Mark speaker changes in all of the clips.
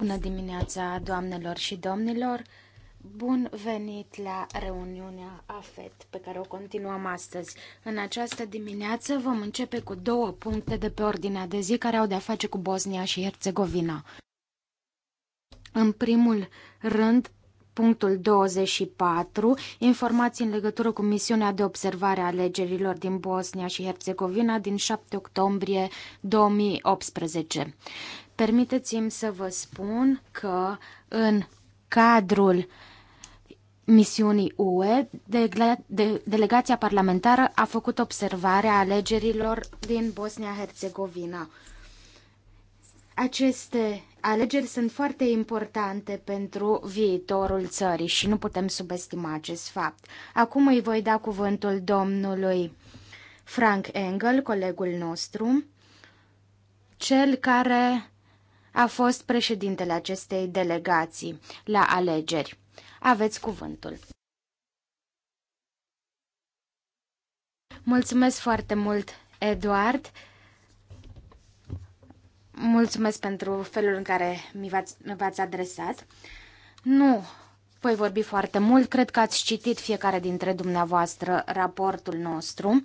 Speaker 1: Bună dimineața, doamnelor și domnilor. Bun venit la reuniunea AFET pe care o continuăm astăzi. În această dimineață vom începe cu două puncte de pe ordinea de zi care au de-a face cu Bosnia și Herțegovina. În primul rând, punctul 24, informații în legătură cu misiunea de observare a alegerilor din Bosnia și Herțegovina din 7 octombrie 2018. Permiteți-mi să vă spun că în cadrul misiunii UE, delegația parlamentară a făcut observarea alegerilor din Bosnia-Herzegovina. Aceste alegeri sunt foarte importante pentru viitorul țării și nu putem subestima acest fapt. Acum îi voi da cuvântul domnului Frank Engel, colegul nostru, cel care a fost președintele acestei delegații la alegeri. Aveți cuvântul. Mulțumesc foarte mult, Eduard. Mulțumesc pentru felul în care mi v-ați adresat. Nu voi vorbi foarte mult, cred că ați citit fiecare dintre dumneavoastră raportul nostru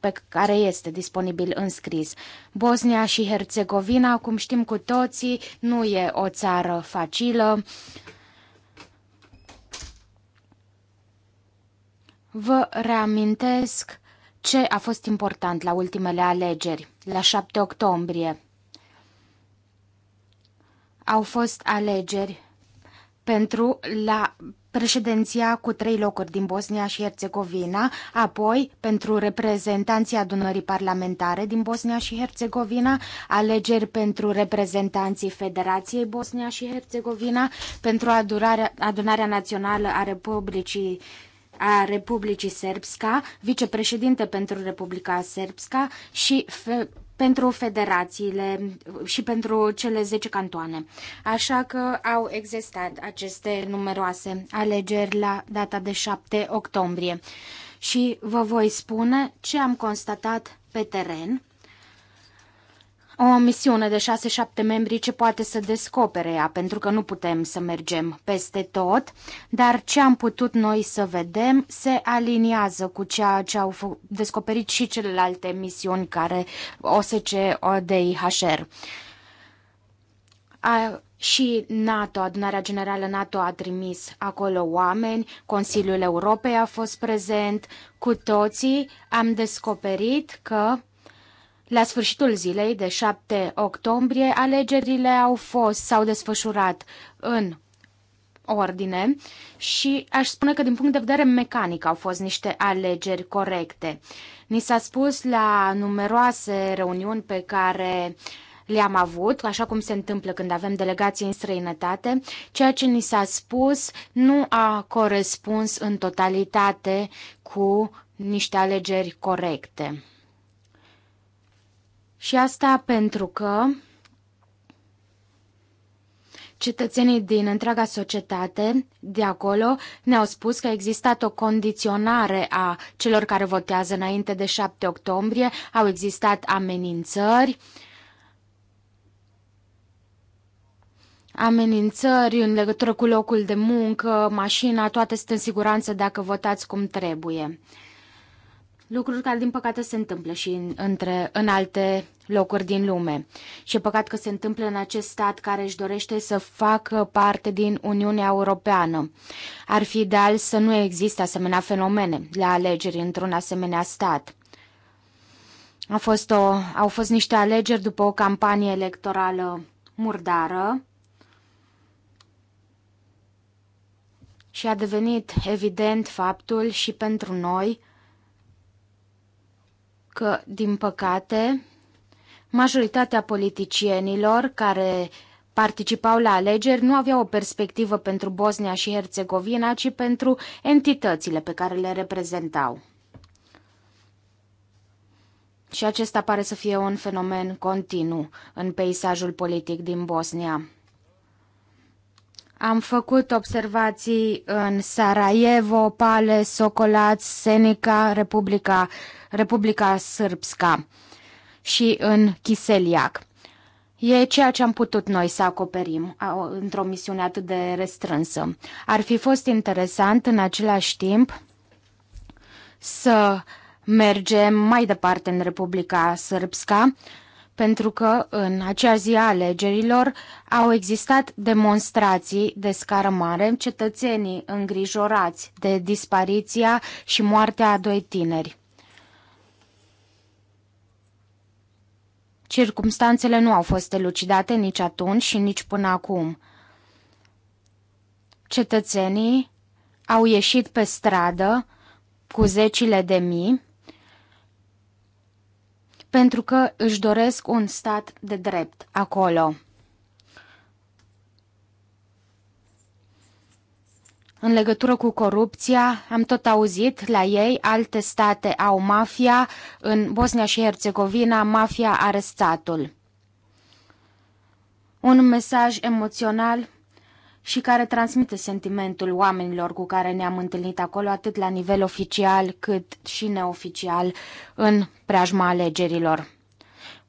Speaker 1: pe care este disponibil în scris. Bosnia și Herțegovina, cum știm cu toții, nu e o țară facilă. Vă reamintesc ce a fost important la ultimele alegeri, la 7 octombrie au fost alegeri pentru la președinția cu trei locuri din Bosnia și Herțegovina, apoi pentru reprezentanții adunării parlamentare din Bosnia și Herțegovina, alegeri pentru reprezentanții Federației Bosnia și Herțegovina, pentru adunarea, adunarea națională a Republicii a Republicii Serbska, vicepreședinte pentru Republica Serbska și pentru federațiile și pentru cele 10 cantoane. Așa că au existat aceste numeroase alegeri la data de 7 octombrie. Și vă voi spune ce am constatat pe teren o misiune de șase-șapte membri ce poate să descopere ea, pentru că nu putem să mergem peste tot, dar ce am putut noi să vedem se aliniază cu ceea ce au descoperit și celelalte misiuni care OSCE, ODIHR. A, și NATO, adunarea generală NATO a trimis acolo oameni, Consiliul Europei a fost prezent, cu toții am descoperit că la sfârșitul zilei de 7 octombrie, alegerile au fost, s-au desfășurat în ordine și aș spune că din punct de vedere mecanic au fost niște alegeri corecte. Ni s-a spus la numeroase reuniuni pe care le-am avut, așa cum se întâmplă când avem delegații în străinătate, ceea ce ni s-a spus nu a corespuns în totalitate cu niște alegeri corecte. Și asta pentru că cetățenii din întreaga societate de acolo ne-au spus că a existat o condiționare a celor care votează înainte de 7 octombrie, au existat amenințări, amenințări în legătură cu locul de muncă, mașina, toate sunt în siguranță dacă votați cum trebuie lucruri care din păcate se întâmplă și în, între, în alte locuri din lume. Și e păcat că se întâmplă în acest stat care își dorește să facă parte din Uniunea Europeană. Ar fi ideal să nu există asemenea fenomene la alegeri într-un asemenea stat. A fost o, au fost niște alegeri după o campanie electorală murdară și a devenit evident faptul și pentru noi că, din păcate, majoritatea politicienilor care participau la alegeri nu aveau o perspectivă pentru Bosnia și Herțegovina, ci pentru entitățile pe care le reprezentau. Și acesta pare să fie un fenomen continuu în peisajul politic din Bosnia. Am făcut observații în Sarajevo, Pale, Sokolac, Senica, Republica, Republica Sârbska și în Chiseliac. E ceea ce am putut noi să acoperim într-o misiune atât de restrânsă. Ar fi fost interesant în același timp să mergem mai departe în Republica Sârbska, pentru că în acea zi a alegerilor au existat demonstrații de scară mare, cetățenii îngrijorați de dispariția și moartea a doi tineri. Circumstanțele nu au fost elucidate nici atunci și nici până acum. Cetățenii au ieșit pe stradă cu zecile de mii pentru că își doresc un stat de drept acolo. În legătură cu corupția, am tot auzit la ei, alte state au mafia, în Bosnia și Herțegovina mafia are statul. Un mesaj emoțional și care transmite sentimentul oamenilor cu care ne-am întâlnit acolo, atât la nivel oficial cât și neoficial, în preajma alegerilor.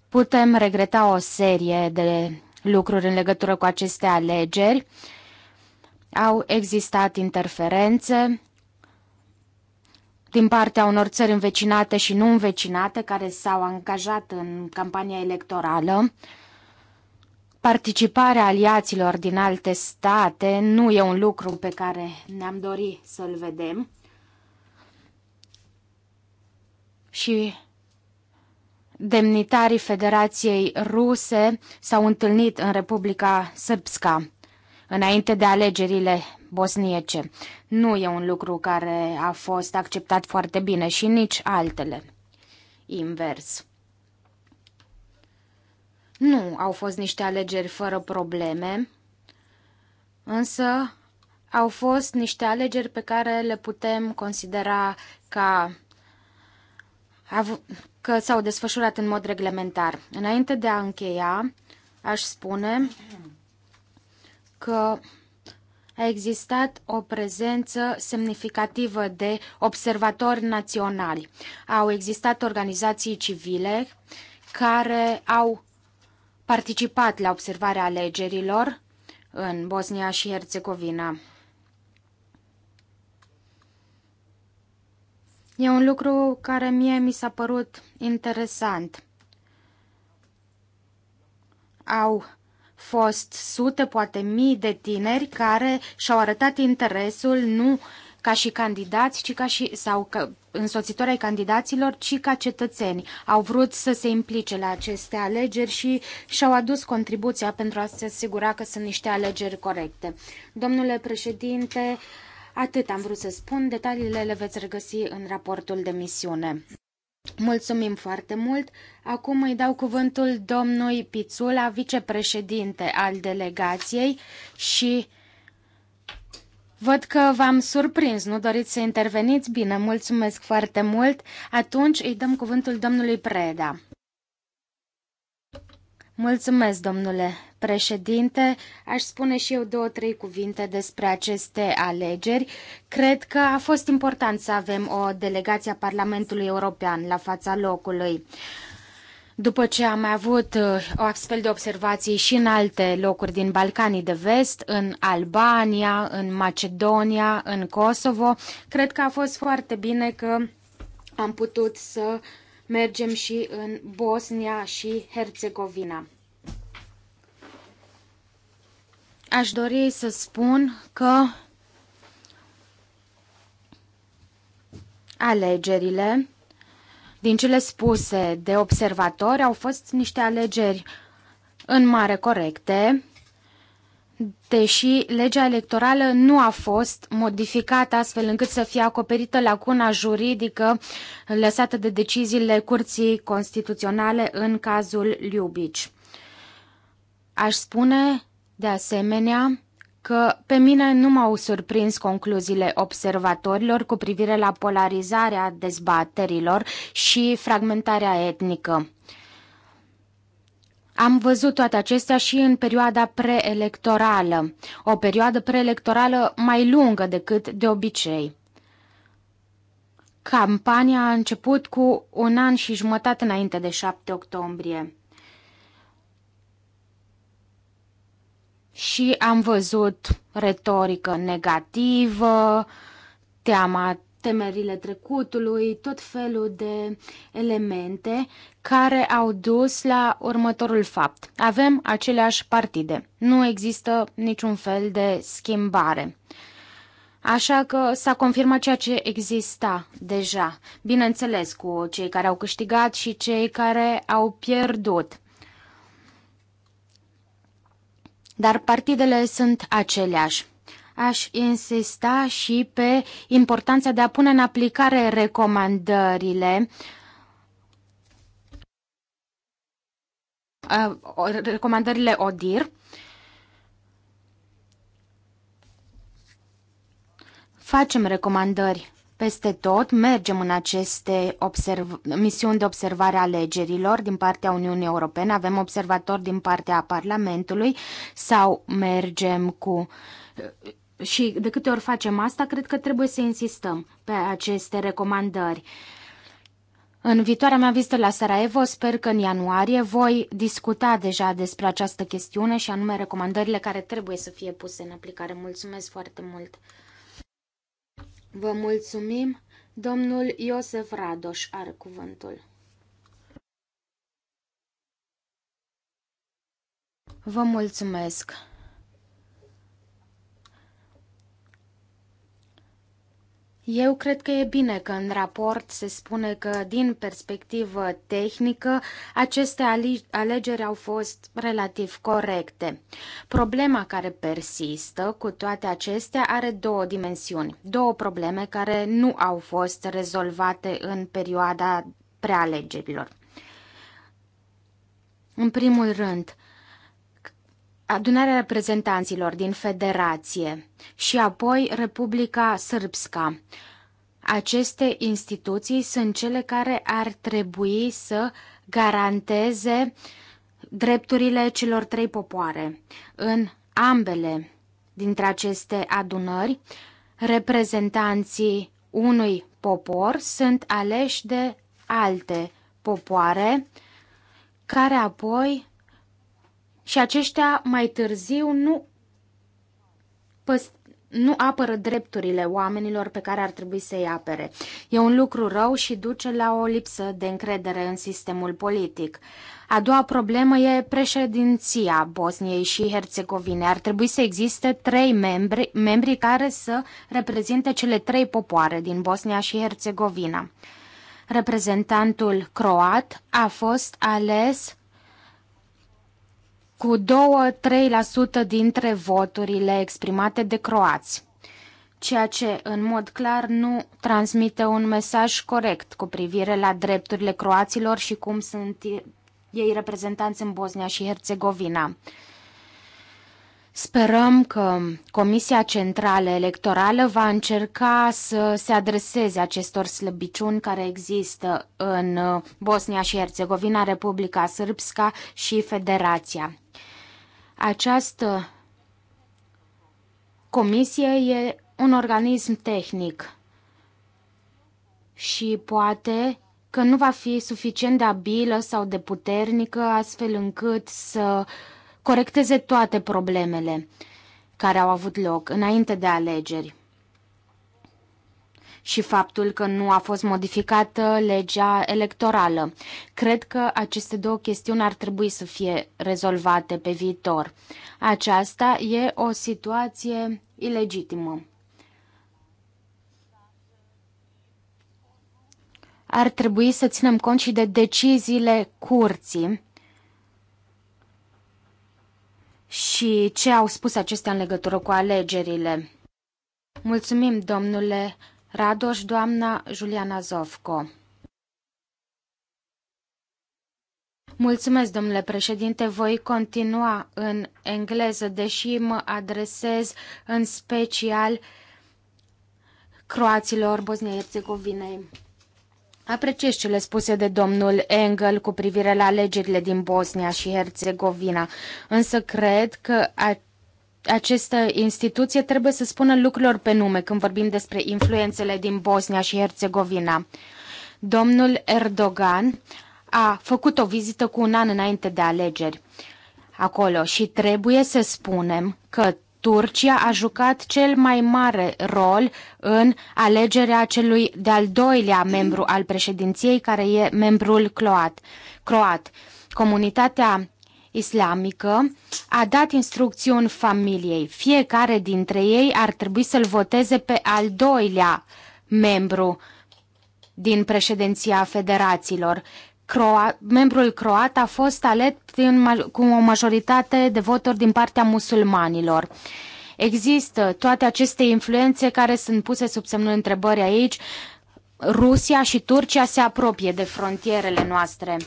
Speaker 1: Putem regreta o serie de lucruri în legătură cu aceste alegeri. Au existat interferențe din partea unor țări învecinate și nu învecinate care s-au angajat în campania electorală. Participarea aliaților din alte state nu e un lucru pe care ne-am dorit să-l vedem. Și demnitarii Federației Ruse s-au întâlnit în Republica Sârbska înainte de alegerile bosniece. Nu e un lucru care a fost acceptat foarte bine și nici altele. Invers. Nu au fost niște alegeri fără probleme, însă au fost niște alegeri pe care le putem considera ca că s-au desfășurat în mod reglementar. Înainte de a încheia, aș spune că a existat o prezență semnificativă de observatori naționali. Au existat organizații civile care au participat la observarea alegerilor în Bosnia și Herțegovina. E un lucru care mie mi s-a părut interesant. Au fost sute, poate mii de tineri care și-au arătat interesul nu ca și candidați, ci ca și, sau că, însoțitori ai candidaților, ci ca cetățeni. Au vrut să se implice la aceste alegeri și și-au adus contribuția pentru a se asigura că sunt niște alegeri corecte. Domnule președinte, atât am vrut să spun, detaliile le veți regăsi în raportul de misiune. Mulțumim foarte mult. Acum îi dau cuvântul domnului Pițula, vicepreședinte al delegației și Văd că v-am surprins, nu doriți să interveniți? Bine, mulțumesc foarte mult. Atunci îi dăm cuvântul domnului Preda. Mulțumesc, domnule președinte. Aș spune și eu două, trei cuvinte despre aceste alegeri. Cred că a fost important să avem o delegație a Parlamentului European la fața locului. Uh, după ce am avut uh, o astfel de observații și în alte locuri din Balcanii de Vest, în Albania, în Macedonia, în Kosovo, cred că a fost foarte bine că am putut să mergem și în Bosnia și Herțegovina. Aș dori să spun că alegerile din cele spuse de observatori au fost niște alegeri în mare corecte, deși legea electorală nu a fost modificată astfel încât să fie acoperită lacuna juridică lăsată de deciziile Curții Constituționale în cazul Liubici. Aș spune, de asemenea, că pe mine nu m-au surprins concluziile observatorilor cu privire la polarizarea dezbaterilor și fragmentarea etnică. Am văzut toate acestea și în perioada preelectorală, o perioadă preelectorală mai lungă decât de obicei. Campania a început cu un an și jumătate înainte de 7 octombrie. și am văzut retorică negativă, teama, temerile trecutului, tot felul de elemente care au dus la următorul fapt. Avem aceleași partide. Nu există niciun fel de schimbare. Așa că s-a confirmat ceea ce exista deja, bineînțeles cu cei care au câștigat și cei care au pierdut. dar partidele sunt aceleași. Aș insista și pe importanța de a pune în aplicare recomandările uh, recomandările ODIR facem recomandări peste tot mergem în aceste observ- misiuni de observare a alegerilor din partea Uniunii Europene, avem observatori din partea Parlamentului sau mergem cu și de câte ori facem asta, cred că trebuie să insistăm pe aceste recomandări. În viitoarea mea vizită la Sarajevo, sper că în ianuarie voi discuta deja despre această chestiune și anume recomandările care trebuie să fie puse în aplicare. Mulțumesc foarte mult! Vă mulțumim. Domnul Iosef Radoș are cuvântul. Vă mulțumesc. Eu cred că e bine că în raport se spune că, din perspectivă tehnică, aceste alegeri au fost relativ corecte. Problema care persistă cu toate acestea are două dimensiuni, două probleme care nu au fost rezolvate în perioada prealegerilor. În primul rând, adunarea reprezentanților din Federație și apoi Republica Sârbska. Aceste instituții sunt cele care ar trebui să garanteze drepturile celor trei popoare. În ambele dintre aceste adunări, reprezentanții unui popor sunt aleși de alte popoare, care apoi și aceștia mai târziu nu, nu apără drepturile oamenilor pe care ar trebui să-i apere. E un lucru rău și duce la o lipsă de încredere în sistemul politic. A doua problemă e președinția Bosniei și Herțegovine. Ar trebui să existe trei membri, membri care să reprezinte cele trei popoare din Bosnia și Herțegovina. Reprezentantul croat a fost ales cu 2-3% dintre voturile exprimate de croați, ceea ce în mod clar nu transmite un mesaj corect cu privire la drepturile croaților și cum sunt ei reprezentanți în Bosnia și Herțegovina. Sperăm că Comisia Centrală Electorală va încerca să se adreseze acestor slăbiciuni care există în uh, Bosnia și Herțegovina, Republica Sârbska și Federația. Această comisie e un organism tehnic și poate că nu va fi suficient de abilă sau de puternică astfel încât să uh, corecteze toate problemele care au avut loc înainte de alegeri și faptul că nu a fost modificată legea electorală. Cred că aceste două chestiuni ar trebui să fie rezolvate pe viitor. Aceasta e o situație ilegitimă. Ar trebui să ținem cont și de deciziile curții și ce au spus acestea în legătură cu alegerile. Mulțumim, domnule Radoș, doamna Juliana Zovco. Mulțumesc, domnule președinte. Voi continua în engleză, deși mă adresez în special croaților bosniei herzegovinei Apreciez cele spuse de domnul Engel cu privire la alegerile din Bosnia și Herțegovina, însă cred că această instituție trebuie să spună lucrurilor pe nume când vorbim despre influențele din Bosnia și Herțegovina. Domnul Erdogan a făcut o vizită cu un an înainte de alegeri acolo și trebuie să spunem că Turcia a jucat cel mai mare rol în alegerea celui de-al doilea membru al președinției, care e membrul croat. croat. Comunitatea islamică a dat instrucțiuni familiei. Fiecare dintre ei ar trebui să-l voteze pe al doilea membru din președinția federațiilor. Croa, membrul croat a fost ales cu o majoritate de voturi din partea musulmanilor. Există toate aceste influențe care sunt puse sub semnul întrebării aici. Rusia și Turcia se apropie de frontierele noastre.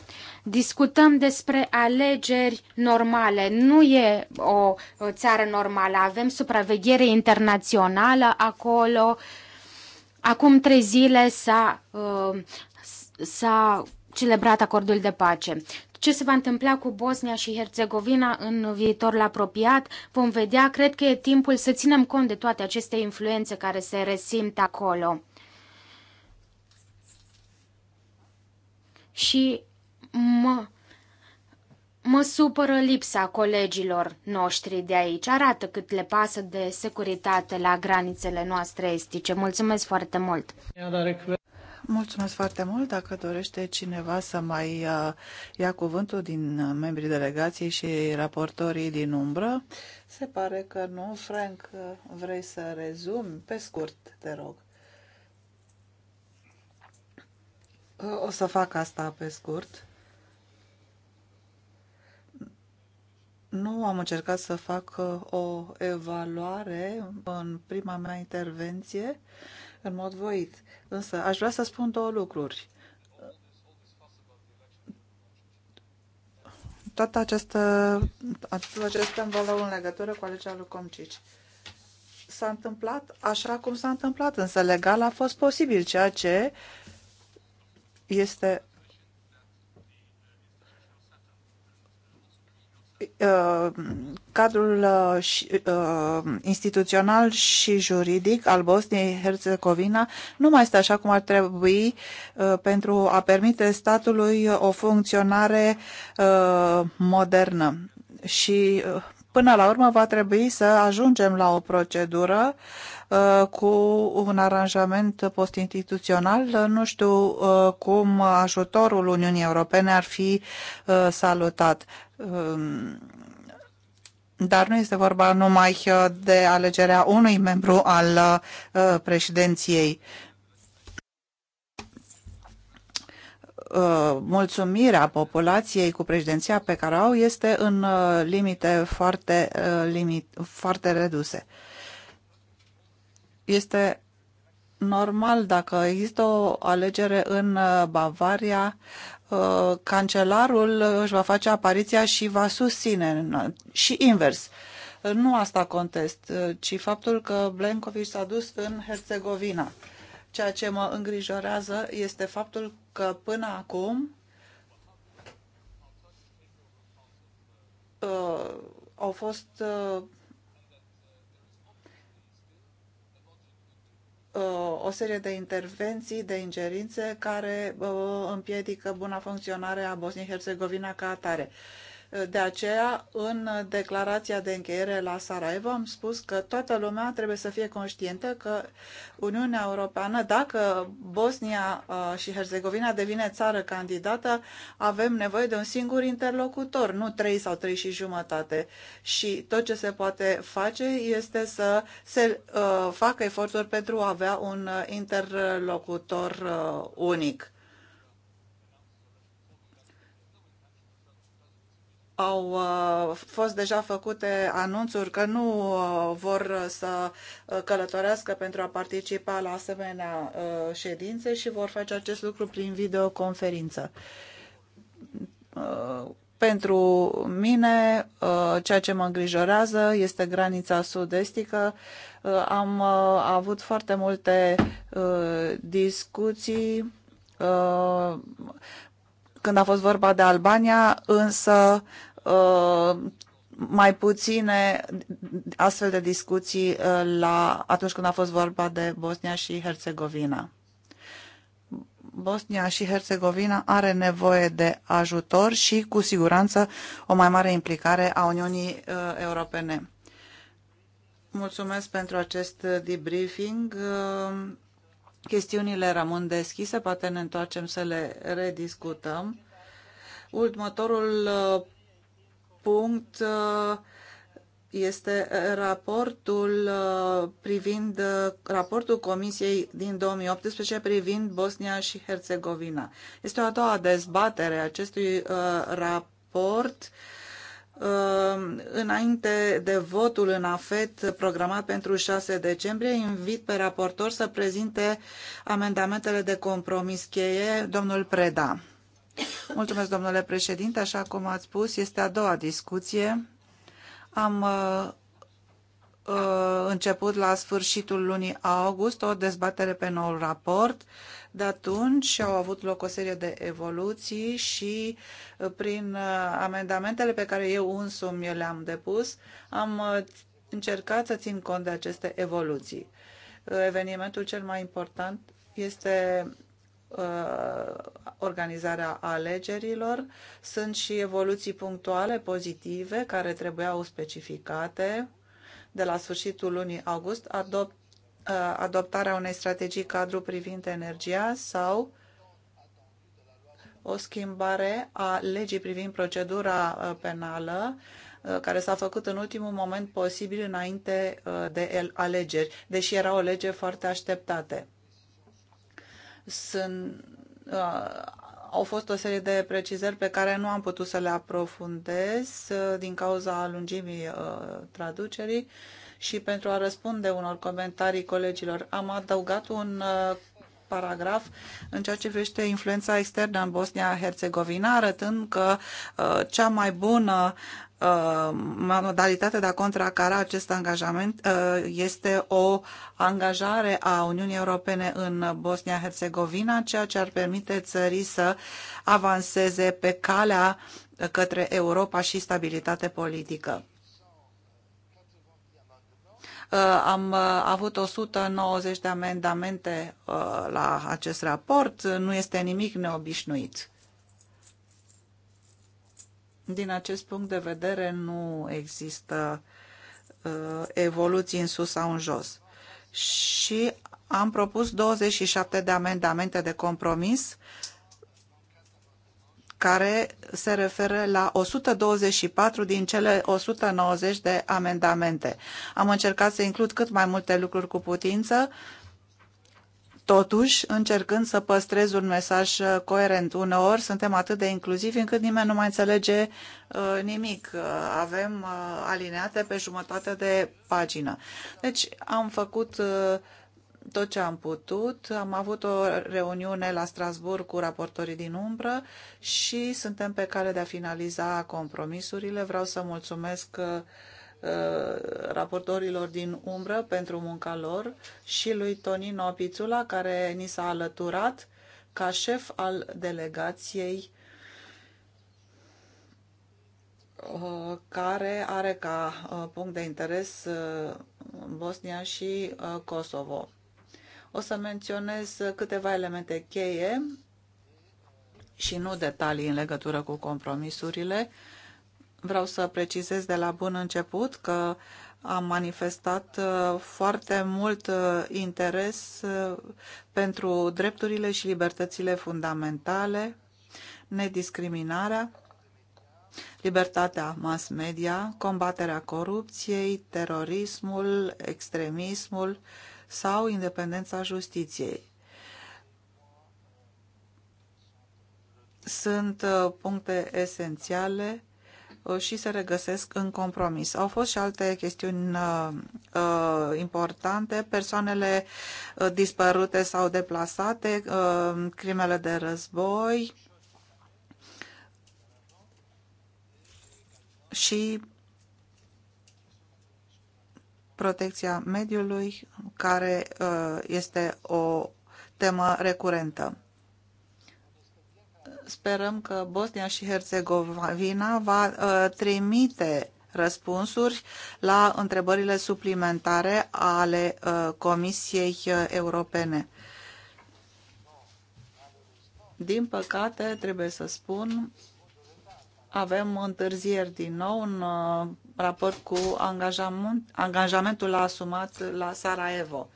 Speaker 1: Discutăm despre alegeri normale. Nu e o, o țară normală. Avem supraveghere internațională acolo. Acum trei zile s-a, uh, s-a celebrat acordul de pace. Ce se va întâmpla cu Bosnia și Herțegovina în viitorul apropiat, vom vedea. Cred că e timpul să ținem cont de toate aceste influențe care se resimt acolo. Și mă, mă supără lipsa colegilor noștri de aici. Arată cât le pasă de securitate la granițele noastre estice. Mulțumesc foarte mult!
Speaker 2: Mulțumesc foarte mult. Dacă dorește cineva să mai uh, ia cuvântul din uh, membrii delegației și raportorii din umbră, se pare că nu. Frank, uh, vrei să rezumi? Pe scurt, te rog. O să fac asta pe scurt. Nu am încercat să fac o evaluare în prima mea intervenție în mod voit. Însă aș vrea să spun două lucruri. Toată această, tot acest învălău în legătură cu alegerea lui Comcici s-a întâmplat așa cum s-a întâmplat, însă legal a fost posibil, ceea ce este Uh, cadrul uh, uh, instituțional și juridic al Bosniei Herzegovina nu mai este așa cum ar trebui pentru a permite statului o funcționare modernă. Și până la urmă va trebui să ajungem la o procedură cu un aranjament postinstituțional. Nu știu cum ajutorul Uniunii Europene ar fi salutat. Um, dar nu este vorba numai uh, de alegerea unui membru al uh, președinției. Uh, mulțumirea populației cu președinția pe care au este în limite foarte, limit, foarte reduse. Este normal dacă există o alegere în Bavaria, Uh, cancelarul își va face apariția și va susține și invers. Nu asta contest, uh, ci faptul că Blenkovic s-a dus în Herțegovina. Ceea ce mă îngrijorează este faptul că până acum uh, au fost Uh, o serie de intervenții, de ingerințe care uh, împiedică buna funcționare a Bosniei-Herzegovina ca atare. De aceea, în declarația de încheiere la Sarajevo, am spus că toată lumea trebuie să fie conștientă că Uniunea Europeană, dacă Bosnia uh, și Herzegovina devine țară candidată, avem nevoie de un singur interlocutor, nu trei sau trei și jumătate. Și tot ce se poate face este să se uh, facă eforturi pentru a avea un uh, interlocutor unic au uh, fost deja făcute anunțuri că nu uh, vor să uh, călătorească pentru a participa la asemenea ședințe și vor face acest lucru prin videoconferință. Pentru mine, ceea ce mă îngrijorează este granița sud-estică. Am avut foarte multe discuții când a fost vorba de Albania, însă Uh, mai puține astfel de discuții uh, la, atunci când a fost vorba de Bosnia și Herțegovina. Bosnia și Herțegovina are nevoie de ajutor și, cu siguranță, o mai mare implicare a Uniunii uh, Europene. Mulțumesc pentru acest debriefing. Chestiunile rămân deschise, poate ne întoarcem să le rediscutăm. Următorul punct uh, este uh, raportul uh, privind raportul Comisiei din 2018 privind Bosnia și Herțegovina. Este o a doua dezbatere a acestui raport Înainte de votul în AFET programat pentru 6 decembrie, invit pe raportor să prezinte amendamentele de compromis cheie, domnul Preda. Mulțumesc, domnule președinte. Așa cum ați spus, este a doua discuție. Am uh, uh, început la sfârșitul lunii august o dezbatere pe noul raport. De atunci au avut loc o serie de evoluții și uh, prin amendamentele pe care eu însumi le-am depus, am încercat să țin cont de aceste evoluții. Evenimentul cel mai important este Uh, organizarea alegerilor. Sunt și evoluții punctuale pozitive care trebuiau specificate de la sfârșitul lunii august, adopt, uh, adoptarea unei strategii cadru privind energia sau o schimbare a legii privind procedura uh, penală care s-a făcut în ultimul moment posibil înainte de alegeri, deși era o lege foarte așteptată. Sunt, uh, au fost o serie de precizări pe care nu am putut să le aprofundez uh, din cauza lungimii uh, traducerii și pentru a răspunde unor comentarii colegilor am adăugat un uh, paragraf în ceea ce privește influența externă în Bosnia-Herzegovina, arătând că uh, cea mai bună Uh, modalitatea de a contracara acest angajament uh, este o angajare a Uniunii Europene în Bosnia-Herzegovina, ceea ce ar permite țării să avanseze pe calea către Europa și stabilitate politică. Uh, am avut 190 de amendamente la acest raport, nu este nimic neobișnuit. Din acest punct de vedere nu există uh, evoluții în sus sau în jos. Și am propus 27 de amendamente de compromis care se referă la 124 din cele 190 de amendamente. Am încercat să includ cât mai multe lucruri cu putință Totuși, încercând să păstrez un mesaj uh, coerent, uneori suntem atât de inclusivi încât nimeni nu mai înțelege uh, nimic. Uh, avem uh, alineate pe jumătate de pagină. Deci am făcut uh, tot ce am putut. Am avut o reuniune la Strasburg cu raportorii din umbră și suntem pe cale de a finaliza compromisurile. Vreau să mulțumesc uh, Uh, raportorilor din umbră pentru munca lor și lui Tonino Pițula, care ni s-a alăturat ca șef al delegației uh, care are ca uh, punct de interes Bosnia și Kosovo. O să menționez câteva elemente cheie și nu detalii în legătură cu compromisurile, Vreau să precizez de la bun început că am manifestat uh, foarte mult uh, interes uh, pentru drepturile și libertățile fundamentale, nediscriminarea, libertatea mass media, combaterea corupției, terorismul, extremismul sau independența justiției. Sunt puncte esențiale Uh, și se regăsesc în compromis. Au fost și alte chestiuni uh, uh, importante, persoanele dispărute sau deplasate, crimele de război și protecția mediului, care este o temă recurentă. Sperăm că Bosnia și Herțegovina va uh, trimite răspunsuri la întrebările suplimentare ale uh, Comisiei uh, Europene. Din păcate, trebuie să spun, avem întârzieri din nou în raport cu angajament, angajamentul asumat la Sarajevo.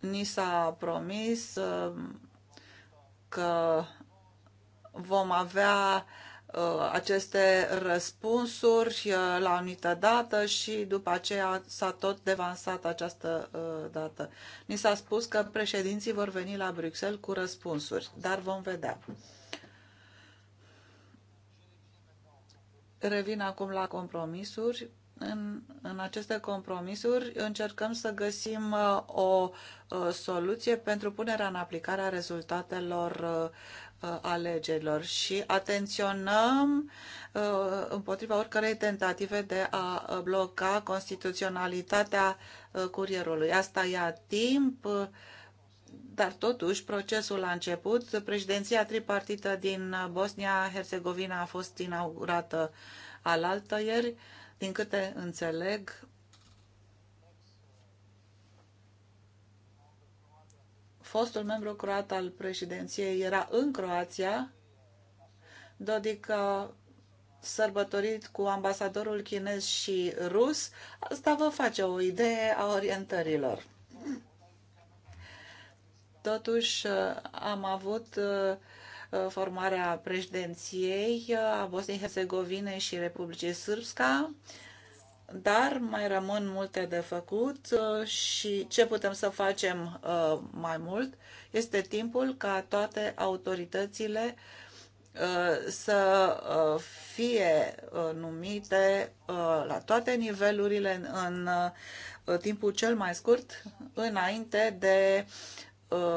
Speaker 2: Ni s-a promis că vom avea uh, aceste răspunsuri uh, la o anumită dată și după aceea s-a tot devansat această uh, dată. Ni s-a spus că președinții vor veni la Bruxelles cu răspunsuri, dar vom vedea. Revin acum la compromisuri în, în aceste compromisuri încercăm să găsim uh, o uh, soluție pentru punerea în aplicare a rezultatelor uh, alegerilor și atenționăm împotriva oricărei tentative de a bloca constituționalitatea curierului. Asta ia timp, dar totuși procesul a început. Președinția tripartită din Bosnia-Herzegovina a fost inaugurată alaltă ieri din câte înțeleg, fostul membru croat al președinției era în Croația, Dodic a sărbătorit cu ambasadorul chinez și rus. Asta vă face o idee a orientărilor. Totuși am avut uh, Uh, formarea președinției uh, a Bosniei Herzegovine și Republicii Sârbska, dar mai rămân multe de făcut uh, și ce putem să facem mai mult este timpul ca toate autoritățile să fie numite la toate nivelurile în timpul cel mai scurt înainte de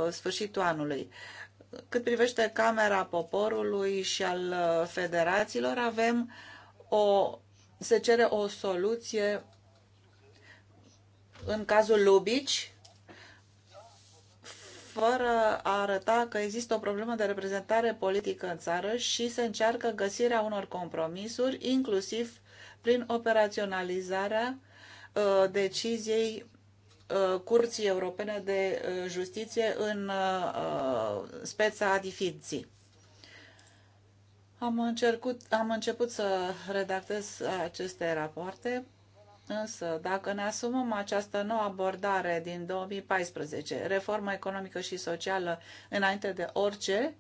Speaker 2: sfârșitul anului. Cât privește Camera Poporului și al uh, federațiilor, avem o, se cere o soluție în cazul Lubici, fără a arăta că există o problemă de reprezentare politică în țară și se încearcă găsirea unor compromisuri, inclusiv prin operaționalizarea uh, deciziei Uh, Curții Europene de uh, Justiție în uh, speța difinții. Am, încercut, am început să redactez aceste rapoarte, însă dacă ne asumăm această nouă abordare din 2014, reforma economică și socială înainte de orice,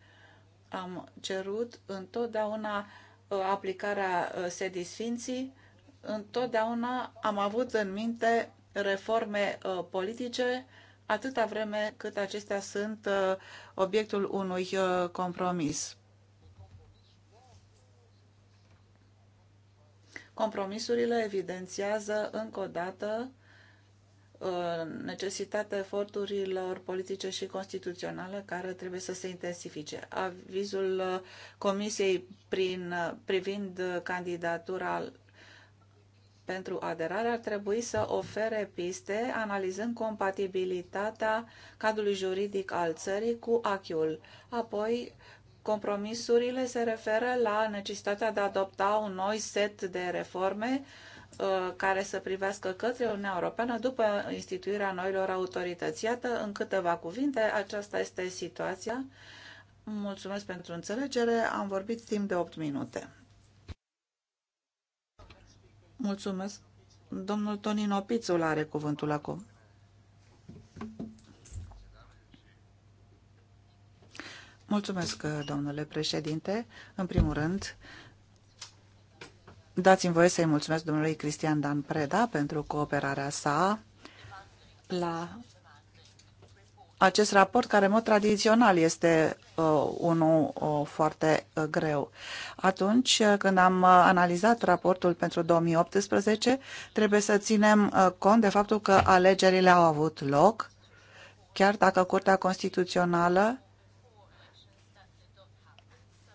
Speaker 2: am cerut întotdeauna aplicarea sedisfinții, întotdeauna am avut în minte reforme uh, politice atâta vreme cât acestea sunt uh, obiectul unui uh, compromis. Compromisurile evidențiază încă o dată necesitatea eforturilor politice și constituționale care trebuie să se intensifice. Avizul Comisiei prin, privind candidatura pentru aderare ar trebui să ofere piste analizând compatibilitatea cadrului juridic al țării cu achiul. Apoi, compromisurile se referă la necesitatea de a adopta un noi set de reforme uh, care să privească către Uniunea Europeană după instituirea noilor autorități. Iată, în câteva cuvinte, aceasta este situația. Mulțumesc pentru înțelegere. Am vorbit timp de 8 minute. Mulțumesc. Domnul Tonin Opițul are cuvântul acum. Mulțumesc, domnule președinte. În primul rând, dați-mi voie să-i mulțumesc domnului Cristian Dan Preda pentru cooperarea sa la acest raport, care în mod tradițional este uh, unul uh, foarte uh, greu. Atunci uh, când am uh, analizat raportul pentru 2018, trebuie să ținem uh, cont de faptul că alegerile au avut loc, chiar dacă Curtea Constituțională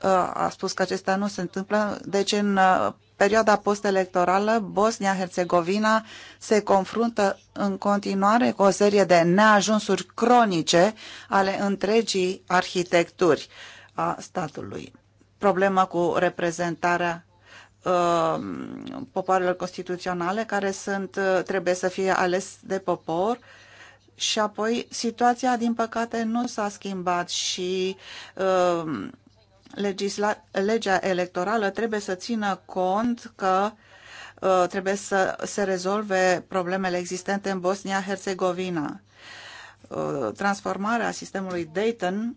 Speaker 2: uh, a spus că acestea nu se întâmplă, deci în uh, perioada postelectorală, Bosnia-Herzegovina se confruntă în continuare cu o serie de neajunsuri cronice ale întregii arhitecturi a statului. Problema cu reprezentarea uh, popoarelor constituționale care sunt, uh, trebuie să fie ales de popor și apoi situația din păcate nu s-a schimbat și uh, legea electorală trebuie să țină cont că uh, trebuie să se rezolve problemele existente în Bosnia-Herzegovina. Uh, transformarea sistemului Dayton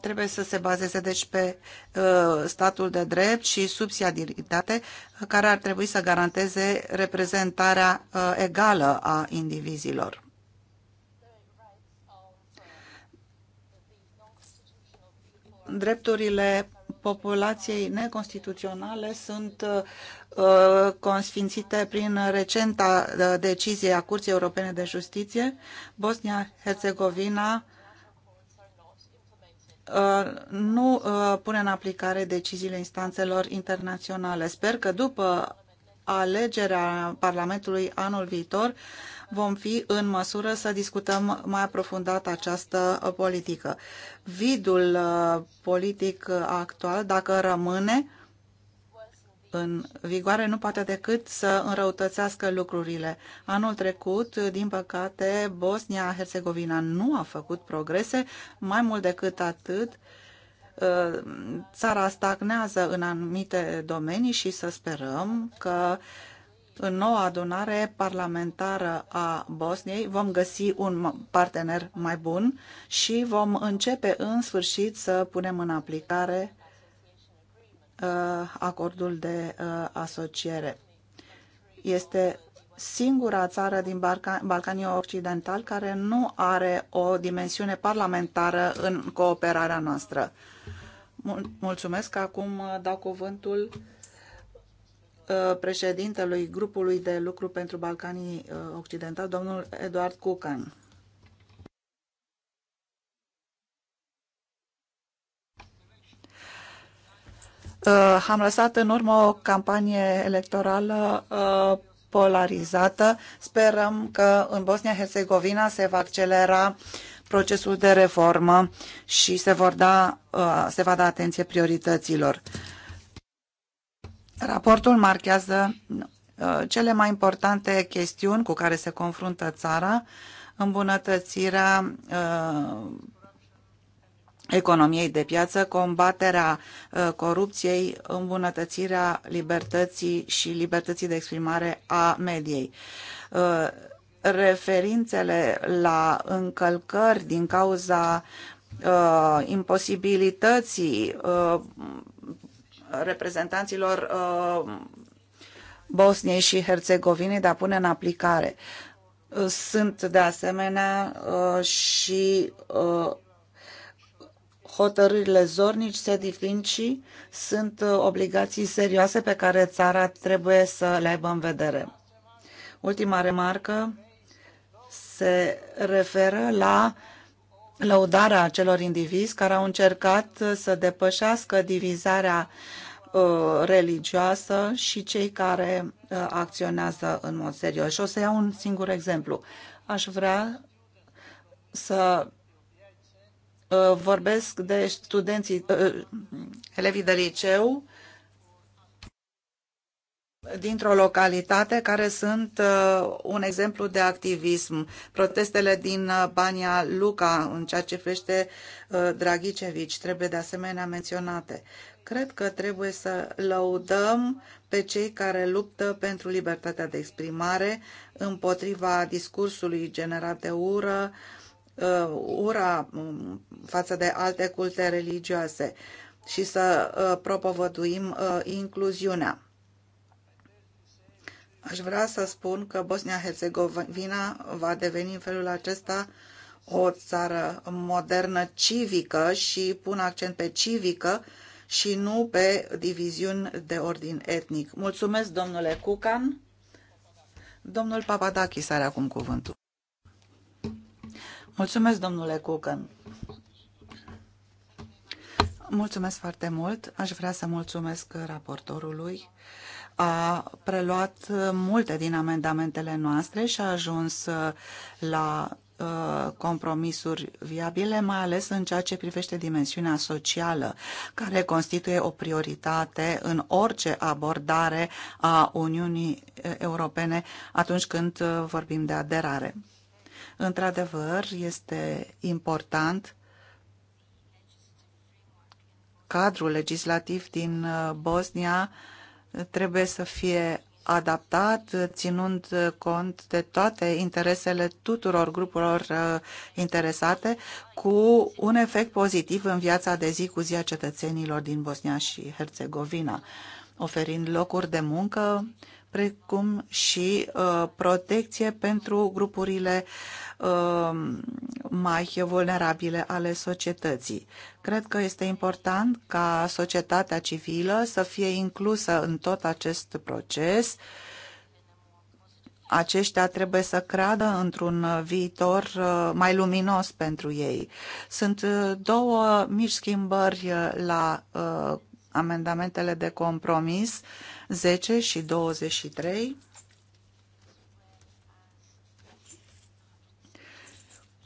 Speaker 2: trebuie să se bazeze deci pe uh, statul de drept și subsidiaritate care ar trebui să garanteze reprezentarea uh, egală a indivizilor. drepturile populației neconstituționale sunt uh, consfințite prin recenta uh, decizie a Curții Europene de Justiție. Bosnia-Herzegovina uh, nu pune în aplicare deciziile instanțelor internaționale. Sper că după alegerea Parlamentului anul viitor, vom fi în măsură să discutăm mai aprofundat această politică. Vidul uh, politic uh, actual, dacă rămâne în vigoare, nu poate decât să înrăutățească lucrurile. Anul trecut, din păcate, Bosnia-Herzegovina nu a făcut progrese, mai mult decât atât, uh, țara stagnează în anumite domenii și să sperăm că uh, în noua adunare parlamentară a Bosniei vom găsi un partener mai bun și vom începe în sfârșit să punem în aplicare uh, acordul de uh, asociere. Este singura țară din Balcanii Occidentali care nu are o dimensiune parlamentară în cooperarea noastră. Mulțumesc. Acum uh, dau cuvântul Uh, președintelui grupului de lucru pentru Balcanii uh, Occidentali, domnul Eduard Cucan. Uh, am lăsat în urmă o campanie electorală uh, polarizată. Sperăm că în Bosnia-Herzegovina se va accelera procesul de reformă și se, vor da, uh, se va da atenție priorităților. Uh, Raportul marchează ă, cele mai importante chestiuni cu care se confruntă țara, îmbunătățirea ă, economiei de piață, combaterea ă, corupției, îmbunătățirea libertății și libertății de exprimare a mediei. Referințele la încălcări din cauza imposibilității reprezentanților uh, Bosniei și Herțegovinei de a pune în aplicare. Uh, sunt de asemenea uh, și hotărârile zornici, sedificii sunt obligații serioase pe care țara trebuie să le aibă în vedere. Ultima remarcă se referă la lăudarea acelor indivizi care au încercat să depășească divizarea Uh, religioasă și cei care uh, acționează în mod serios. Și o să iau un singur exemplu. Aș vrea să uh, vorbesc de studenții, elevii de liceu dintr-o localitate care sunt un exemplu de activism. Protestele din Bania Luca în ceea ce privește Draghicevici trebuie de asemenea menționate. Cred că trebuie să lăudăm pe cei care luptă pentru libertatea de exprimare împotriva discursului generat de ură, uh, ura um, față de alte culte religioase și să uh, propovăduim uh, incluziunea. Aș vrea să spun că Bosnia-Herzegovina va deveni în felul acesta o țară modernă, civică și pun accent pe civică, și nu pe diviziuni de ordin etnic. Mulțumesc, domnule Cucan. Domnul Papadakis are acum cuvântul. Mulțumesc, domnule Cucan. Mulțumesc foarte mult. Aș vrea să mulțumesc raportorului. A preluat multe din amendamentele noastre și a ajuns la Uh, compromisuri viabile, mai ales în ceea ce privește dimensiunea socială, care constituie o prioritate în orice abordare a Uniunii Europene atunci când uh, vorbim de aderare. Într-adevăr, este important cadrul legislativ din uh, Bosnia trebuie să fie adaptat, ținând cont de toate interesele tuturor grupurilor uh, interesate, cu un efect pozitiv în viața de zi cu zi a cetățenilor din Bosnia și Herțegovina, oferind locuri de muncă, precum și uh, protecție pentru grupurile uh, mai vulnerabile ale societății. Cred că este important ca societatea civilă să fie inclusă în tot acest proces. Aceștia trebuie să creadă într-un viitor uh, mai luminos pentru ei. Sunt uh, două mici schimbări la amendamentele de compromis 10 și 23,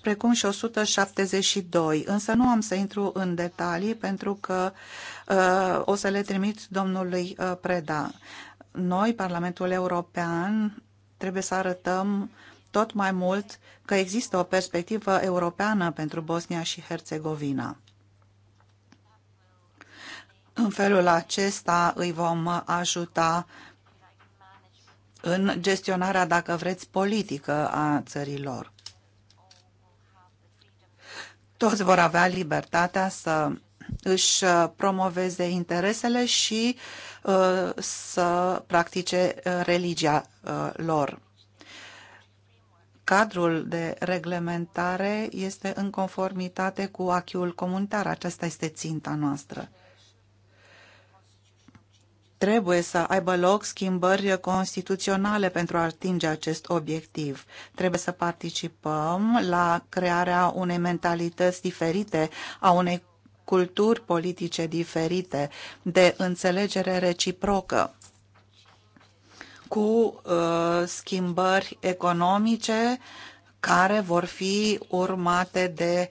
Speaker 2: precum și 172, însă nu am să intru în detalii pentru că uh, o să le trimit domnului uh, Preda. Noi, Parlamentul European, trebuie să arătăm tot mai mult că există o perspectivă europeană pentru Bosnia și Herțegovina. În felul acesta îi vom ajuta în gestionarea, dacă vreți, politică a țărilor. Toți vor avea libertatea să își promoveze interesele și uh, să practice uh, religia uh, lor. Cadrul de reglementare este în conformitate cu achiul comunitar. Aceasta este ținta noastră. Trebuie să aibă loc schimbări constituționale pentru a atinge acest obiectiv. Trebuie să participăm la crearea unei mentalități diferite, a unei culturi politice diferite, de înțelegere reciprocă cu uh, schimbări economice care vor fi urmate de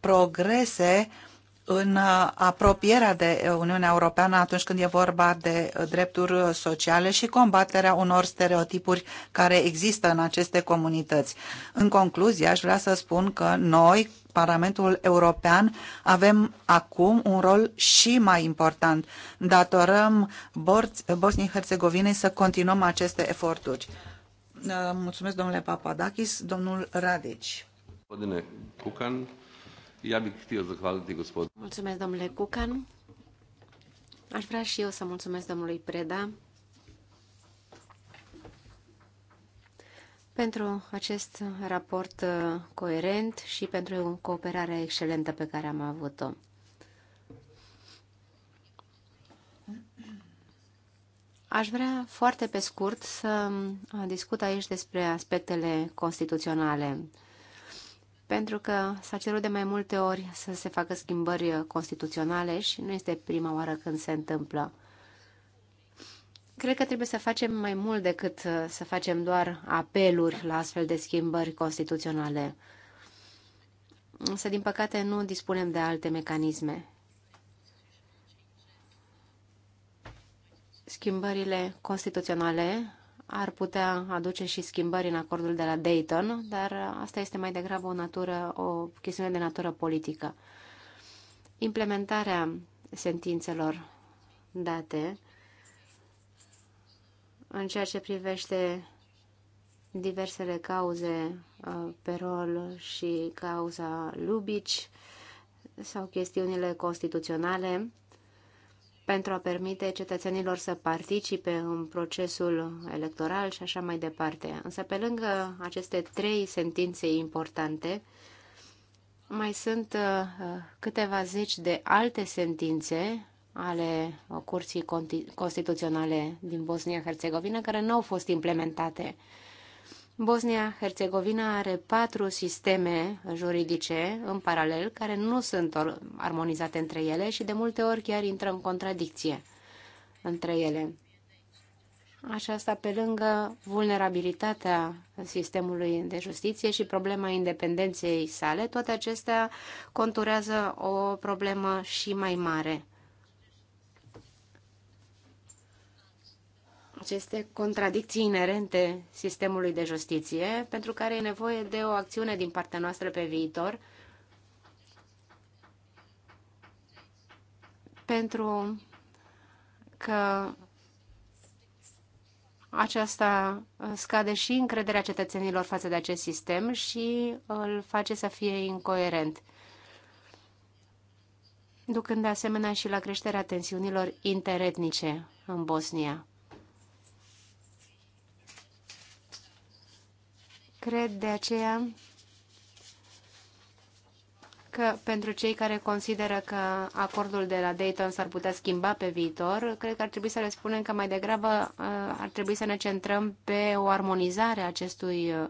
Speaker 2: progrese uh, în uh, apropierea de uh, Uniunea Europeană atunci când e vorba de uh, drepturi sociale și combaterea unor stereotipuri care există în aceste comunități. În concluzie, aș vrea să spun că noi, Parlamentul European, avem acum un rol și mai important. Datorăm Bosniei-Herzegovinei să continuăm aceste eforturi. Mulțumesc, domnule Papadakis. Domnul Radici. Ja bih htio zahvaliti Mulțumesc,
Speaker 3: domnule Cucan. Aș vrea și eu să mulțumesc domnului Preda pentru acest raport uh, coerent și pentru cooperarea excelentă pe care am avut-o. Aș vrea foarte pe scurt să uh, discut aici despre aspectele constituționale pentru că s-a cerut de mai multe ori să se facă schimbări constituționale și nu este prima oară când se întâmplă. Cred că trebuie să facem mai mult decât să facem doar apeluri la astfel de schimbări constituționale. Însă, din păcate, nu dispunem de alte mecanisme. Schimbările constituționale ar putea aduce și schimbări în acordul de la Dayton, dar asta este mai degrabă o, natură, o chestiune de natură politică. Implementarea sentințelor date în ceea ce privește diversele cauze uh, pe rol și cauza Lubici sau chestiunile constituționale pentru a permite cetățenilor să participe în procesul electoral și așa mai departe. Însă, pe lângă aceste trei sentințe importante, mai sunt uh, câteva zeci de alte sentințe ale uh, Curții Constituționale din Bosnia-Herzegovina care nu au fost implementate. Bosnia-Herzegovina are patru sisteme juridice în paralel care nu sunt armonizate între ele și de multe ori chiar intră în contradicție între ele. Așa asta pe lângă vulnerabilitatea sistemului de justiție și problema independenței sale, toate acestea conturează o problemă și mai mare. aceste contradicții inerente sistemului de justiție, pentru care e nevoie de o acțiune din partea noastră pe viitor pentru că aceasta scade și încrederea cetățenilor față de acest sistem și îl face să fie incoerent, ducând de asemenea și la creșterea tensiunilor interetnice în Bosnia. Cred de aceea că pentru cei care consideră că acordul de la Dayton s-ar putea schimba pe viitor, cred că ar trebui să le spunem că mai degrabă uh, ar trebui să ne centrăm pe o armonizare a acestui uh,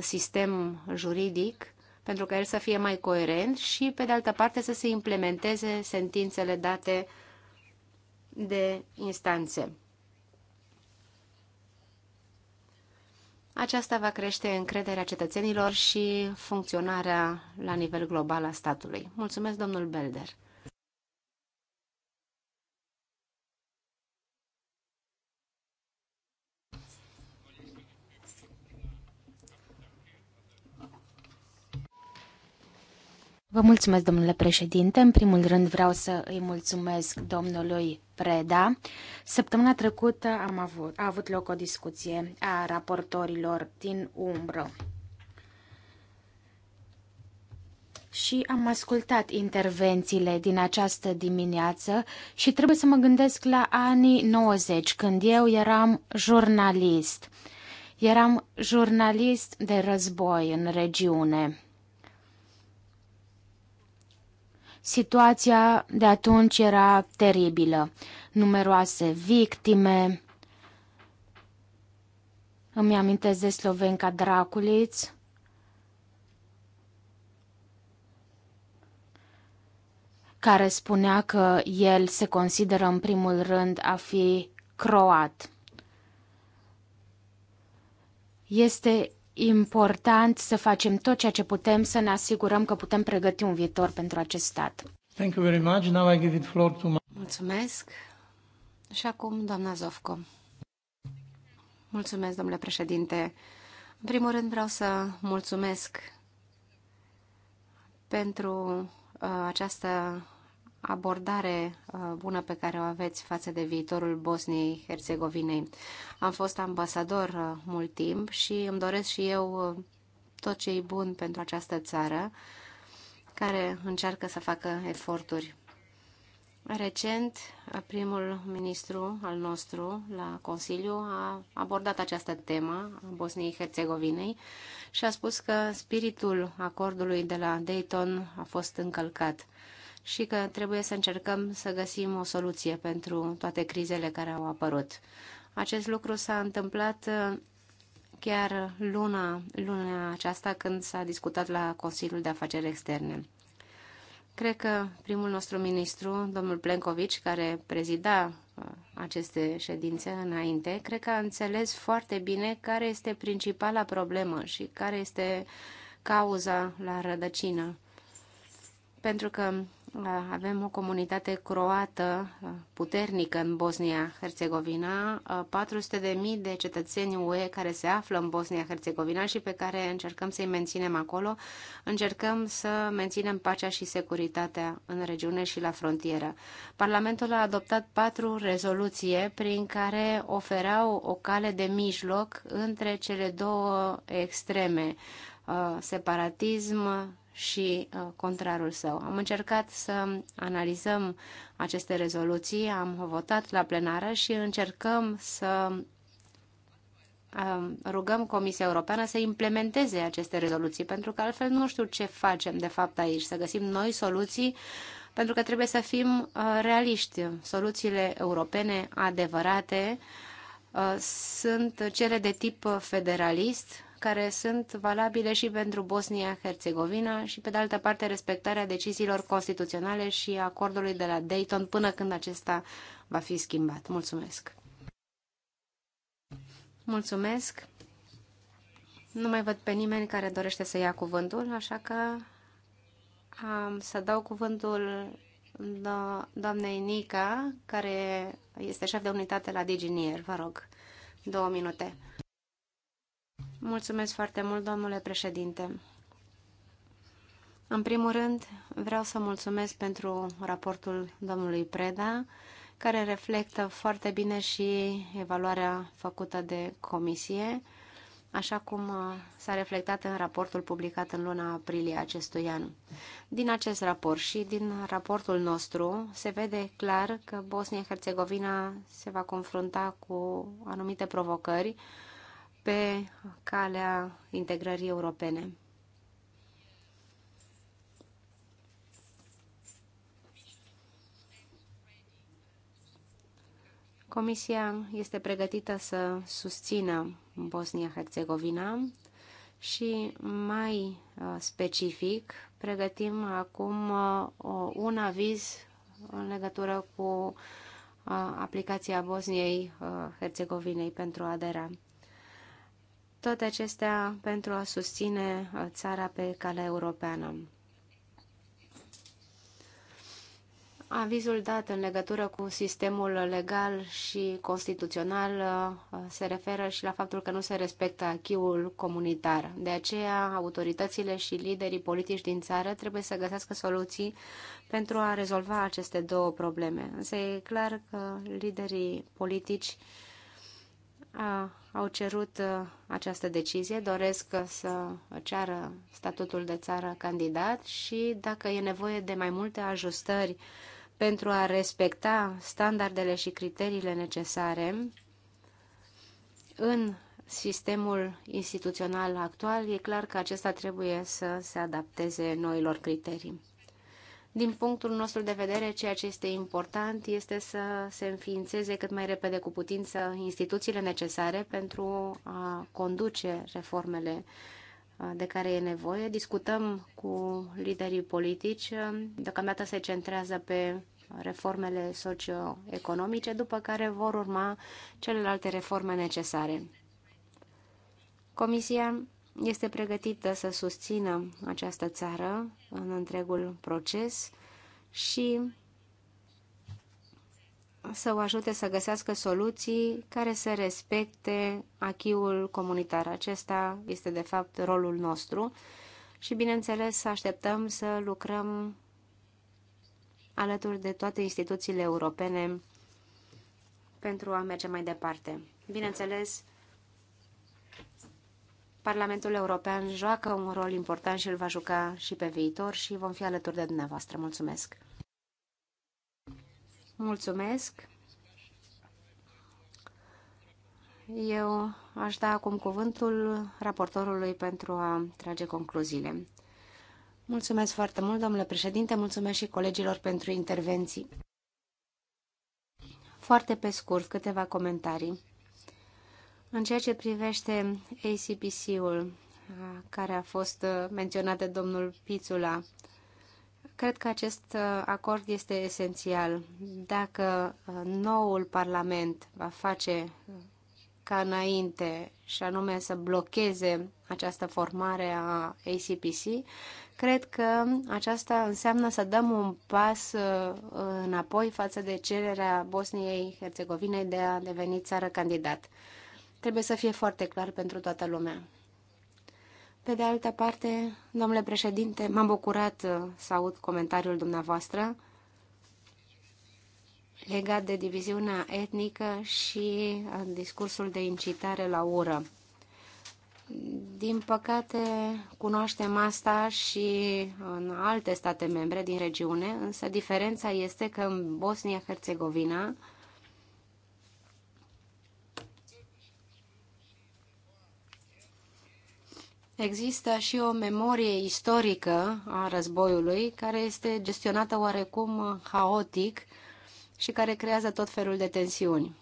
Speaker 3: sistem juridic pentru că el să fie mai coerent și, pe de altă parte, să se implementeze sentințele date de instanțe. Aceasta va crește încrederea cetățenilor și funcționarea la nivel global a statului. Mulțumesc, domnul Belder.
Speaker 1: Vă mulțumesc, domnule președinte. În primul rând vreau să îi mulțumesc domnului Preda. Săptămâna trecută am avut, a avut loc o discuție a raportorilor din umbră. și am ascultat intervențiile din această dimineață și trebuie să mă gândesc la anii 90, când eu eram jurnalist. Eram jurnalist de război în regiune. Situația de atunci era teribilă. Numeroase victime. Îmi amintesc de Slovenca Draculiț. care spunea că el se consideră în primul rând a fi croat. Este important să facem tot ceea ce putem să ne asigurăm că putem pregăti un viitor pentru acest stat.
Speaker 4: Thank you very much. Now I give it floor to Mulțumesc.
Speaker 1: Și acum, doamna Zofco.
Speaker 3: Mulțumesc, domnule președinte. În primul rând vreau să mulțumesc pentru uh, această abordare uh, bună pe care o aveți față de viitorul Bosniei Herțegovinei. Am fost ambasador uh, mult timp și îmi doresc și eu uh, tot ce e bun pentru această țară care încearcă să facă eforturi. Recent, primul ministru al nostru la Consiliu a abordat această temă a Bosniei Herțegovinei și a spus că spiritul acordului de la Dayton a fost încălcat și că trebuie să încercăm să găsim o soluție pentru toate crizele care au apărut. Acest lucru s-a întâmplat uh, chiar luna, luna aceasta când s-a discutat la Consiliul de Afaceri Externe. Cred că primul nostru ministru, domnul Plencovici, care prezida uh, aceste ședințe înainte, cred că a înțeles foarte bine care este principala problemă și care este cauza la rădăcină. Pentru că Eh, avem o comunitate croată eh, puternică în Bosnia-Herzegovina, 400.000 eh, de cetățeni UE care se află în Bosnia-Herzegovina și pe care încercăm să-i menținem acolo. Încercăm să menținem pacea și securitatea în regiune și la frontieră. Parlamentul a adoptat patru rezoluție prin care oferau o cale de mijloc între cele două extreme, separatism și uh, contrarul său. Am încercat să analizăm aceste rezoluții, am votat la plenară și încercăm să uh, rugăm Comisia Europeană să implementeze aceste rezoluții, pentru că altfel nu știu ce facem de fapt aici, să găsim noi soluții, pentru că trebuie să fim uh, realiști. Soluțiile europene adevărate sunt cele de tip federalist, care sunt valabile și pentru Bosnia-Herzegovina și, pe de altă parte, respectarea deciziilor constituționale și acordului de la Dayton până când acesta va fi schimbat. Mulțumesc! Mulțumesc! Nu mai văd pe nimeni care dorește să ia cuvântul, așa că am să dau cuvântul do doamnei Nica, care este șef de unitate la Diginier. Vă rog, două minute. Mulțumesc foarte mult, domnule președinte. În primul rând, vreau să mulțumesc pentru raportul domnului Preda, care reflectă foarte bine și evaluarea făcută de comisie, așa cum s-a reflectat în raportul publicat în luna aprilie acestui an. Din acest raport și din raportul nostru se vede clar că Bosnia-Herzegovina se va confrunta cu anumite provocări, pe calea integrării europene. Comisia este pregătită să susțină Bosnia-Herzegovina și mai uh, specific pregătim acum uh, un aviz în legătură cu uh, aplicația Bosniei-Herzegovinei pentru aderare toate acestea pentru a susține uh, țara pe calea europeană. Avizul dat în legătură cu sistemul legal și constituțional uh, se referă și la faptul că nu se respectă achiul comunitar. De aceea, autoritățile și liderii politici din țară trebuie să găsească soluții pentru a rezolva aceste două probleme. Însă e clar că liderii politici uh, a, au cerut uh, această decizie, doresc uh, să ceară statutul de țară candidat și dacă e nevoie de mai multe ajustări pentru a respecta standardele și criteriile necesare în sistemul instituțional actual, e clar că acesta trebuie să se adapteze noilor criterii. Din punctul nostru de vedere, ceea ce este important este să se înființeze cât mai repede cu putință instituțiile necesare pentru a conduce reformele de care e nevoie. Discutăm cu liderii politici, deocamdată se centrează pe reformele socioeconomice, după care vor urma celelalte reforme necesare. Comisia este pregătită să susțină această țară în întregul proces și să o ajute să găsească soluții care să respecte achiul comunitar. Acesta este, de fapt, rolul nostru și, bineînțeles, să așteptăm să lucrăm alături de toate instituțiile europene pentru a merge mai departe. Bineînțeles, Parlamentul European joacă un rol important și îl va juca și pe viitor și vom fi alături de dumneavoastră. Mulțumesc! Mulțumesc! Eu aș da acum cuvântul raportorului pentru a trage concluziile. Mulțumesc foarte mult, domnule președinte, mulțumesc și colegilor pentru intervenții. Foarte pe scurt, câteva comentarii. În ceea ce privește ACPC-ul, uh, care a fost uh, menționat de domnul Pițula, cred că acest uh, acord este esențial. Dacă noul Parlament va face ca înainte, și anume să blocheze această formare a ACPC, cred că aceasta înseamnă să dăm un pas înapoi față de cererea Bosniei-Herzegovinei de a deveni țară candidat. Trebuie să fie foarte clar pentru toată lumea. Pe de altă parte, domnule președinte, m-am bucurat uh, să aud comentariul dumneavoastră legat de diviziunea etnică și uh, discursul de incitare la ură. Din păcate, cunoaștem asta și în alte state membre din regiune, însă diferența este că în Bosnia-Herzegovina există și o memorie istorică a războiului care este gestionată oarecum haotic și care creează tot felul de tensiuni.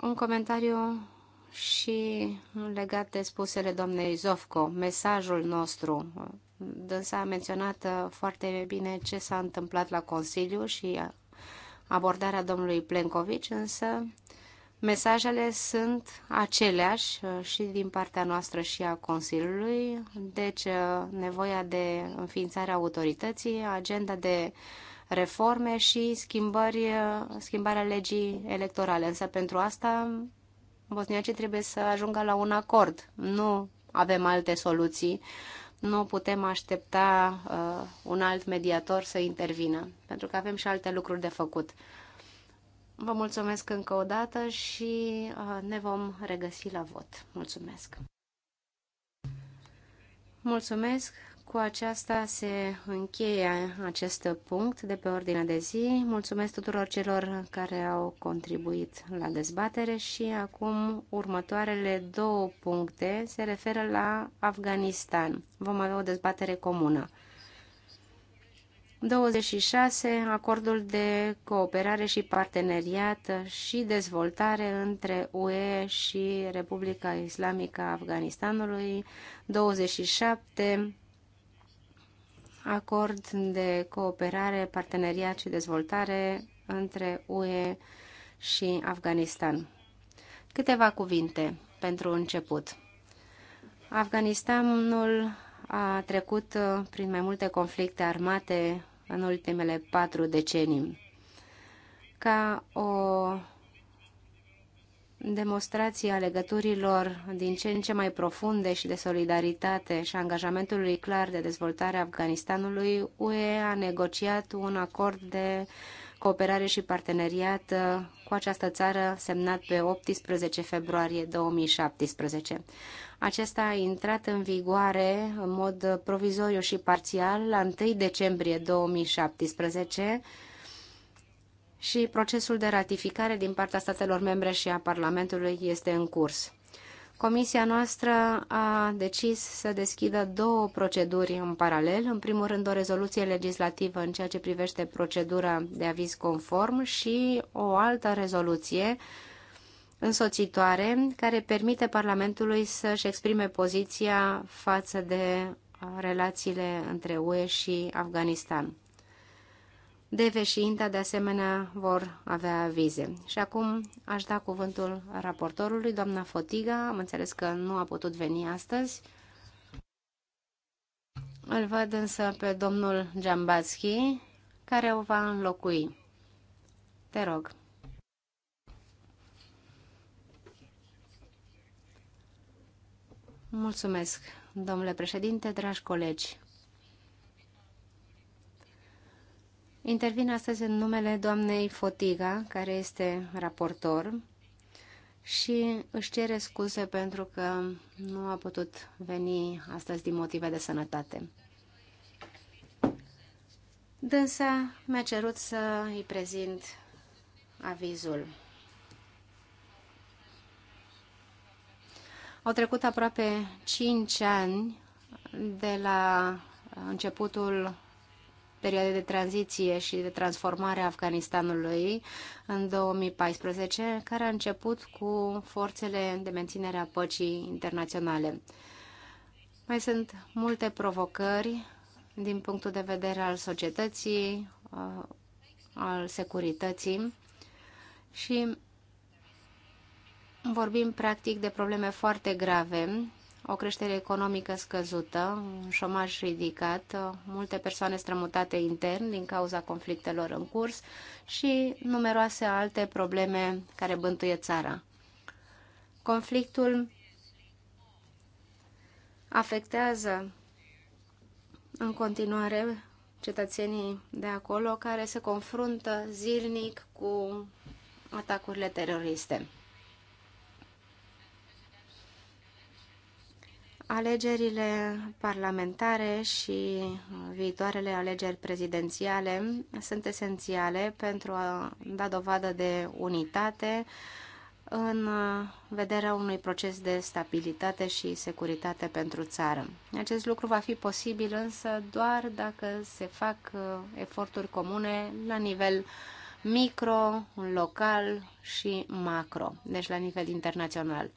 Speaker 3: Un comentariu și legat de spusele doamnei Zofco, mesajul nostru. Dânsa a menționat foarte bine ce s-a întâmplat la Consiliu și abordarea domnului Plencovici, însă mesajele sunt aceleași uh, și din partea noastră și a Consiliului, deci uh, nevoia de înființare a autorității, agenda de reforme și schimbări, uh, schimbarea legii electorale. Însă pentru asta bosniacii trebuie să ajungă la un acord. Nu avem alte soluții nu putem aștepta uh, un alt mediator să intervină, pentru că avem și alte lucruri de făcut. Vă mulțumesc încă o dată și uh, ne vom regăsi la vot. Mulțumesc! Mulțumesc! Cu aceasta se încheie acest punct de pe ordinea de zi. Mulțumesc tuturor celor care au contribuit la dezbatere și acum următoarele două puncte se referă la Afganistan. Vom avea o dezbatere comună. 26. Acordul de cooperare și parteneriat și dezvoltare între UE și Republica Islamică a Afganistanului. 27 acord de cooperare, parteneriat și dezvoltare între UE și Afganistan. Câteva cuvinte pentru început. Afganistanul a trecut prin mai multe conflicte armate în ultimele patru decenii. Ca o Demonstrația legăturilor din ce în ce mai profunde și de solidaritate și angajamentului clar de dezvoltare a Afganistanului, UE a negociat un acord de cooperare și parteneriat uh, cu această țară semnat pe 18 februarie 2017. Acesta a intrat în vigoare în mod provizoriu și parțial la 1 decembrie 2017 și procesul de ratificare din partea statelor membre și a Parlamentului este în curs. Comisia noastră a decis să deschidă două proceduri în paralel. În primul rând, o rezoluție legislativă în ceea ce privește procedura de aviz conform și o altă rezoluție însoțitoare care permite Parlamentului să-și exprime poziția față de relațiile între UE și Afganistan. Deve și Inta, de asemenea, vor avea vize. Și acum aș da cuvântul raportorului, doamna Fotiga. Am înțeles că nu a putut veni astăzi. Îl văd însă pe domnul Giambatski, care o va înlocui. Te rog. Mulțumesc, domnule președinte, dragi colegi. Intervin astăzi în numele doamnei Fotiga, care este raportor și își cere scuze pentru că nu a putut veni astăzi din motive de sănătate. Dânsa mi-a cerut să îi prezint avizul. Au trecut aproape 5 ani de la începutul perioade de tranziție și de transformare a Afganistanului în 2014, care a început cu forțele de menținere a păcii internaționale. Mai sunt multe provocări din punctul de vedere al societății, uh, al securității și vorbim practic de probleme foarte grave o creștere economică scăzută, un șomaj ridicat, multe persoane strămutate intern din cauza conflictelor în curs și numeroase alte probleme care bântuie țara. Conflictul afectează în continuare cetățenii de acolo care se confruntă zilnic cu atacurile teroriste. Alegerile parlamentare și uh, viitoarele alegeri prezidențiale sunt esențiale pentru a da dovadă de unitate în uh, vederea unui proces de stabilitate și securitate pentru țară. Acest lucru va fi posibil însă doar dacă se fac uh, eforturi comune la nivel micro, local și macro, deci la nivel internațional.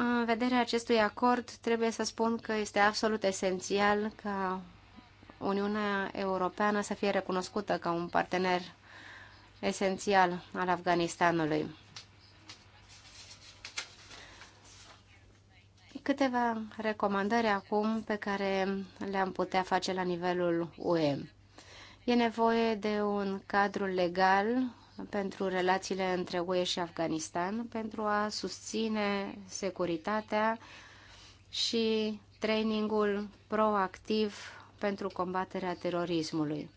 Speaker 3: În vederea acestui acord, trebuie să spun că este absolut esențial ca Uniunea Europeană să fie recunoscută ca un partener esențial al Afganistanului. Câteva recomandări acum pe care le-am putea face la nivelul UE. E nevoie de un cadru legal pentru relațiile între UE și Afganistan, pentru a susține securitatea și trainingul proactiv pentru combaterea terorismului.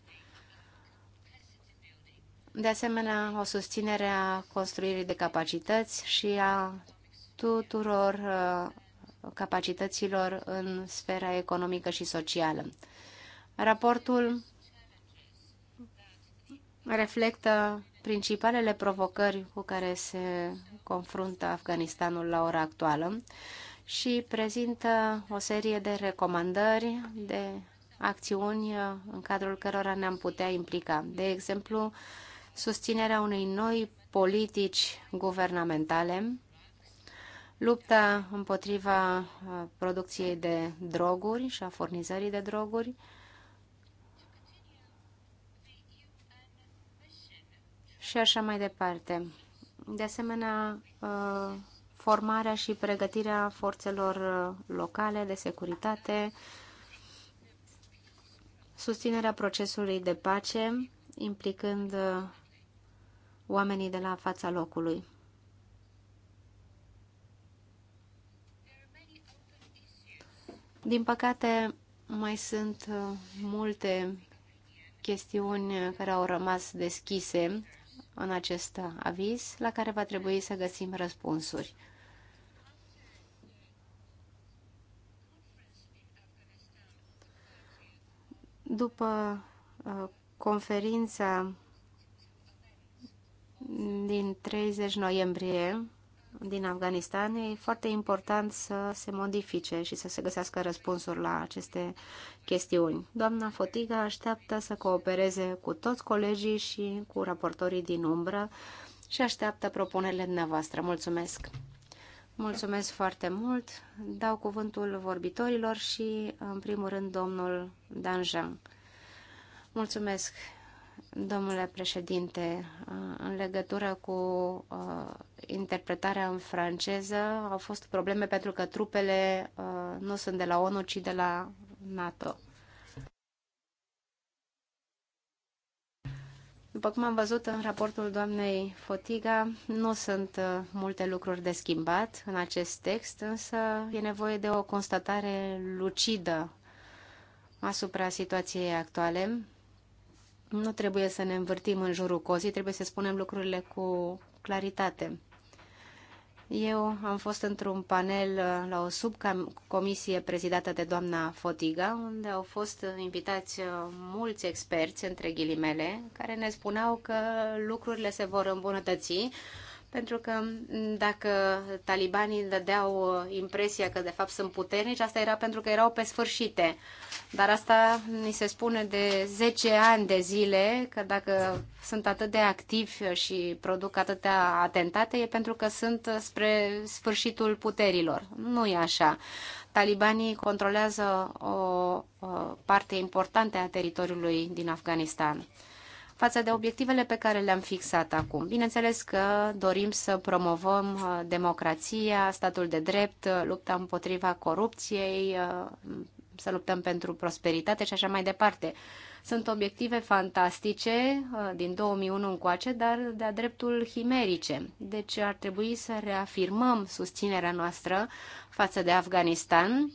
Speaker 3: De asemenea, o susținere a construirii de capacități și a tuturor uh, capacităților în sfera economică și socială. Raportul reflectă principalele provocări cu care se confruntă Afganistanul la ora actuală și prezintă o serie de recomandări, de acțiuni în cadrul cărora ne-am putea implica. De exemplu, susținerea unei noi politici guvernamentale, lupta împotriva uh, producției de droguri și a furnizării de droguri, și așa mai departe. De asemenea, uh, formarea și pregătirea forțelor uh, locale de securitate, susținerea procesului de pace, implicând uh, oamenii de la fața locului. Din păcate, mai sunt multe chestiuni care au rămas deschise în acest aviz la care va trebui să găsim răspunsuri. După uh, conferința din 30 noiembrie din Afganistan, e foarte important să se modifice și să se găsească răspunsuri la aceste chestiuni. Doamna Fotiga așteaptă să coopereze cu toți colegii și cu raportorii din umbră și așteaptă propunerile dumneavoastră. Mulțumesc! Mulțumesc foarte mult! Dau cuvântul vorbitorilor și, în primul rând, domnul Danjean. Mulțumesc, domnule președinte. În legătură cu uh, interpretarea în franceză, au fost probleme pentru că trupele uh, nu sunt de la ONU, ci de la NATO. După cum am văzut în raportul doamnei Fotiga, nu sunt uh, multe lucruri de schimbat în acest text, însă e nevoie de o constatare lucidă asupra situației actuale nu trebuie să ne învârtim în jurul cozii, trebuie să spunem lucrurile cu claritate. Eu am fost într-un panel uh, la o subcomisie prezidată de doamna Fotiga, unde au fost invitați uh, mulți experți, între ghilimele, care ne spuneau că lucrurile se vor îmbunătăți pentru că dacă talibanii dădeau uh, impresia că de fapt sunt puternici, asta era pentru că erau pe sfârșite. Dar asta ni se spune de 10 ani de zile, că dacă sunt atât de activi și produc atâtea atentate, e pentru că sunt spre sfârșitul puterilor. Nu e așa. Talibanii controlează o parte importantă a teritoriului din Afganistan față de obiectivele pe care le-am fixat acum. Bineînțeles că dorim să promovăm uh, democrația, statul de drept, uh, lupta împotriva corupției, uh, să luptăm pentru prosperitate și așa mai departe. Sunt obiective fantastice din 2001 încoace, dar de-a dreptul chimerice. Deci ar trebui să reafirmăm susținerea noastră față de Afganistan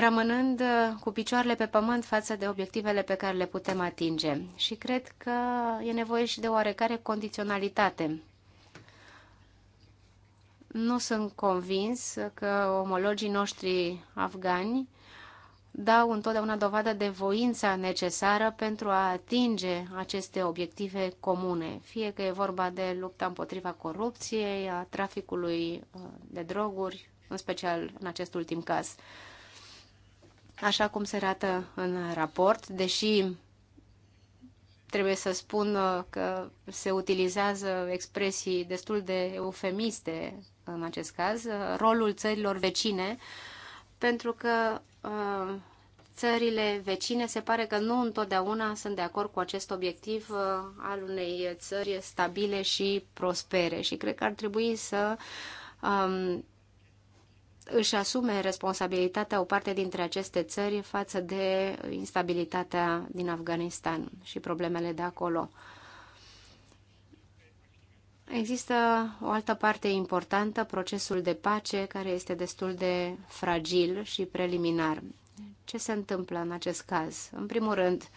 Speaker 3: rămânând uh, cu picioarele pe pământ față de obiectivele pe care le putem atinge. Și cred că e nevoie și de oarecare condiționalitate. Nu sunt convins că omologii noștri afgani dau întotdeauna dovadă de voința necesară pentru a atinge aceste obiective comune, fie că e vorba de lupta împotriva corupției, a traficului uh, de droguri, în special în acest ultim caz așa cum se arată în raport, deși trebuie să spun uh, că se utilizează expresii destul de eufemiste în acest caz, uh, rolul țărilor vecine, pentru că uh, țările vecine se pare că nu întotdeauna sunt de acord cu acest obiectiv al unei țări stabile și prospere și cred că ar trebui să um, își asume responsabilitatea o parte dintre aceste țări față de instabilitatea din Afganistan și problemele de acolo. Există o altă parte importantă, procesul de pace, care este destul de fragil și preliminar. Ce se întâmplă în acest caz? În primul rând,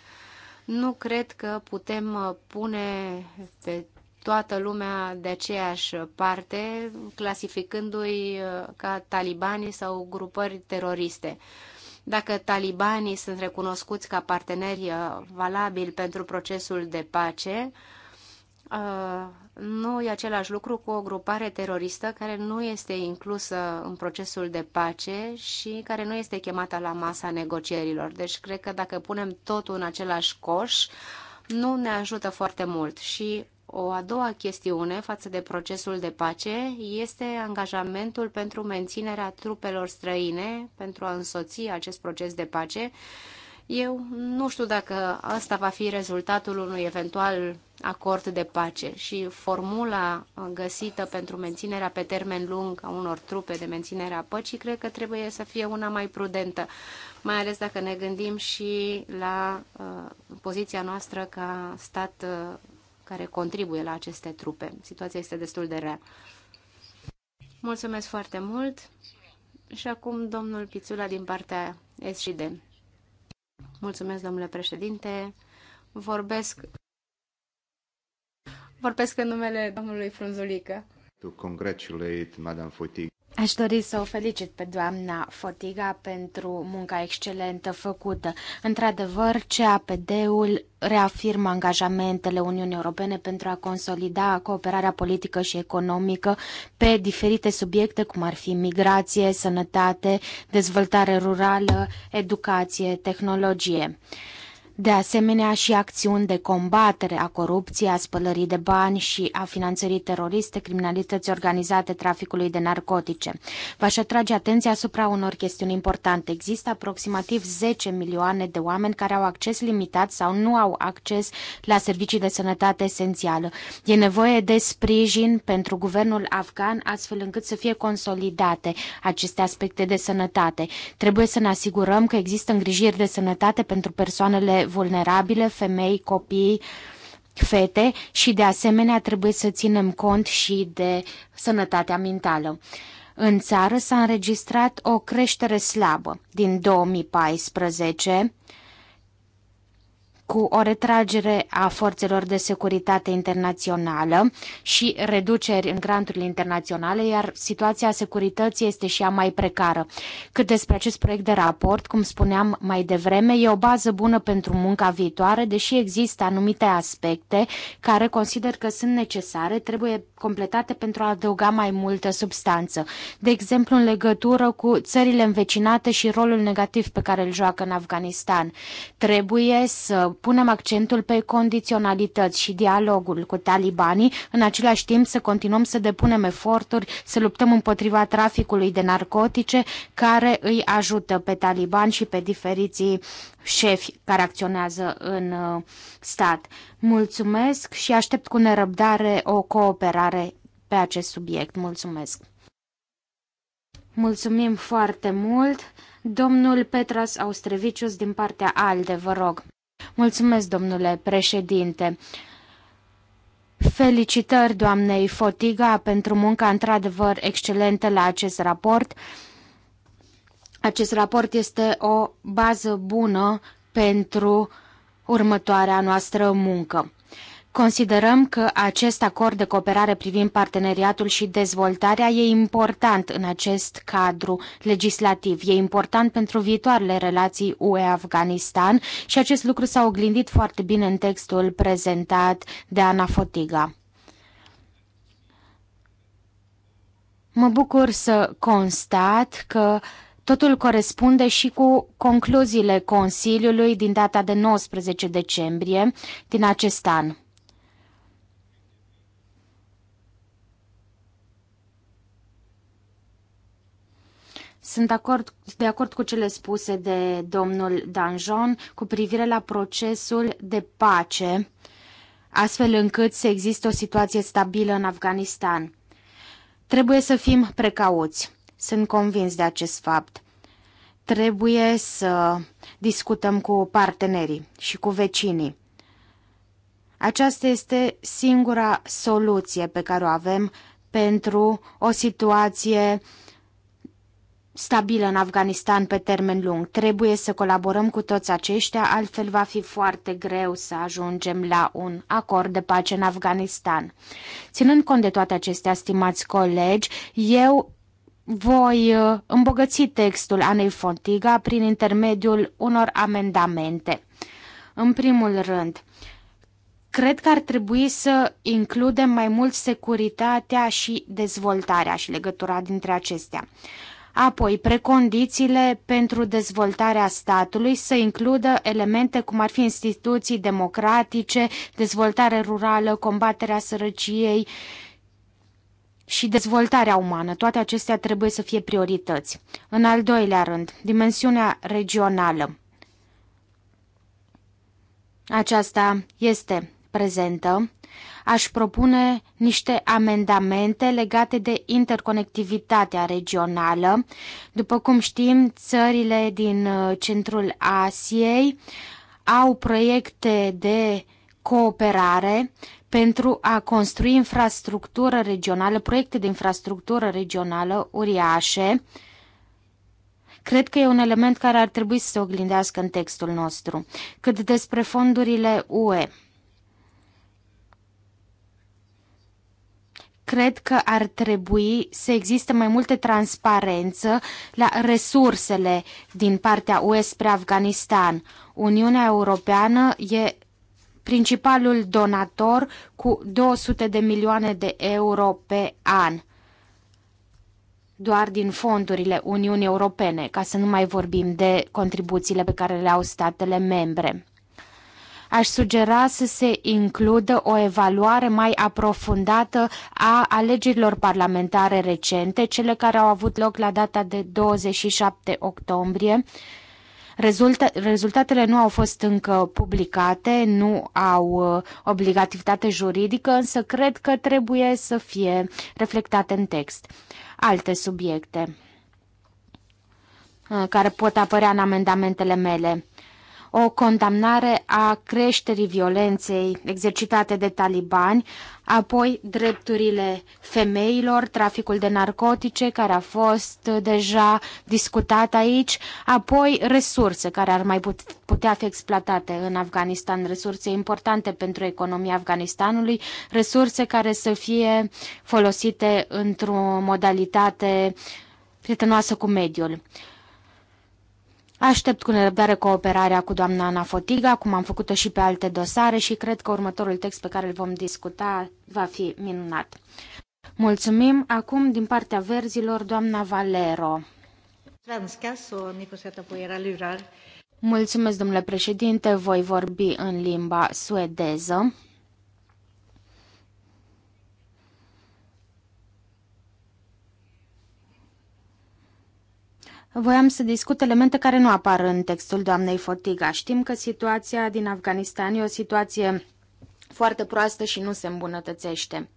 Speaker 3: nu cred că putem pune pe toată lumea de aceeași parte, clasificându-i uh, ca talibanii sau grupări teroriste. Dacă talibanii sunt recunoscuți ca parteneri uh, valabili pentru procesul de pace, uh, nu e același lucru cu o grupare teroristă care nu este inclusă în procesul de pace și care nu este chemată la masa negocierilor. Deci cred că dacă punem totul în același coș, nu ne ajută foarte mult și o a doua chestiune față de procesul de pace este angajamentul pentru menținerea trupelor străine pentru a însoți acest proces de pace. Eu nu știu dacă asta va fi rezultatul unui eventual acord de pace și formula găsită pentru menținerea pe termen lung a unor trupe de menținere a păcii cred că trebuie să fie una mai prudentă, mai ales dacă ne gândim și la uh, poziția noastră ca stat uh, care contribuie la aceste trupe. Situația este destul de rea. Mulțumesc foarte mult și acum domnul Pițula din partea SJD. Mulțumesc, domnule președinte.
Speaker 1: Vorbesc vorbesc în numele domnului Frunzulică.
Speaker 4: To congratulate Madame Fotig
Speaker 1: Aș dori să o felicit pe doamna Fotiga pentru munca excelentă făcută. Într-adevăr, CAPD-ul reafirmă angajamentele Uniunii Europene pentru a consolida cooperarea politică și economică pe diferite subiecte, cum ar fi migrație, sănătate, dezvoltare rurală, educație, tehnologie de asemenea și acțiuni de combatere a corupției, a spălării de bani și a finanțării teroriste, criminalității organizate, traficului de narcotice. V-aș atrage atenția asupra unor chestiuni importante. Există aproximativ 10 milioane de oameni care au acces limitat sau nu au acces la servicii de sănătate esențială. E nevoie de sprijin pentru guvernul afgan astfel încât să fie consolidate aceste aspecte de sănătate. Trebuie să ne asigurăm că există îngrijiri de sănătate pentru persoanele vulnerabile, femei, copii, fete și de asemenea trebuie să ținem cont și de sănătatea mentală. În țară s-a înregistrat o creștere slabă din 2014 cu o retragere a forțelor de securitate internațională și reduceri în granturile internaționale, iar situația securității este și ea mai precară. Cât despre acest proiect de raport, cum spuneam mai devreme, e o bază bună pentru munca viitoare, deși există anumite aspecte care consider că sunt necesare, trebuie completate pentru a adăuga mai multă substanță. De exemplu, în legătură cu țările învecinate și rolul negativ pe care îl joacă în Afganistan. Trebuie să punem accentul pe condiționalități și dialogul cu talibanii, în același timp să continuăm să depunem eforturi, să luptăm împotriva traficului de narcotice care îi ajută pe talibani și pe diferiții șefi care acționează în uh, stat. Mulțumesc și aștept cu nerăbdare o cooperare pe acest subiect. Mulțumesc! Mulțumim foarte mult! Domnul Petras Austrevicius din partea ALDE, vă rog. Mulțumesc, domnule președinte. Felicitări doamnei Fotiga pentru munca într-adevăr excelentă la acest raport. Acest raport este o bază bună pentru următoarea noastră muncă. Considerăm că acest acord de cooperare privind parteneriatul și dezvoltarea e important în acest cadru legislativ. E important pentru viitoarele relații UE-Afganistan și acest lucru s-a oglindit foarte bine în textul prezentat de Ana Fotiga. Mă bucur să constat că Totul corespunde și cu concluziile Consiliului din data de 19 decembrie din acest an. Sunt acord, de acord cu cele spuse de domnul Danjon cu privire la procesul de pace, astfel încât să existe o situație stabilă în Afganistan. Trebuie să fim precauți. Sunt convins de acest fapt. Trebuie să discutăm cu partenerii și cu vecinii. Aceasta este singura soluție pe care o avem pentru o situație uh, stabilă în Afganistan pe termen lung. Trebuie să colaborăm cu toți aceștia, altfel va fi foarte greu să ajungem la un acord de pace în Afganistan. Ținând cont de toate acestea, stimați colegi, eu voi uh, îmbogăți textul Anei Fontiga prin intermediul unor amendamente. În primul rând, cred că ar trebui să includem mai mult securitatea și dezvoltarea și legătura dintre acestea. Apoi, precondițiile pentru dezvoltarea statului să includă elemente cum ar fi instituții democratice, dezvoltare rurală, combaterea sărăciei și dezvoltarea umană. Toate acestea trebuie să fie priorități. În al doilea rând, dimensiunea regională. Aceasta este prezentă Aș propune niște amendamente legate de interconectivitatea regională. După cum știm, țările din uh, centrul Asiei au proiecte de cooperare pentru a construi infrastructură regională, proiecte de infrastructură regională uriașe. Cred că e un element care ar trebui să se oglindească în textul nostru. Cât despre fondurile UE, cred că ar trebui să existe mai multă transparență la resursele din partea UE spre Afganistan. Uniunea Europeană e principalul donator cu 200 de milioane de euro pe an doar din fondurile Uniunii Europene, ca să nu mai vorbim de contribuțiile pe care le au statele membre aș sugera să se includă o evaluare mai aprofundată a alegerilor parlamentare recente, cele care au avut loc la data de 27 octombrie. Rezulta- rezultatele nu au fost încă publicate, nu au uh, obligativitate juridică, însă cred că trebuie să fie reflectate în text. Alte subiecte uh, care pot apărea în amendamentele mele o condamnare a creșterii violenței exercitate de talibani, apoi drepturile femeilor, traficul de narcotice care a fost deja discutat aici, apoi resurse care ar mai putea fi exploatate în Afganistan, resurse importante pentru economia Afganistanului, resurse care să fie folosite într-o modalitate prietenoasă cu mediul. Aștept cu nerăbdare cooperarea cu doamna Ana Fotiga, cum am făcut-o și pe alte dosare și cred că următorul text pe care îl vom discuta va fi minunat. Mulțumim. Acum, din partea verzilor, doamna Valero. Mulțumesc, domnule președinte. Voi vorbi în limba suedeză. Voiam să discut elemente care nu apar în textul doamnei Fotiga. Știm că situația din Afganistan e o situație foarte proastă și nu se îmbunătățește.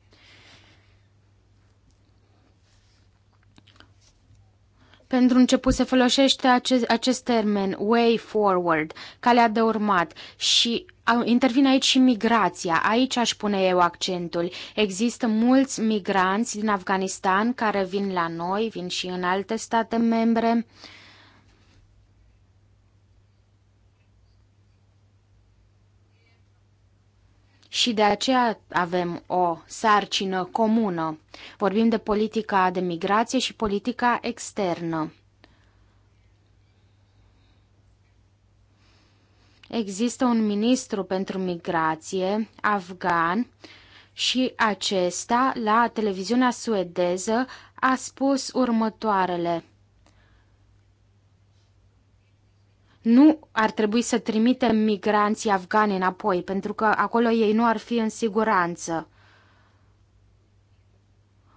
Speaker 1: Pentru început se folosește acest, acest termen, way forward, calea de urmat și intervine aici și migrația. Aici aș pune eu accentul. Există mulți migranți din Afganistan care vin la noi, vin și în alte state membre. Uh, și de aceea avem o sarcină comună. Vorbim de politica de migrație și politica externă. Există un ministru pentru migrație afgan și acesta la televiziunea suedeză a spus următoarele – nu ar trebui să trimitem migranții afgani înapoi, pentru că acolo ei nu ar fi în siguranță.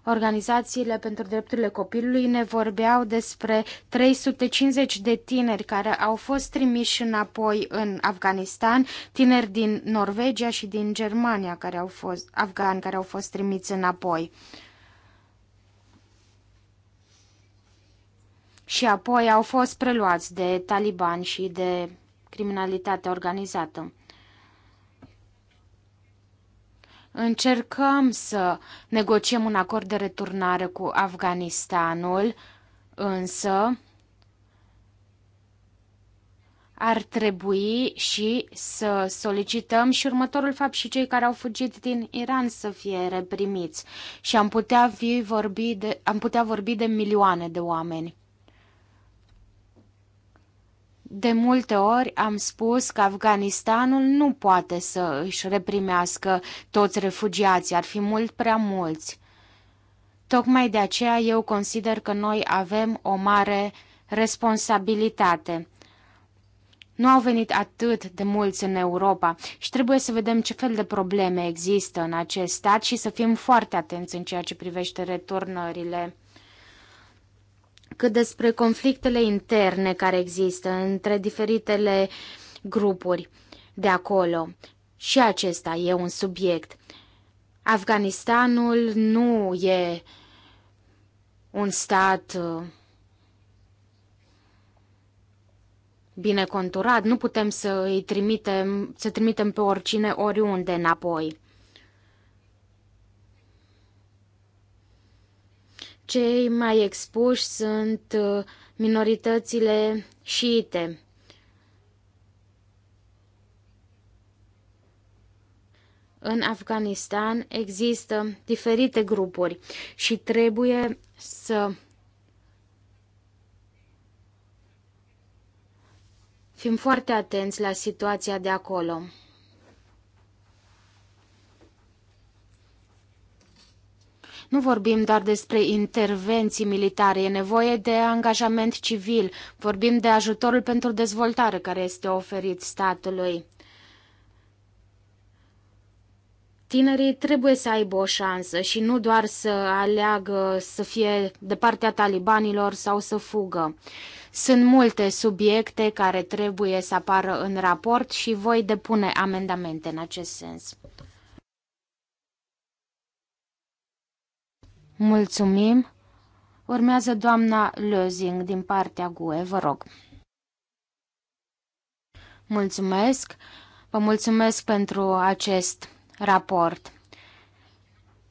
Speaker 1: Organizațiile pentru drepturile copilului ne vorbeau despre 350 de tineri care au fost trimiși înapoi în Afganistan, tineri din Norvegia și din Germania care au fost afgani care au fost trimiți înapoi. și apoi au fost preluați de talibani și de criminalitate organizată. Încercăm să negociem un acord de returnare cu Afganistanul, însă ar trebui și să solicităm și următorul fapt și cei care au fugit din Iran să fie reprimiți și am putea, fi vorbi de, am putea vorbi de milioane de oameni. De multe ori am spus că Afganistanul nu poate să își reprimească toți refugiații, ar fi mult prea mulți. Tocmai de aceea eu consider că noi avem o mare responsabilitate. Nu au venit atât de mulți în Europa și trebuie să vedem ce fel de probleme există în acest stat și să fim foarte atenți în ceea ce privește returnările cât despre conflictele interne care există între diferitele grupuri de acolo. Și acesta e un subiect. Afganistanul nu e un stat uh, bine conturat, nu putem să îi trimitem, să trimitem pe oricine oriunde înapoi. Cei mai expuși sunt uh, minoritățile șiite. În Afganistan există diferite grupuri și trebuie să fim foarte atenți la situația de acolo. Nu vorbim doar despre intervenții militare, e nevoie de angajament civil, vorbim de ajutorul pentru dezvoltare care este oferit statului. Tinerii trebuie să aibă o șansă și nu doar să aleagă să fie de partea talibanilor sau să fugă. Sunt multe subiecte care trebuie să apară în raport și voi depune amendamente în acest sens. Mulțumim. Urmează doamna Lözing din partea GUE, vă rog. Mulțumesc. Vă mulțumesc pentru acest raport.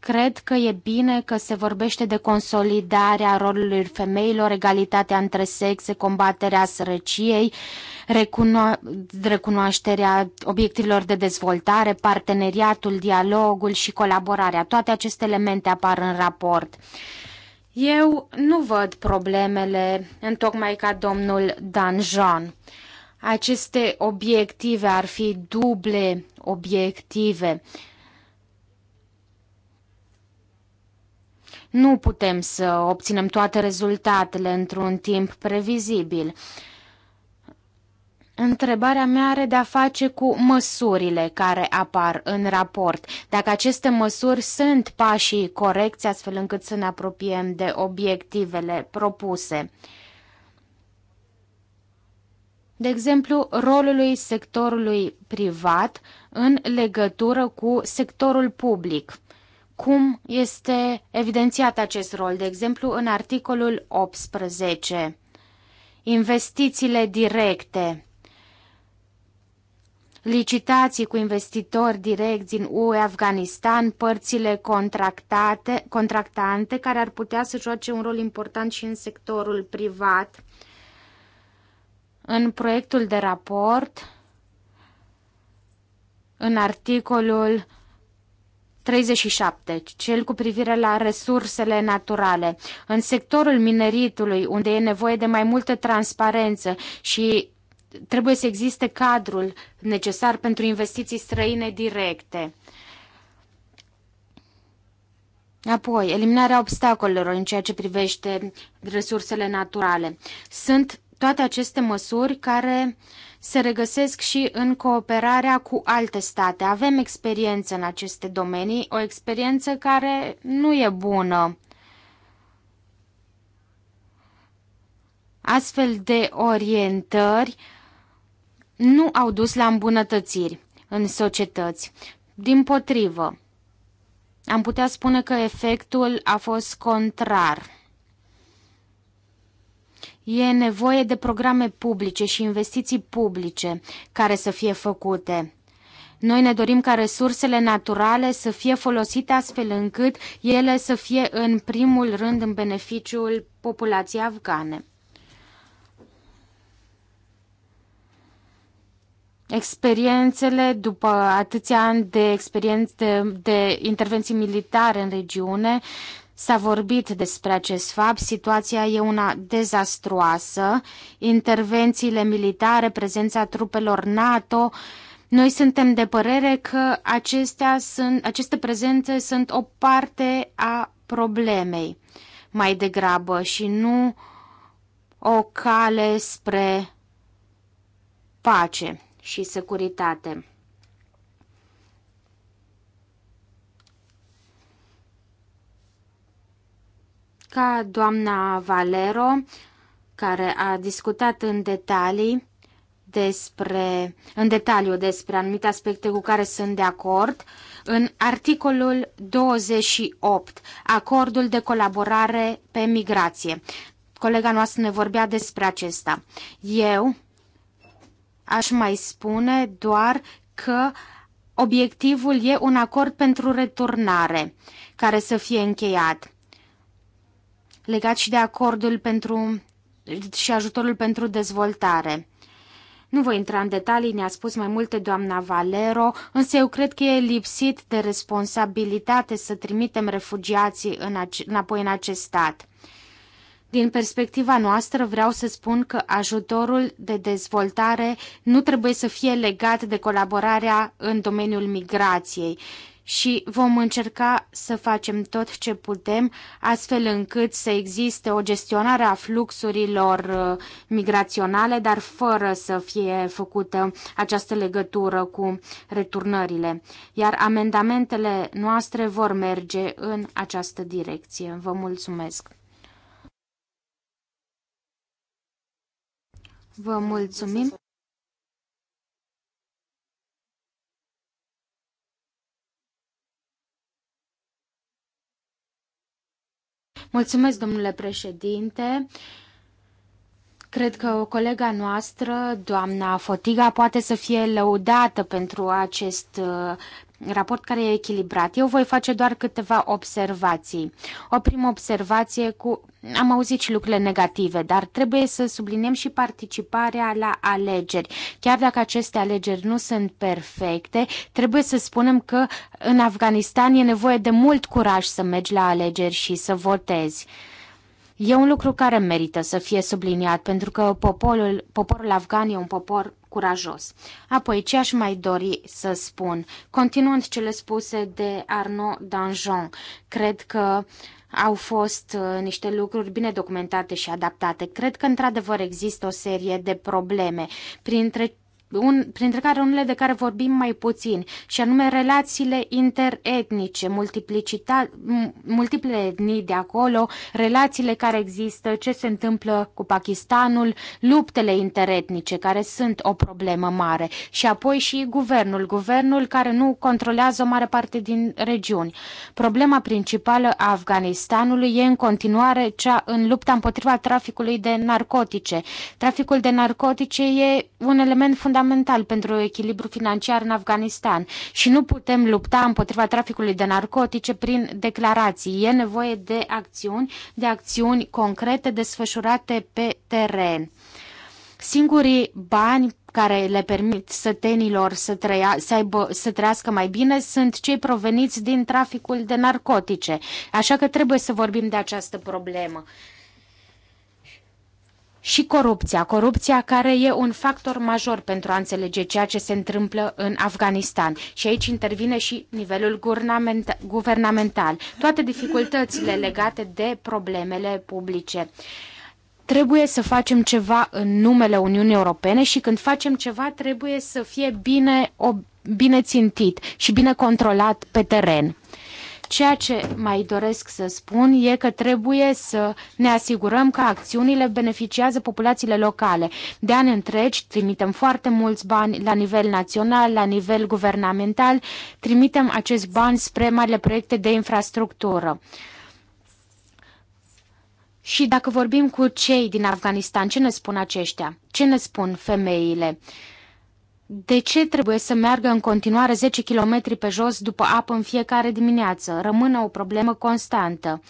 Speaker 1: Cred că e bine că se vorbește de consolidarea rolului femeilor, egalitatea între sexe, combaterea sărăciei, recuno- recunoașterea obiectivelor de dezvoltare, parteneriatul, dialogul și colaborarea. Toate aceste elemente apar în raport. Eu nu văd problemele, tocmai ca domnul Danjon. Aceste obiective ar fi duble obiective. Uh, Nu putem să obținem toate rezultatele într-un timp previzibil. Întrebarea mea are de-a face cu măsurile care apar în raport. Dacă aceste măsuri sunt pașii corecți, astfel încât să ne apropiem de obiectivele propuse. De exemplu, rolului sectorului privat în legătură cu sectorul public cum este evidențiat acest rol, de exemplu în articolul 18. Investițiile directe licitații cu investitori direcți din UE, Afganistan, părțile contractate, contractante care ar putea să joace un rol important și în sectorul privat. În proiectul de raport, în articolul 37. Cel cu privire la resursele naturale. În sectorul mineritului, unde e nevoie de mai multă transparență și trebuie să existe cadrul necesar pentru investiții străine directe. Apoi, eliminarea obstacolelor în ceea ce privește resursele naturale. Sunt toate aceste măsuri care uh, se regăsesc și în cooperarea cu alte state. Avem experiență în aceste domenii, o experiență care nu e bună. Astfel de orientări nu au dus la îmbunătățiri în societăți. Din potrivă, am putea spune că efectul a fost contrar. E nevoie de programe publice și investiții publice care să fie făcute. Noi ne dorim ca resursele naturale să fie folosite astfel încât ele să fie în primul rând în beneficiul populației afgane. Experiențele după atâția ani de experiențe de, de intervenții militare în regiune S-a vorbit despre acest fapt, situația e una dezastruoasă, intervențiile militare, prezența trupelor NATO, noi suntem de părere că acestea sunt, aceste prezențe sunt o parte a problemei mai degrabă și nu o cale spre pace și securitate. ca doamna Valero, care a discutat în detalii despre, în detaliu despre anumite aspecte cu care sunt de acord, în articolul 28, acordul de colaborare pe migrație. Colega noastră ne vorbea despre acesta. Eu aș mai spune doar că obiectivul e un acord pentru returnare care să fie încheiat legat și de acordul pentru și ajutorul pentru dezvoltare. Nu voi intra în detalii, ne-a spus mai multe doamna Valero, însă eu cred că e lipsit de responsabilitate să trimitem refugiații în înapoi în acest stat. Din perspectiva noastră vreau să spun că ajutorul de dezvoltare nu trebuie să fie legat de colaborarea în domeniul migrației și vom încerca să facem tot ce putem astfel încât să existe o gestionare a fluxurilor uh, migraționale, dar fără să fie făcută această legătură cu returnările. Iar amendamentele noastre vor merge în această direcție. Vă mulțumesc! Vă mulțumim! Mulțumesc, domnule președinte. Cred că o colega noastră, doamna Fotiga, poate să fie lăudată pentru acest raport care e echilibrat. Eu voi face doar câteva observații. O primă observație cu... Am auzit și lucrurile negative, dar trebuie să subliniem și participarea la alegeri. Chiar dacă aceste alegeri nu sunt perfecte, trebuie să spunem că în Afganistan e nevoie de mult curaj să mergi la alegeri și să votezi. E un lucru care merită să fie subliniat, pentru că poporul, poporul afgan e un popor curajos. Apoi, ce aș mai dori să spun? Continuând cele spuse de Arnaud Danjon, cred că au fost uh, niște lucruri bine documentate și adaptate. Cred că, într-adevăr, există o serie de probleme, printre un, printre care unele de care vorbim mai puțin, și anume relațiile interetnice, multiple etnii de acolo, relațiile care există, ce se întâmplă cu Pakistanul, luptele interetnice care sunt o problemă mare și apoi și guvernul, guvernul care nu controlează o mare parte din regiuni. Problema principală a Afganistanului e în continuare cea în lupta împotriva traficului de narcotice. Traficul de narcotice e un element fundamental fundamental pentru echilibru financiar în Afganistan și nu putem lupta împotriva traficului de narcotice prin declarații. E nevoie de acțiuni, de acțiuni concrete desfășurate pe teren. Singurii bani care le permit sătenilor să, trăia, să, aibă, să trăiască mai bine sunt cei proveniți din traficul de narcotice. Așa că trebuie să vorbim de această problemă și corupția, corupția care e un factor major pentru a înțelege ceea ce se întâmplă în Afganistan. Și aici intervine și nivelul guvernamental, toate dificultățile legate de problemele publice. Trebuie să facem ceva în numele Uniunii Europene și când facem ceva trebuie să fie bine, bine țintit și bine controlat pe teren. Ceea ce mai doresc să spun e că trebuie să ne asigurăm că acțiunile beneficiază populațiile locale. De ani întregi trimitem foarte mulți bani la nivel național, la nivel guvernamental, trimitem acest bani spre marile proiecte de infrastructură. Și dacă vorbim cu cei din Afganistan, ce ne spun aceștia? Ce ne spun femeile? Uh, de ce trebuie să meargă în continuare 10 km pe jos după apă în fiecare dimineață? Rămâne o problemă constantă.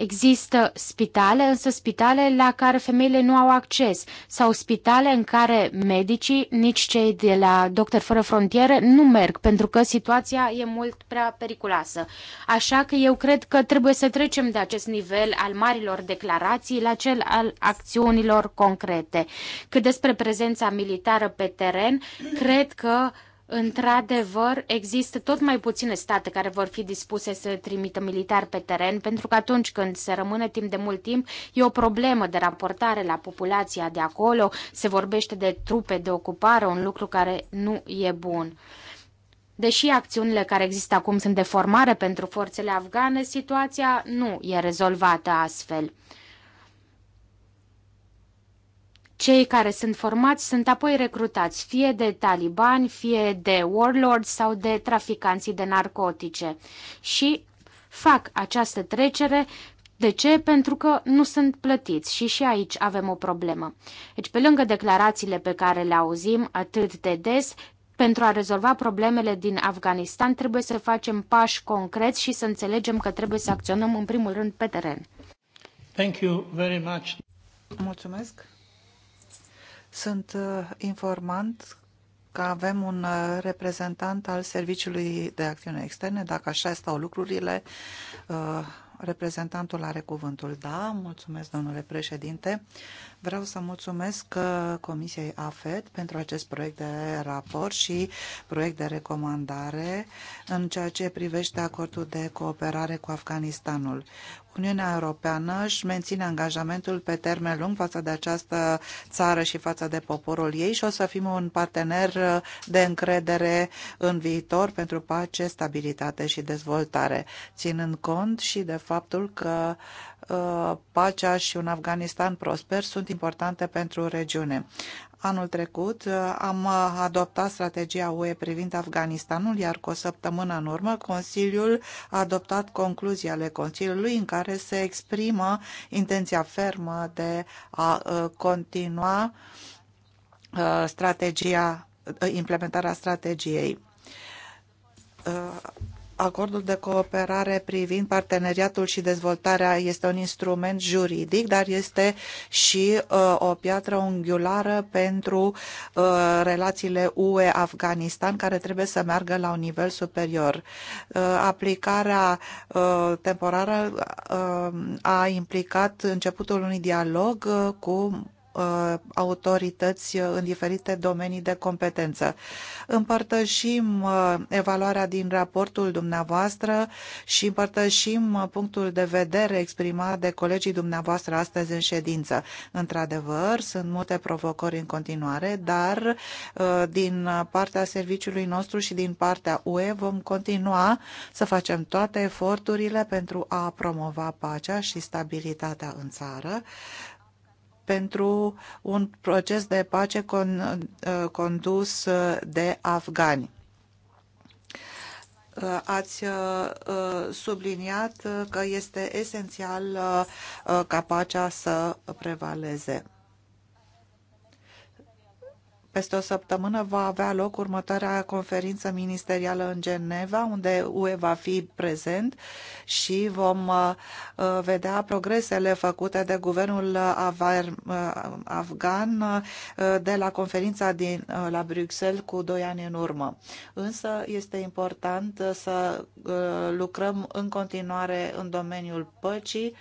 Speaker 1: Există spitale, însă spitale la care femeile nu au acces sau spitale în care medicii, nici cei de la Doctor Fără Frontiere, nu merg pentru că situația e mult prea periculoasă. Așa că eu cred că trebuie să trecem de acest nivel al marilor declarații la cel al acțiunilor concrete. Cât despre prezența militară pe teren, cred că uh, Într-adevăr, există tot mai puține state care vor fi dispuse să trimită militari pe teren, pentru că atunci când se rămâne timp de mult timp, e o problemă de raportare la populația de acolo, se vorbește de trupe de ocupare, un lucru care nu e bun. Deși acțiunile care există acum sunt de formare pentru forțele afgane, situația nu e rezolvată astfel. Cei care sunt formați sunt apoi recrutați fie de talibani, fie de warlords sau de traficanții de narcotice și fac această trecere de ce? Pentru că nu sunt plătiți și și aici avem o problemă. Deci, pe lângă declarațiile pe care le auzim atât de des, pentru a rezolva problemele din Afganistan trebuie să facem pași concreți și să înțelegem că trebuie să acționăm în primul rând
Speaker 2: pe teren.
Speaker 4: Thank you very much.
Speaker 2: Mulțumesc. Sunt uh, informant că avem un uh, reprezentant al Serviciului de Acțiune Externe. Dacă așa stau lucrurile, uh, reprezentantul are cuvântul. Da, mulțumesc, domnule președinte. Vreau să mulțumesc uh, Comisiei AFET pentru acest proiect de raport și proiect de recomandare în ceea ce privește acordul de cooperare cu Afganistanul. Uniunea Europeană își menține angajamentul pe termen lung față de această țară și față de poporul ei și o să fim un partener uh, de încredere în viitor pentru pace, stabilitate și dezvoltare, ținând cont și de faptul că uh, Uh, pacea și un Afganistan prosper sunt importante pentru regiune. Anul trecut uh, am uh, adoptat strategia UE privind Afganistanul, iar cu o săptămână în urmă Consiliul a adoptat concluzii ale Consiliului în care se exprimă intenția fermă de a continua strategia, implementarea strategiei acordul de cooperare privind parteneriatul și dezvoltarea este un instrument juridic, dar este și uh, o piatră unghiulară pentru uh, relațiile UE-Afganistan, care trebuie să meargă la un nivel superior. Uh, aplicarea uh, temporară uh, a implicat începutul unui dialog uh, cu Uh, autorități în diferite domenii de competență. Împărtășim uh, evaluarea din raportul dumneavoastră și împărtășim uh, punctul de vedere exprimat de colegii dumneavoastră astăzi în ședință. Într-adevăr, sunt multe provocări în continuare, dar din partea serviciului nostru și din partea UE vom continua să facem toate eforturile pentru a promova pacea și stabilitatea în țară pentru un proces de pace con, uh, condus uh, de afgani. Uh, ați subliniat că este esențial ca pacea să prevaleze. Peste o săptămână va avea loc următoarea conferință ministerială în Geneva, unde UE va fi prezent și vom uh, uh, vedea progresele făcute de guvernul uh, afgan de la conferința din, la Bruxelles cu doi ani în urmă. Însă este important să lucrăm în continuare în domeniul păcii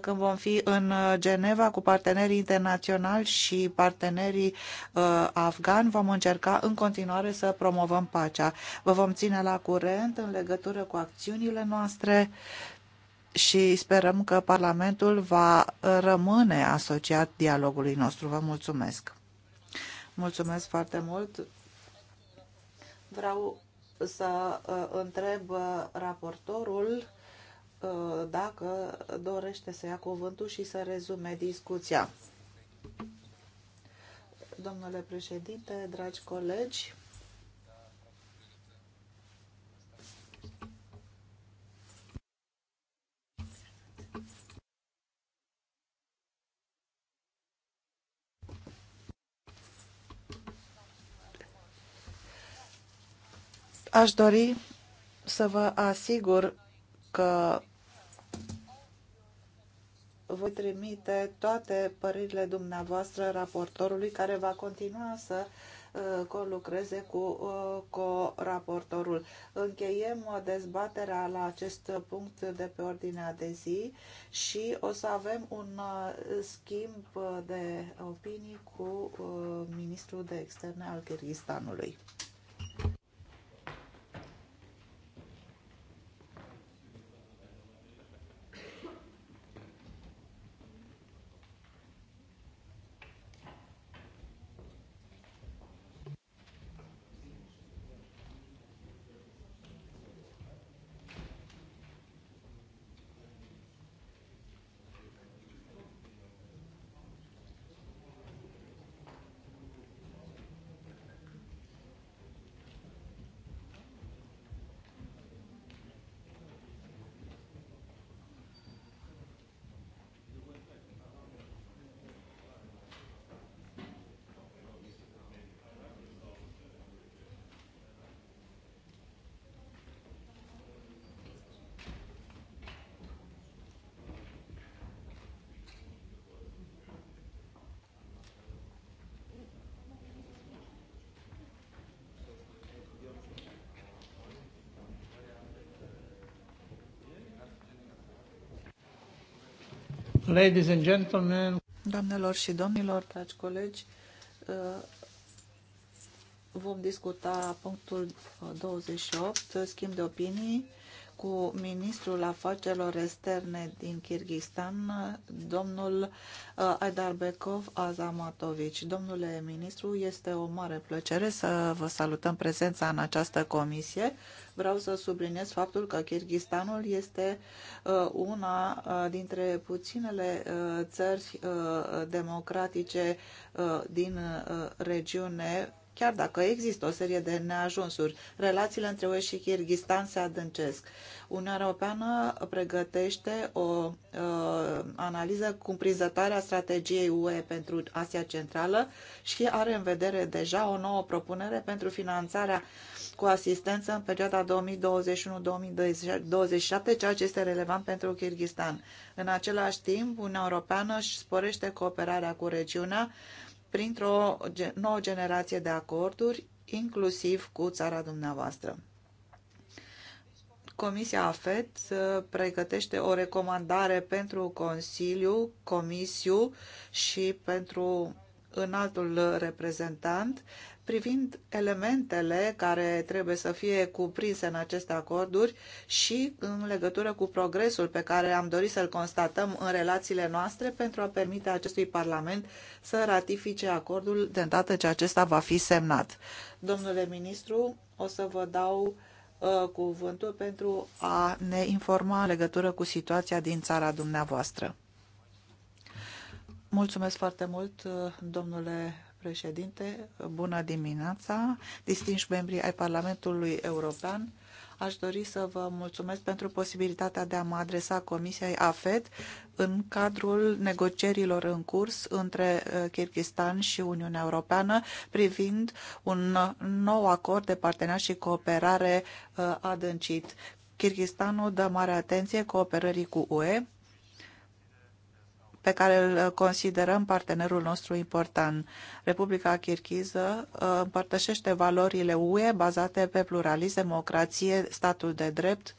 Speaker 2: când vom fi în Geneva cu partenerii internaționali și partenerii afgani afgan vom încerca în continuare să promovăm pacea. Vă vom ține la curent în legătură cu acțiunile noastre și sperăm că Parlamentul va rămâne asociat dialogului nostru. Vă mulțumesc! Mulțumesc foarte mult! Vreau să uh, întreb uh, raportorul uh, dacă dorește să ia cuvântul și să rezume discuția domnule președinte, dragi colegi. Aș dori să vă asigur că voi trimite toate părerile dumneavoastră raportorului care va continua să uh, colucreze cu uh, co-raportorul. Încheiem uh, dezbaterea la acest punct de pe ordinea de zi și o să avem un schimb de opinii cu ministrul de externe al Kyrgyzstanului.
Speaker 4: Ladies and gentlemen.
Speaker 2: Doamnelor și domnilor, dragi colegi, uh, vom discuta punctul 28, schimb de opinii cu ministrul afacerilor externe din Kirghistan, domnul uh, Aidarbekov Azamatovici. Domnule ministru, este o mare plăcere să vă salutăm prezența în această comisie. Vreau să subliniez faptul că Kirghistanul este uh, una uh, dintre puținele țări democratice din regiune chiar dacă există o serie de neajunsuri. Relațiile între UE și Kyrgyzstan se adâncesc. Uniunea Europeană pregătește o uh, analiză cuprinzătoare a strategiei UE pentru Asia Centrală și are în vedere deja o nouă propunere pentru finanțarea cu asistență în perioada 2021-2027, ceea ce este relevant pentru Kyrgyzstan. În același timp, Uniunea Europeană își sporește cooperarea cu regiunea printr-o nouă generație de acorduri, inclusiv cu țara dumneavoastră. Comisia AFET uh, pregătește o recomandare pentru Consiliu, Comisiu și pentru înaltul reprezentant privind elementele care trebuie să fie cuprinse în aceste acorduri și în legătură cu progresul pe care am dorit să-l constatăm în relațiile noastre pentru a permite acestui Parlament să ratifice acordul de îndată ce acesta va fi semnat. Domnule ministru, o să vă dau uh, cuvântul pentru a ne informa în legătură cu situația din țara dumneavoastră. Mulțumesc foarte mult, uh, domnule președinte, bună dimineața, distinși membri ai Parlamentului European. Aș dori să vă mulțumesc pentru posibilitatea de a mă adresa Comisiei AFED în cadrul negocierilor în curs între uh, Kirghistan și Uniunea Europeană privind un nou acord de parteneriat și cooperare uh, adâncit. Kirghistanul dă mare atenție cooperării cu UE pe care îl considerăm partenerul nostru important. Republica Kirchiză uh, împărtășește valorile UE bazate pe pluralism, democrație, statul de drept,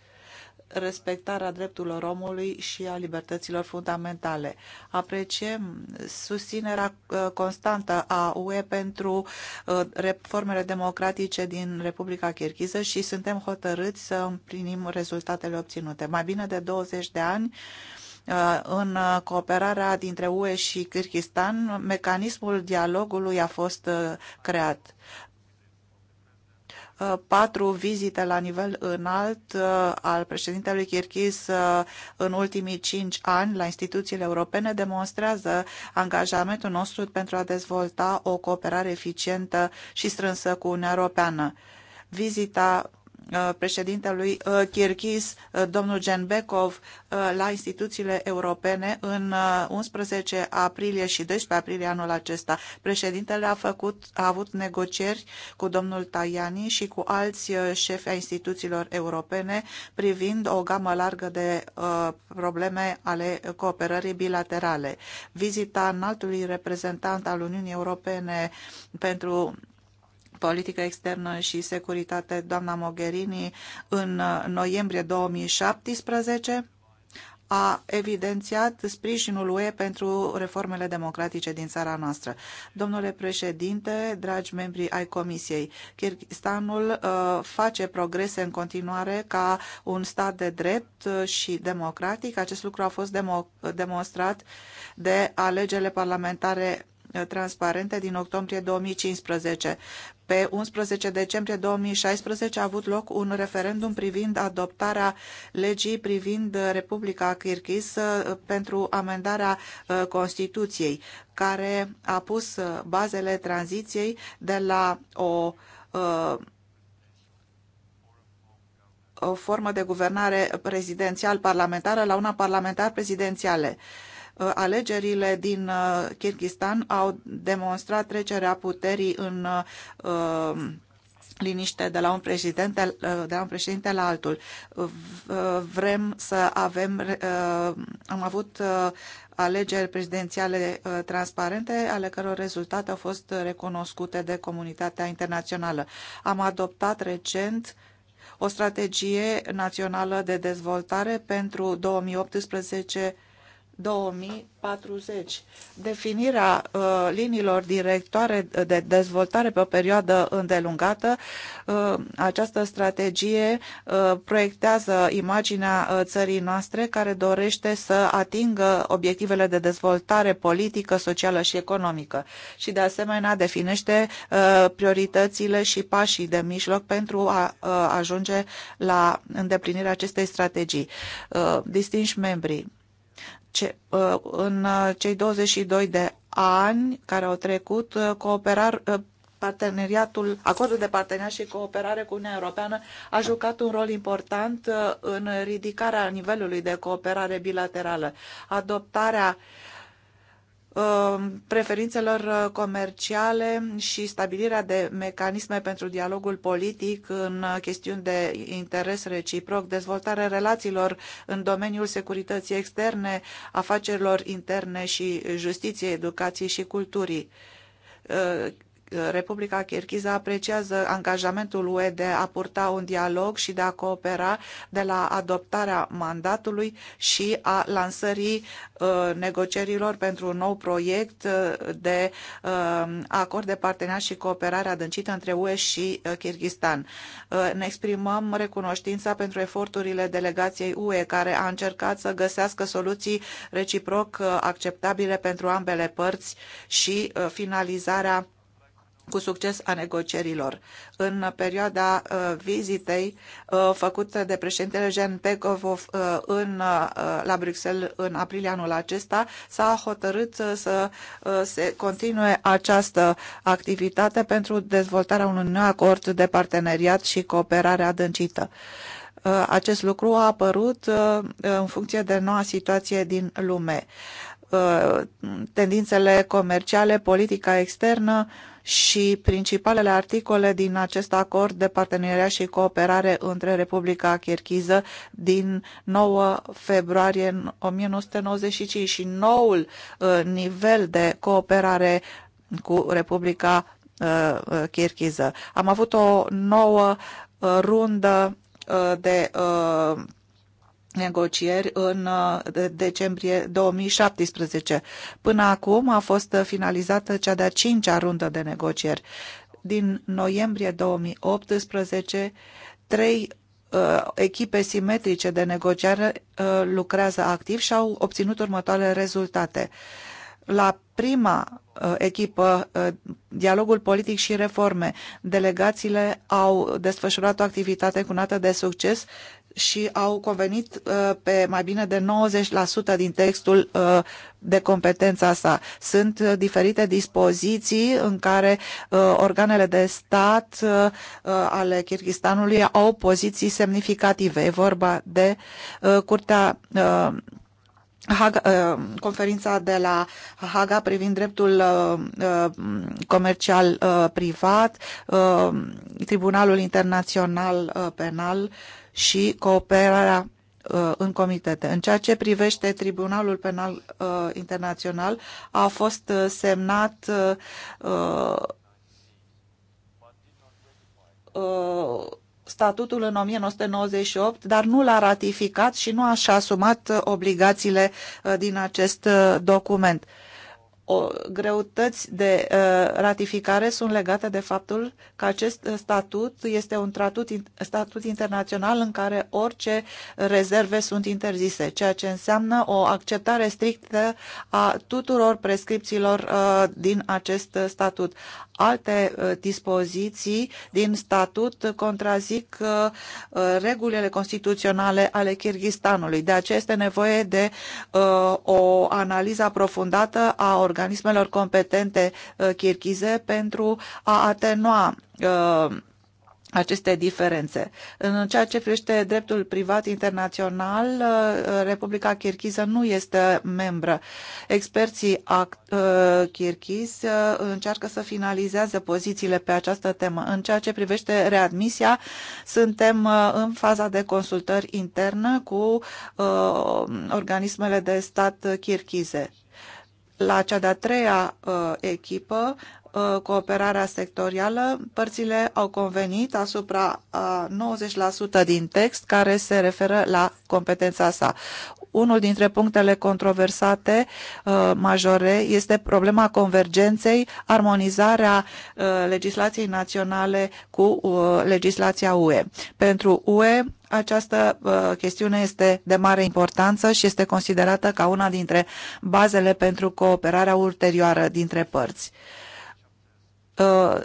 Speaker 2: respectarea drepturilor omului și a libertăților fundamentale. Apreciem susținerea uh, constantă a UE pentru uh, reformele democratice din Republica Kirghiză și suntem hotărâți să împlinim rezultatele obținute. Mai bine de 20 de ani, Uh, în uh, cooperarea dintre UE și Kyrgyzstan, mecanismul dialogului a fost uh, creat patru vizite la nivel înalt al președintelui Kirghiz în ultimii cinci ani la instituțiile europene demonstrează angajamentul nostru pentru a dezvolta o cooperare eficientă și strânsă cu Uniunea Europeană. Vizita Uh, președintelui uh, Kirghis, uh, domnul Genbekov, la instituțiile europene în 11 aprilie și 12 aprilie anul acesta. Președintele a, făcut, a avut negocieri cu domnul Tajani și cu alți șefi ai instituțiilor europene privind o gamă largă de probleme ale cooperării bilaterale. Vizita înaltului reprezentant al Uniunii Europene pentru politică externă și securitate, doamna Mogherini, în uh, noiembrie 2017, a evidențiat sprijinul UE pentru reformele democratice din țara noastră. Domnule președinte, dragi membri ai Comisiei, Kirghistanul uh, face progrese în continuare ca un stat de drept uh, și democratic. Acest lucru a fost demo demonstrat de alegerile parlamentare transparente din octombrie 2015. Pe 11 decembrie 2016 a avut loc un referendum privind adoptarea legii privind Republica Kirghiz uh, pentru amendarea uh, Constituției, care a pus uh, bazele tranziției de la o o formă de guvernare prezidențial-parlamentară la una parlamentar-prezidențiale. Uh, alegerile din uh, Kirghistan au demonstrat trecerea puterii în uh, liniște de la un președinte, de la, un președinte la altul. Vrem să avem, am avut alegeri prezidențiale transparente, ale căror rezultate au fost recunoscute de comunitatea internațională. Am adoptat recent o strategie națională de dezvoltare pentru 2018 2040. Definirea uh, liniilor directoare de dezvoltare pe o perioadă îndelungată, uh, această strategie uh, proiectează imaginea uh, țării noastre care dorește să atingă obiectivele de dezvoltare politică, socială și economică și de asemenea definește uh, prioritățile și pașii de mijloc pentru a uh, ajunge la îndeplinirea acestei strategii. Distinși membrii ce, uh, în uh, cei 22 de ani care au trecut, uh, cooperar, parteneriatul, acordul de parteneriat și cooperare cu Uniunea Europeană a jucat un rol important în ridicarea nivelului de cooperare bilaterală. Adoptarea Uh, preferințelor uh, comerciale și stabilirea de mecanisme pentru dialogul politic în uh, chestiuni de interes reciproc, dezvoltarea relațiilor în domeniul securității externe, afacerilor interne și justiției, educației și culturii Republica Kirghiza apreciază angajamentul UE de a purta un dialog și de a coopera de la adoptarea mandatului și a lansării uh, negocierilor pentru un nou proiect uh, de uh, acord de parteneriat și cooperare adâncită între UE și Kirghistan. Ne exprimăm recunoștința pentru eforturile delegației UE care a încercat să găsească soluții reciproc acceptabile pentru ambele părți și finalizarea cu succes a negocierilor. În perioada uh, vizitei uh, făcută de președintele Jean Pekov uh, în, uh, la Bruxelles în aprilie anul acesta, s-a hotărât să uh, se continue această activitate pentru dezvoltarea unui nou acord de parteneriat și cooperare adâncită. Uh, acest lucru a apărut în funcție de noua situație din lume. Tendințele comerciale, politica externă, și principalele articole din acest acord de parteneriat și cooperare între Republica Cherchiză din 9 februarie 1995 și noul uh, nivel de cooperare cu Republica uh, Cherchiză. Am avut o nouă uh, rundă de negocieri în uh, decembrie 2017. Până acum a fost finalizată cea de-a cincea rundă de negocieri. Din noiembrie 2018, trei uh, echipe simetrice de negociare uh, lucrează activ și au obținut următoarele rezultate. La prima uh, echipă, uh, dialogul politic și reforme, delegațiile au desfășurat o activitate cunată de succes și au convenit uh, pe mai bine de 90% din textul uh, de competența sa. Sunt uh, diferite dispoziții în care organele de stat ale Kirghistanului au poziții semnificative. E vorba de Curtea Haga, conferința de la Haga privind dreptul comercial privat, Tribunalul Internațional Penal și cooperarea uh, în comitete. În ceea ce privește Tribunalul Penal uh, Internațional, a fost uh, semnat uh, uh, statutul în 1998, dar nu l-a ratificat și nu a și-a asumat uh, obligațiile din acest document. Uh, o, greutăți de uh, ratificare sunt legate de faptul că acest statut este un tratut, statut internațional în care orice rezerve sunt interzise, ceea ce înseamnă o acceptare strictă a tuturor prescripțiilor uh, din acest statut. Alte uh, dispoziții din statut contrazic uh, regulile constituționale ale Kirghistanului. De aceea este nevoie de uh, o analiză aprofundată a organizației organismelor competente uh, chirchize pentru a atenua uh, aceste diferențe. În ceea ce privește dreptul privat internațional, uh, Republica Kirghiză nu este membră. Experții kirghizi încearcă să finalizeze pozițiile pe această temă. În ceea ce privește readmisia, suntem în faza de consultări internă cu organismele de stat kirghize. La cea de-a treia uh, echipă, uh, cooperarea sectorială, părțile au convenit asupra uh, 90% din text care se referă la competența sa. Unul dintre punctele controversate uh, majore este problema convergenței, armonizarea uh, legislației naționale cu uh, legislația UE. Pentru UE, această uh, chestiune este de mare importanță și este considerată ca una dintre bazele pentru cooperarea ulterioară dintre părți. Uh,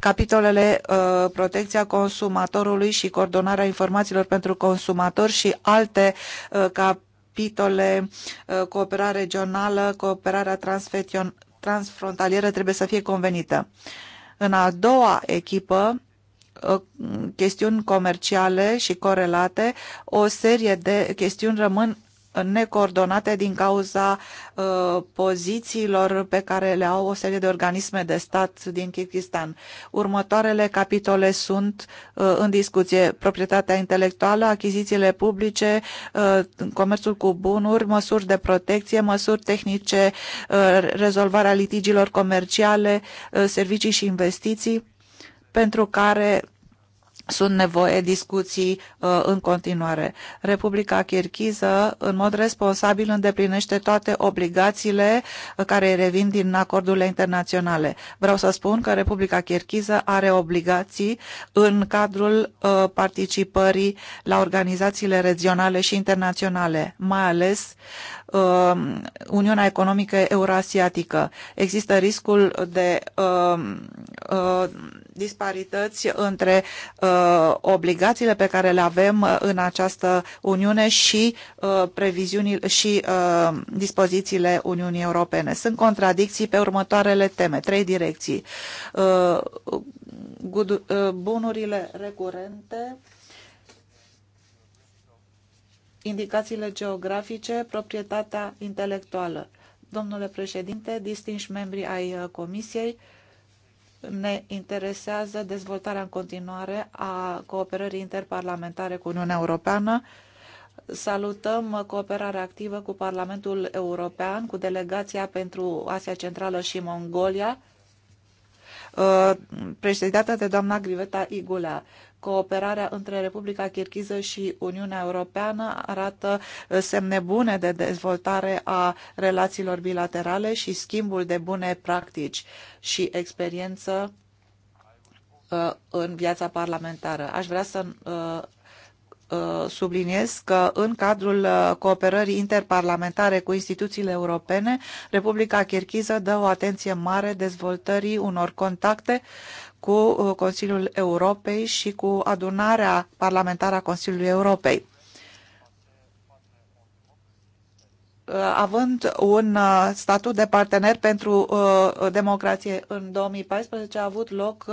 Speaker 2: capitolele uh, protecția consumatorului și coordonarea informațiilor pentru consumatori și alte uh, capitole uh, cooperare regională, cooperarea transfrontalieră trebuie să fie convenită. În a doua echipă Uh, chestiuni comerciale și corelate, o serie de chestiuni rămân necoordonate din cauza uh, pozițiilor pe care le au o serie de organisme de stat din Kirgistan. Următoarele capitole sunt uh, în discuție proprietatea intelectuală, achizițiile publice, uh, comerțul cu bunuri, măsuri de protecție, măsuri tehnice, uh, rezolvarea litigiilor comerciale, uh, servicii și investiții pentru care sunt nevoie discuții uh, în continuare. Republica Chirchiză, în mod responsabil, îndeplinește toate obligațiile uh, care revin din acordurile internaționale. Vreau să spun că Republica Chirchiză are obligații în cadrul uh, participării la organizațiile regionale și internaționale, mai ales uh, Uniunea Economică Eurasiatică. Există riscul de uh, uh, disparități între uh, obligațiile pe care le avem uh, în această Uniune și uh, previziunile și uh, dispozițiile Uniunii Europene. Sunt contradicții pe următoarele teme, trei direcții. Uh, good, uh, bunurile recurente, indicațiile geografice, proprietatea intelectuală. Domnule președinte, distinși membri ai uh, comisiei, uh, ne interesează dezvoltarea în continuare a cooperării interparlamentare cu Uniunea Europeană. Salutăm cooperarea activă cu Parlamentul European, cu delegația pentru Asia Centrală și Mongolia, uh, președată de doamna Griveta Igulea cooperarea între Republica Chirchiză și Uniunea Europeană arată uh, semne bune de dezvoltare a relațiilor bilaterale și schimbul de bune practici și experiență uh, în viața parlamentară. Aș vrea să uh, subliniez că în cadrul cooperării interparlamentare cu instituțiile europene, Republica Chirchiză dă o atenție mare dezvoltării unor contacte cu uh, Consiliul Europei și cu adunarea parlamentară a Consiliului Europei. Uh, având un uh, statut de partener pentru uh, democrație în 2014, a avut loc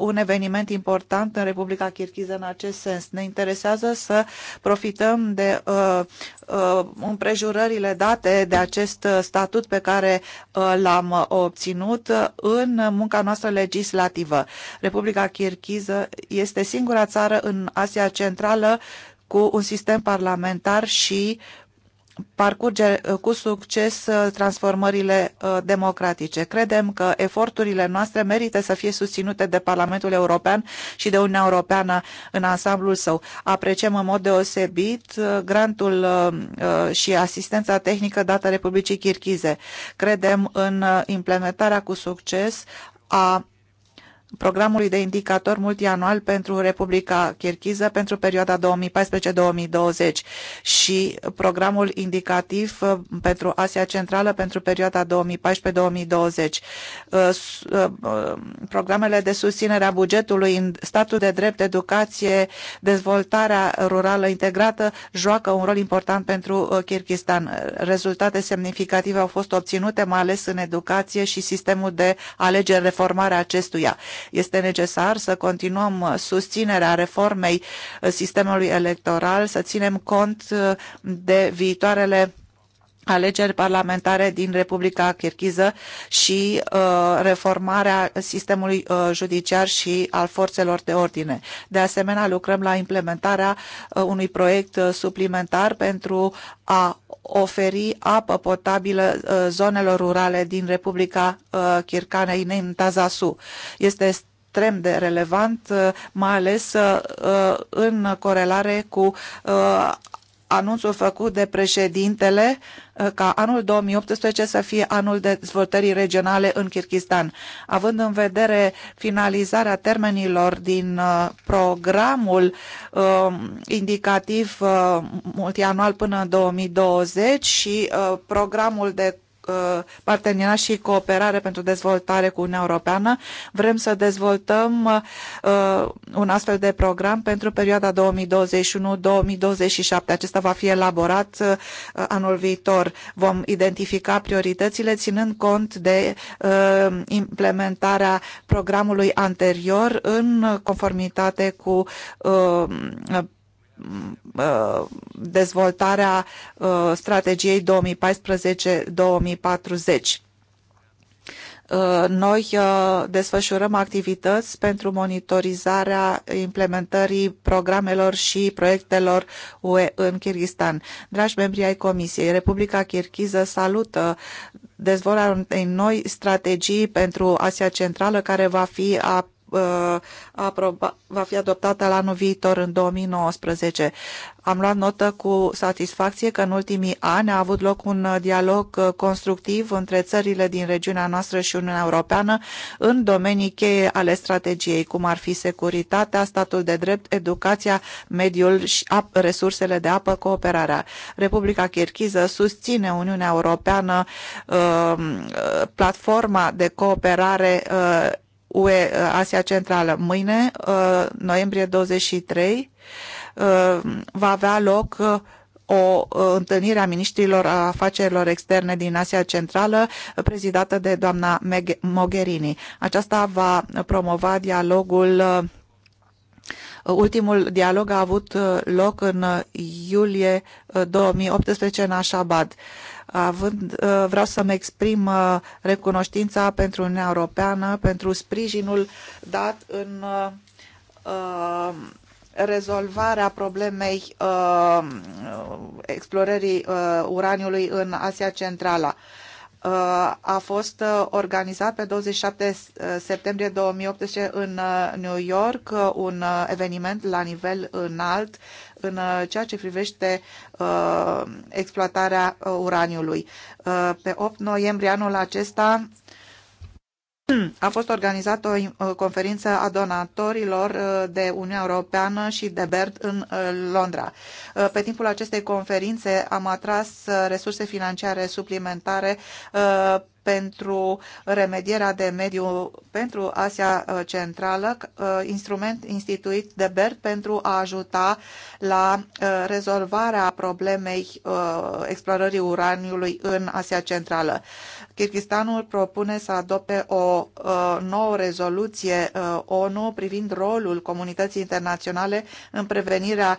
Speaker 2: un eveniment important în Republica Chirchiză în acest sens. Ne interesează să profităm de împrejurările date de acest statut pe care l-am obținut în munca noastră legislativă. Republica Chirchiză este singura țară în Asia Centrală cu un sistem parlamentar și parcurge uh, cu succes uh, transformările uh, democratice. Credem că eforturile noastre merită să fie susținute de Parlamentul European și de Uniunea Europeană în ansamblul său. Apreciem în mod deosebit grantul și asistența tehnică dată Republicii Chirchize. Credem în implementarea cu succes a programului de indicator multianual pentru Republica Chirchiză pentru perioada 2014-2020 și programul indicativ uh, pentru Asia Centrală pentru perioada 2014-2020. Uh, uh, programele de susținere a bugetului în statul de drept, educație, dezvoltarea rurală integrată joacă un rol important pentru Kirghizistan. Rezultate semnificative au fost obținute, mai ales în educație și sistemul de alegeri reformare acestuia. Este necesar să continuăm susținerea reformei sistemului electoral, să ținem cont de viitoarele alegeri parlamentare din Republica Kirghiză și uh, reformarea sistemului uh, judiciar și al forțelor de ordine. De asemenea, lucrăm la implementarea uh, unui proiect uh, suplimentar pentru a oferi apă potabilă uh, zonelor rurale din Republica uh, Chircanei Nemtazasu. Este extrem de relevant, mai ales în corelare cu anunțul făcut de președintele uh, ca anul 2018 să fie anul dezvoltării regionale în Kirghizistan. Având în vedere finalizarea termenilor din uh, programul uh, indicativ multianual până în 2020 și programul de Uh, parteneriat și cooperare pentru dezvoltare cu Uniunea Europeană. Vrem să dezvoltăm uh, un astfel de program pentru perioada 2021-2027. Acesta va fi elaborat uh, anul viitor. Vom identifica prioritățile ținând cont de implementarea programului anterior în conformitate cu Uh, dezvoltarea uh, strategiei 2014-2040 uh, noi desfășurăm activități pentru monitorizarea implementării programelor și proiectelor UE în Kirghistan. Dragi membri ai Comisiei, Republica Kirghiză salută dezvoltarea unei noi strategii pentru Asia Centrală care va fi a Uh, aproba, va fi adoptată la anul viitor, în 2019. Am luat notă cu satisfacție că în ultimii ani a avut loc un uh, dialog uh, constructiv între țările din regiunea noastră și Uniunea Europeană în domenii cheie ale strategiei, cum ar fi securitatea, statul de drept, educația, mediul și ap, resursele de apă, cooperarea. Republica Kirchiză susține Uniunea Europeană platforma de cooperare UE uh, Asia Centrală. Mâine, uh, noiembrie 23, uh, va avea loc o întâlnire a ministrilor afacerilor externe din Asia Centrală, prezidată de doamna Mogherini. Aceasta va promova dialogul Ultimul dialog a avut loc în iulie 2018 în Ashgabat. Având, uh, vreau să-mi exprim uh, recunoștința pentru Uniunea Europeană, pentru sprijinul dat în uh, rezolvarea problemei explorării uraniului în Asia Centrală a fost organizat pe 27 septembrie 2018 în New York un eveniment la nivel înalt în uh, ceea ce privește uh, exploatarea uh, uraniului. Uh, pe 8 noiembrie anul acesta a fost organizată o uh, conferință a donatorilor de Uniunea Europeană și de BERD în Londra. Pe timpul acestei conferințe am atras resurse financiare suplimentare pentru remedierea de mediu pentru Asia uh, Centrală, uh, instrument instituit de BERT pentru a ajuta la uh, rezolvarea problemei explorării uraniului în Asia Centrală. Kirghistanul propune să adopte o nouă rezoluție ONU privind rolul comunității internaționale în prevenirea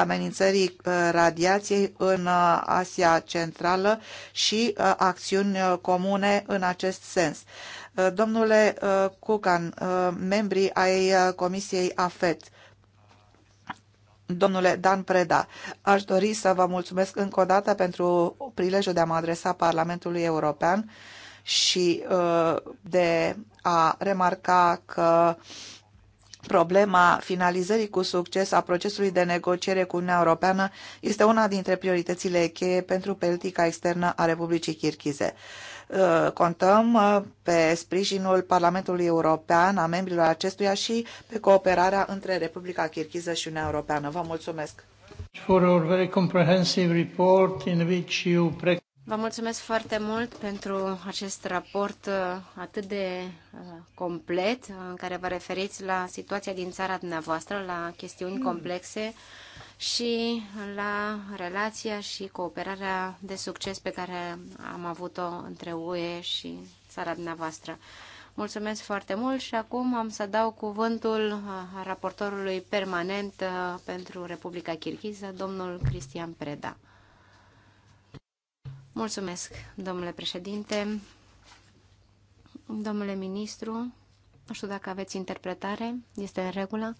Speaker 2: amenințării radiației în Asia Centrală și acțiuni comune comune în acest sens. Uh, domnule uh, Cucan, uh, membrii ai Comisiei AFET, Domnule Dan Preda, aș dori să vă mulțumesc încă o dată pentru prilejul de a mă adresa Parlamentului European și de a remarca că Problema finalizării cu succes a procesului de negociere cu Uniunea Europeană este una dintre prioritățile cheie pentru politica externă a Republicii Chirchize. Uh, contăm uh, pe sprijinul Parlamentului European, a membrilor acestuia și pe cooperarea între Republica Kirghiză și Uniunea Europeană. Vă mulțumesc!
Speaker 3: Vă mulțumesc foarte mult pentru acest raport uh, atât de complet în care vă referiți la situația din țara dumneavoastră, la chestiuni complexe. Mm și la relația și cooperarea de succes pe care am avut-o între UE și țara dumneavoastră. Mulțumesc foarte mult și acum am să dau cuvântul uh, raportorului permanent uh, pentru Republica Kirghiză, domnul Cristian Preda. Mulțumesc, domnule președinte, domnule ministru. Nu știu dacă aveți interpretare, este în regulă.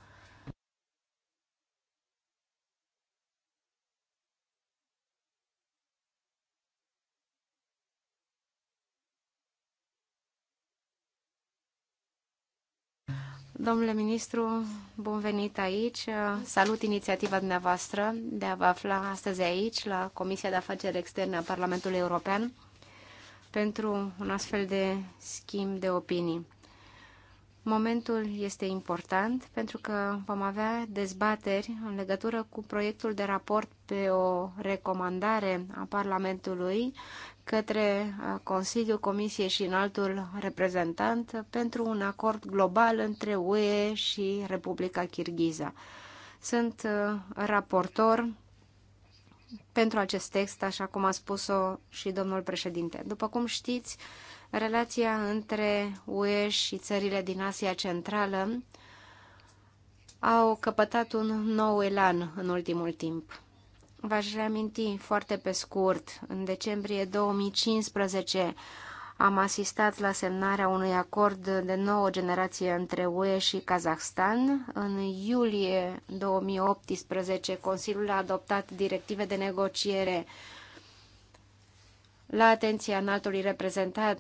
Speaker 3: Domnule ministru, bun venit aici. Salut inițiativa dumneavoastră de a vă afla astăzi aici, la Comisia de Afaceri Externe a Parlamentului European, pentru un astfel de schimb de opinii. Momentul este important pentru că vom avea dezbateri în legătură cu proiectul de raport pe o recomandare a Parlamentului către uh, Consiliul Comisiei și înaltul reprezentant pentru un acord global între UE și Republica Kirghiza. Sunt uh, raportor pentru acest text, așa cum a spus-o și domnul președinte. După cum știți, Relația între UE și țările din Asia Centrală au căpătat un nou elan în ultimul timp. V-aș reaminti foarte pe scurt, în decembrie 2015 am asistat la semnarea unui acord de nouă generație între UE și Kazahstan. În iulie 2018, Consiliul a adoptat directive de negociere la atenția înaltului reprezentat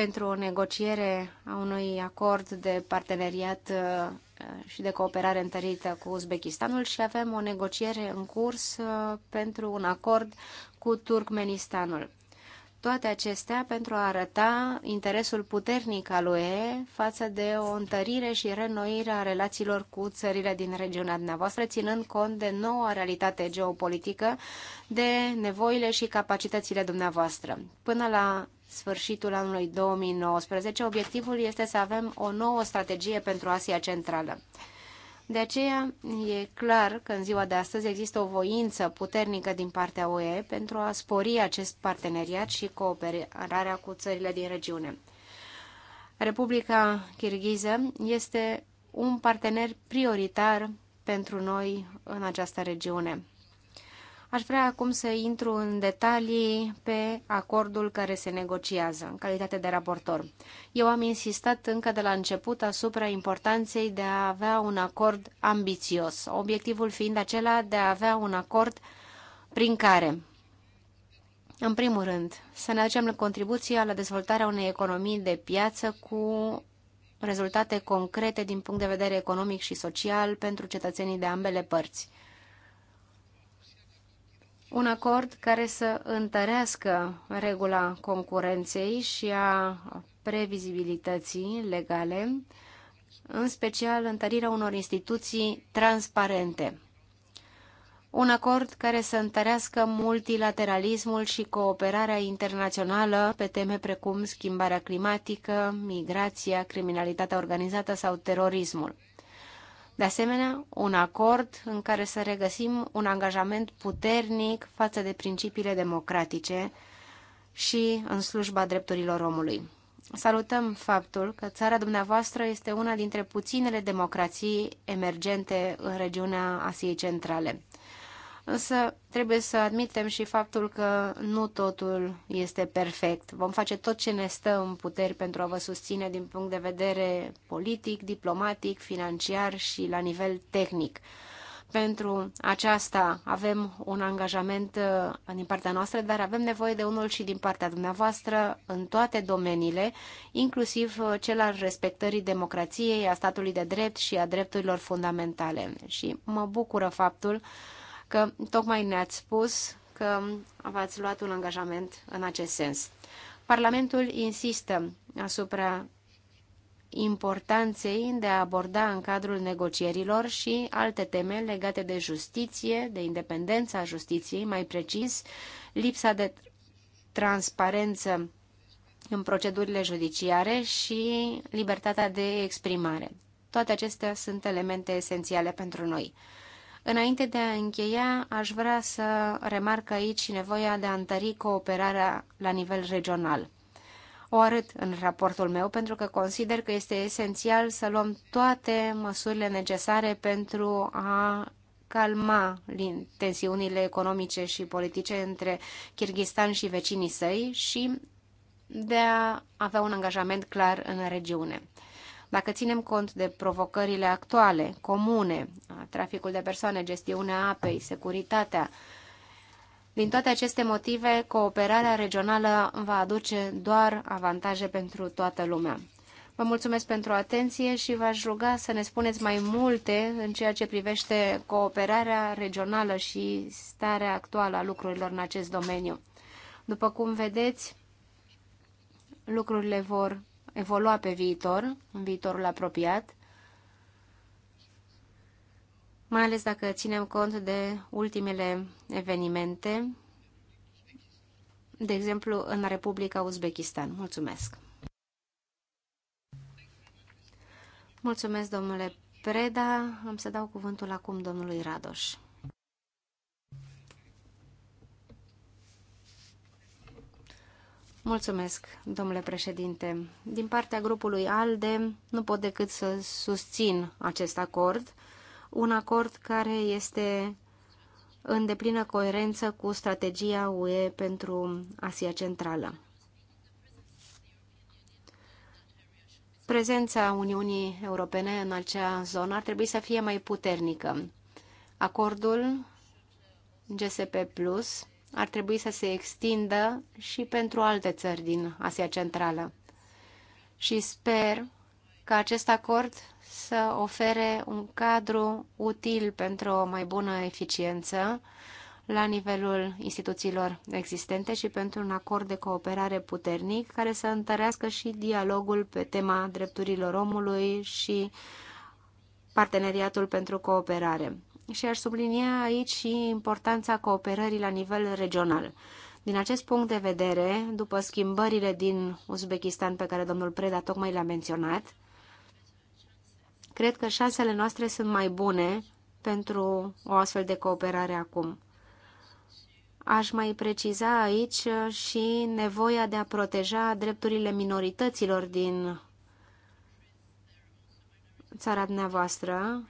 Speaker 3: pentru o negociere a unui acord de parteneriat uh, uh, și de cooperare întărită cu Uzbekistanul și avem o negociere în curs uh, pentru un acord cu Turkmenistanul. Toate acestea pentru a arăta interesul puternic al UE față de o întărire și renoire a relațiilor cu țările din regiunea dumneavoastră, ținând cont de noua realitate geopolitică, de nevoile și capacitățile dumneavoastră. Până la sfârșitul anului 2019, obiectivul este să avem o nouă strategie pentru Asia Centrală. De aceea e clar că în ziua de astăzi există o voință puternică din partea UE pentru a spori acest parteneriat și cooperarea cu țările din regiune. Republica Kirghiză este un partener prioritar pentru noi în această regiune. Aș vrea acum să intru în detalii pe acordul care se negociază în calitate de raportor. Eu am insistat încă de la început asupra importanței de a avea un acord ambițios, obiectivul fiind acela de a avea un acord prin care în primul rând, să ne aducem contribuția la dezvoltarea unei economii de piață cu rezultate concrete din punct de vedere economic și social pentru cetățenii de ambele părți un acord care să întărească regula concurenței și a previzibilității legale, în special întărirea unor instituții transparente. Un acord care să întărească multilateralismul și cooperarea internațională pe teme precum schimbarea climatică, migrația, criminalitatea organizată sau terorismul. De asemenea, un acord în care să regăsim un angajament puternic față de principiile democratice și în slujba drepturilor omului. Salutăm faptul că țara dumneavoastră este una dintre puținele democrații emergente în regiunea Asiei Centrale. Însă trebuie să admitem și faptul că nu totul este perfect. Vom face tot ce ne stă în puteri pentru a vă susține din punct de vedere politic, diplomatic, financiar și la nivel tehnic. Pentru aceasta avem un angajament uh, din partea noastră, dar avem nevoie de unul și din partea dumneavoastră în toate domeniile, inclusiv uh, cel al respectării democrației, a statului de drept și a drepturilor fundamentale. Și mă bucură faptul că tocmai ne-ați spus că v-ați luat un angajament în acest sens. Parlamentul insistă asupra importanței de a aborda în cadrul negocierilor și alte teme legate de justiție, de independența justiției, mai precis, lipsa de transparență în procedurile judiciare și libertatea de exprimare. Toate acestea sunt elemente esențiale pentru noi. Înainte de a încheia, aș vrea să remarc aici nevoia de a întări cooperarea la nivel regional. O arăt în raportul meu pentru că consider că este esențial să luăm toate măsurile necesare pentru a calma tensiunile economice și politice între Kirghistan și vecinii săi și de a avea un angajament clar în regiune. Dacă ținem cont de provocările actuale, comune, traficul de persoane, gestiunea apei, securitatea, din toate aceste motive, cooperarea regională va aduce doar avantaje pentru toată lumea. Vă mulțumesc pentru atenție și v-aș ruga să ne spuneți mai multe în ceea ce privește cooperarea regională și starea actuală a lucrurilor în acest domeniu. După cum vedeți, lucrurile vor evolua pe viitor, în viitorul apropiat, mai ales dacă ținem cont de ultimele evenimente, de exemplu în Republica Uzbekistan. Mulțumesc! Mulțumesc, domnule Preda. Am să dau cuvântul acum domnului Radoș. Mulțumesc, domnule președinte. Din partea grupului ALDE nu pot decât să susțin acest acord, un acord care este în deplină coerență cu strategia UE pentru Asia Centrală. Prezența Uniunii Europene în acea zonă ar trebui să fie mai puternică. Acordul GSP Plus ar trebui să se extindă și pentru alte țări din Asia Centrală. Și sper ca acest acord să ofere un cadru util pentru o mai bună eficiență la nivelul instituțiilor existente și pentru un acord de cooperare puternic care să întărească și dialogul pe tema drepturilor omului și parteneriatul pentru cooperare și aș sublinia aici și importanța cooperării la nivel regional. Din acest punct de vedere, după schimbările din Uzbekistan pe care domnul Preda tocmai le-a menționat, cred că șansele noastre sunt mai bune pentru o astfel de cooperare acum. Aș mai preciza aici și nevoia de a proteja drepturile minorităților din țara dumneavoastră,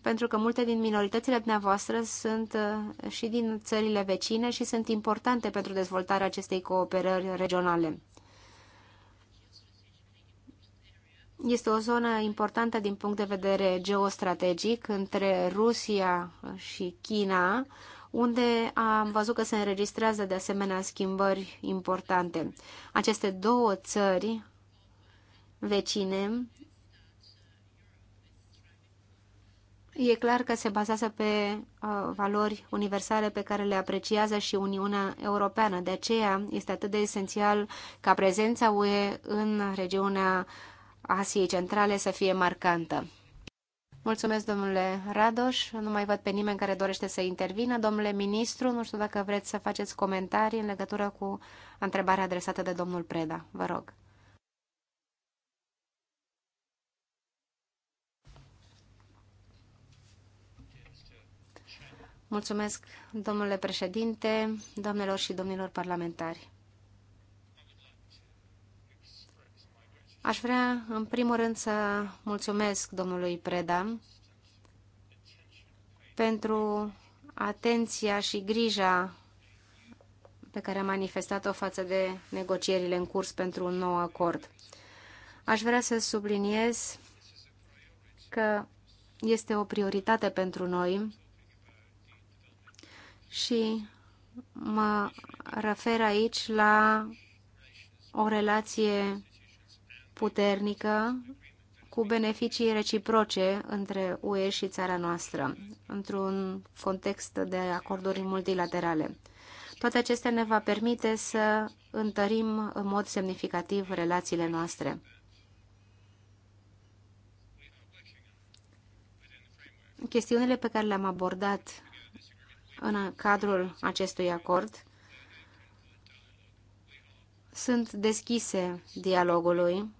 Speaker 3: pentru că multe din minoritățile dumneavoastră sunt uh, și din țările vecine și sunt importante pentru dezvoltarea acestei cooperări regionale. Este o zonă importantă din punct de vedere geostrategic între Rusia și China, unde am văzut că se înregistrează de asemenea schimbări importante. Aceste două țări vecine E clar că se bazează pe uh, valori universale pe care le apreciază și Uniunea Europeană. De aceea este atât de esențial ca prezența UE în regiunea Asiei Centrale să fie marcantă. Mulțumesc, domnule Radoș. Nu mai văd pe nimeni care dorește să intervină. Domnule ministru, nu știu dacă vreți să faceți comentarii în legătură cu întrebarea adresată de domnul Preda. Vă rog. Mulțumesc, domnule președinte, doamnelor și domnilor parlamentari. Aș vrea, în primul rând, să mulțumesc domnului Preda pentru atenția și grija pe care a manifestat-o față de negocierile în curs pentru un nou acord. Aș vrea să subliniez că este o prioritate pentru noi și mă refer aici la o relație puternică cu beneficii reciproce între UE și țara noastră, într-un context de acorduri multilaterale. Toate acestea ne va permite să întărim în mod semnificativ relațiile noastre. Chestiunile pe care le-am abordat în cadrul acestui acord sunt deschise dialogului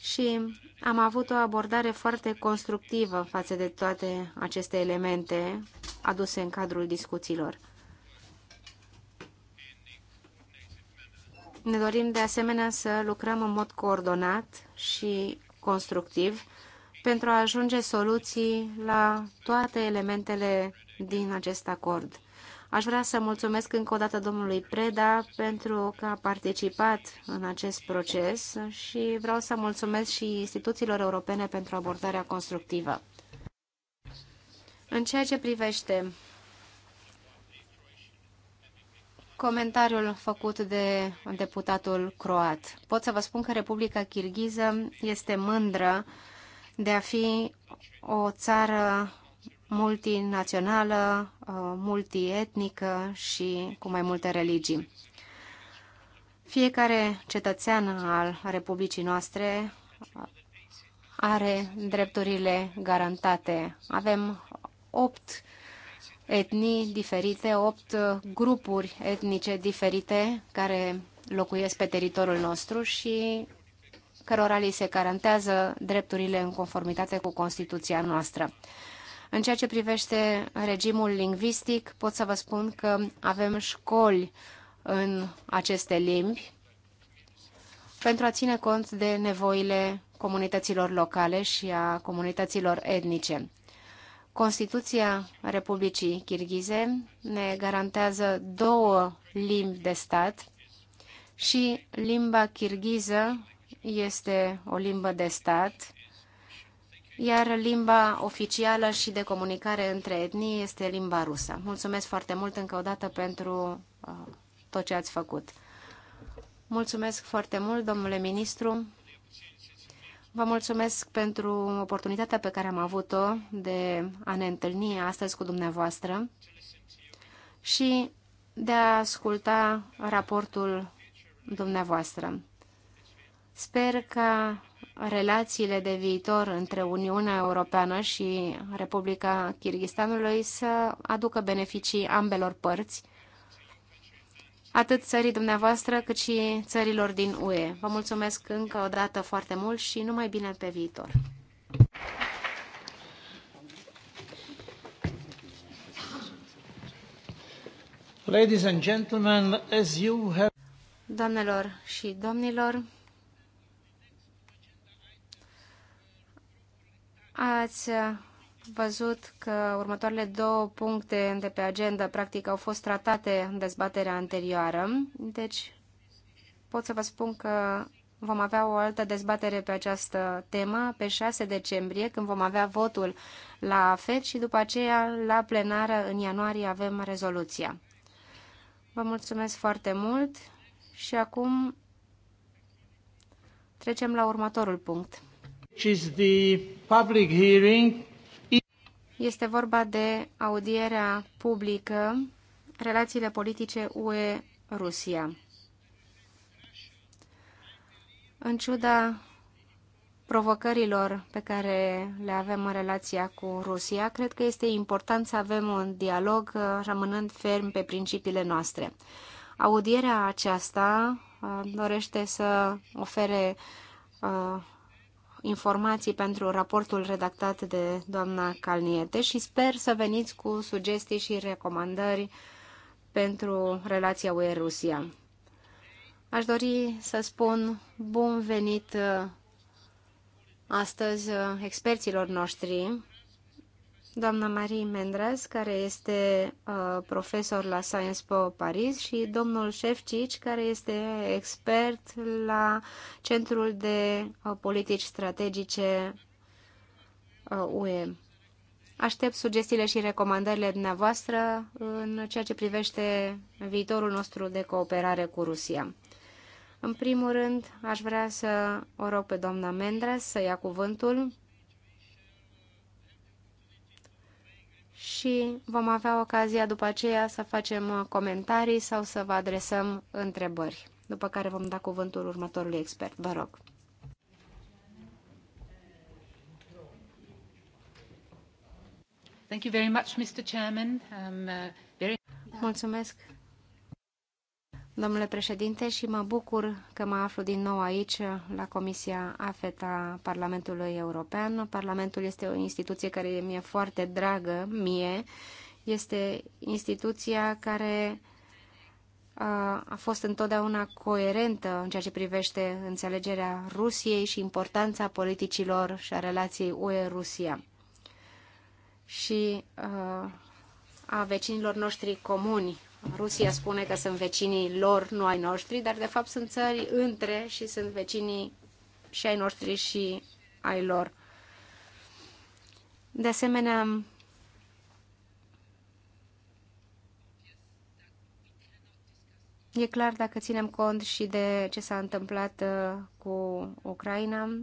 Speaker 3: și am avut o abordare foarte constructivă față de toate aceste elemente aduse în cadrul discuțiilor. Ne dorim de asemenea să lucrăm în mod coordonat și constructiv pentru a ajunge soluții la toate elementele din acest acord. Aș vrea să mulțumesc încă o dată domnului Preda pentru că a participat în acest proces și vreau să mulțumesc și instituțiilor europene pentru abordarea constructivă. În ceea ce privește comentariul făcut de deputatul croat, pot să vă spun că Republica Kirghiză este mândră de a fi o țară multinațională, uh, multietnică și cu mai multe religii. Fiecare cetățean al Republicii noastre uh, are drepturile garantate. Avem opt etnii diferite, opt grupuri etnice diferite care locuiesc pe teritoriul nostru și cărora li se garantează drepturile în conformitate cu Constituția noastră. În ceea ce privește regimul lingvistic, pot să vă spun că avem școli în aceste limbi pentru a ține cont de nevoile comunităților locale și a comunităților etnice. Constituția Republicii Kirghize ne garantează două limbi de stat și limba kirghiză este o limbă de stat, iar limba oficială și de comunicare între etnii este limba rusă. Mulțumesc foarte mult încă o dată pentru uh, tot ce ați făcut. Mulțumesc foarte mult, domnule ministru. Vă mulțumesc pentru oportunitatea pe care am avut-o de a ne întâlni astăzi cu dumneavoastră și de a asculta raportul dumneavoastră. Sper că relațiile de viitor între Uniunea Europeană și Republica Kirghistanului să aducă beneficii ambelor părți, atât țării dumneavoastră cât și țărilor din UE. Vă mulțumesc încă o dată foarte mult și numai bine
Speaker 4: pe viitor! Ladies and gentlemen, as you have...
Speaker 3: Doamnelor și domnilor, Ați uh, văzut că următoarele două puncte de pe agenda practic au fost tratate în dezbaterea anterioară, deci pot să vă spun că vom avea o altă dezbatere pe această temă pe 6 decembrie, când vom avea votul la FED și după aceea la plenară în ianuarie avem rezoluția. Vă mulțumesc foarte mult și acum trecem la următorul punct. Este vorba de audierea publică, relațiile politice UE-Rusia. În ciuda provocărilor pe care le avem în relația cu Rusia, cred că este important să avem un dialog uh, rămânând ferm pe principiile noastre. Audierea aceasta uh, dorește să ofere uh, informații pentru raportul redactat de doamna Calniete și sper să veniți cu sugestii și recomandări pentru relația UE-Rusia. Aș dori să spun bun venit uh, astăzi uh, experților noștri doamna Marie Mendras, care este uh, profesor la Sciences Po Paris și domnul Șefcici, care este expert la Centrul de uh, Politici Strategice uh, UE. Aștept sugestiile și recomandările dumneavoastră în ceea ce privește viitorul nostru de cooperare cu Rusia. În primul rând, aș vrea să o rog pe doamna Mendras să ia cuvântul și vom avea ocazia după aceea să facem comentarii sau să vă adresăm întrebări, după care vom da cuvântul următorului expert. Vă rog. Thank you very much, Mr. Chairman. Um, uh, very... Mulțumesc, domnule președinte, și mă bucur că mă aflu din nou aici, la Comisia AFET a Parlamentului European. Parlamentul este o instituție care mi-e foarte dragă, mie. Este instituția care a fost întotdeauna coerentă în ceea ce privește înțelegerea Rusiei și importanța politicilor și a relației UE-Rusia. Și a vecinilor noștri comuni Rusia spune că sunt vecinii lor, nu ai noștri, dar de fapt sunt țări între și sunt vecinii și ai noștri și ai lor. De asemenea, e clar dacă ținem cont și de ce s-a întâmplat uh, cu Ucraina,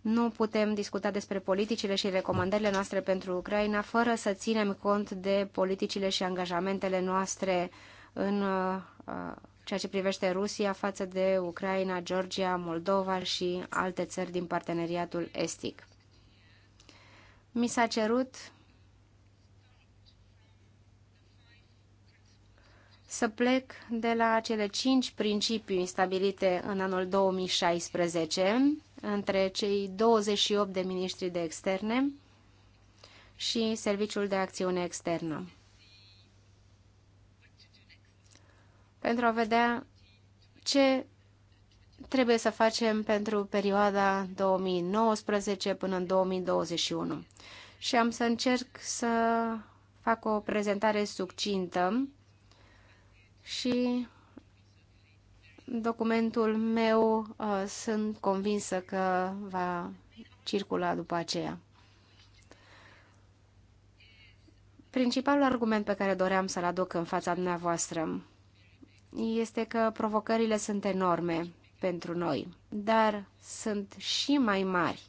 Speaker 3: nu putem discuta despre politicile și recomandările noastre pentru Ucraina fără să ținem cont de politicile și angajamentele noastre în uh, ceea ce privește Rusia față de Ucraina, Georgia, Moldova și alte țări din parteneriatul estic. Mi s-a cerut să plec de la cele cinci principii stabilite în anul 2016 între cei 28 de miniștri de externe și Serviciul de Acțiune Externă. Pentru a vedea ce trebuie să facem pentru perioada 2019 până în 2021. Și am să încerc să fac o prezentare succintă și documentul meu uh, sunt convinsă că va circula după aceea. Principalul argument pe care doream să-l aduc în fața dumneavoastră este că provocările sunt enorme pentru noi, dar sunt și mai mari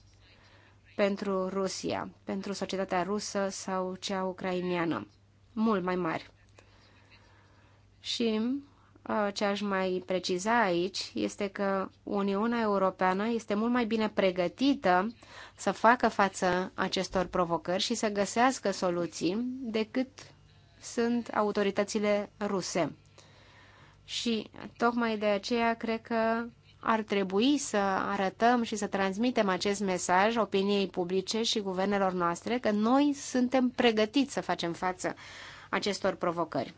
Speaker 3: pentru Rusia, pentru societatea rusă sau cea ucrainiană, mult mai mari. Și uh, ce aș mai preciza aici este că Uniunea Europeană este mult mai bine pregătită să facă față acestor provocări și să găsească soluții decât sunt autoritățile ruse. Și tocmai de aceea cred că ar trebui să arătăm și să transmitem acest mesaj opiniei publice și guvernelor noastre că noi suntem pregătiți să facem față acestor provocări.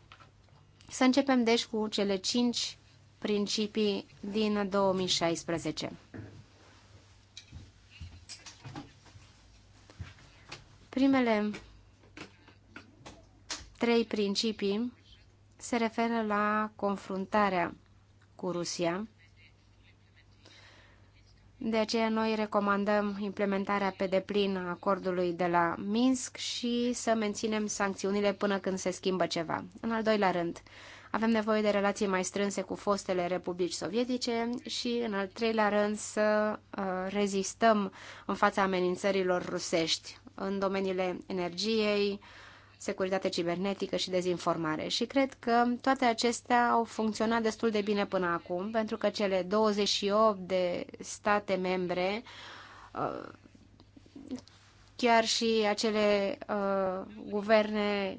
Speaker 3: Să începem deci cu cele cinci principii din 2016. Primele trei principii se referă la confruntarea cu Rusia, de aceea noi recomandăm implementarea pe deplin a acordului de la Minsk și să menținem sancțiunile până când se schimbă ceva. În al doilea rând, avem nevoie de relații mai strânse cu fostele republici sovietice și, în al treilea rând, să uh, rezistăm în fața amenințărilor rusești în domeniile energiei, securitate cibernetică și dezinformare. Și cred că toate acestea au funcționat destul de bine până acum, pentru că cele 28 de state membre uh, chiar și acele uh, guverne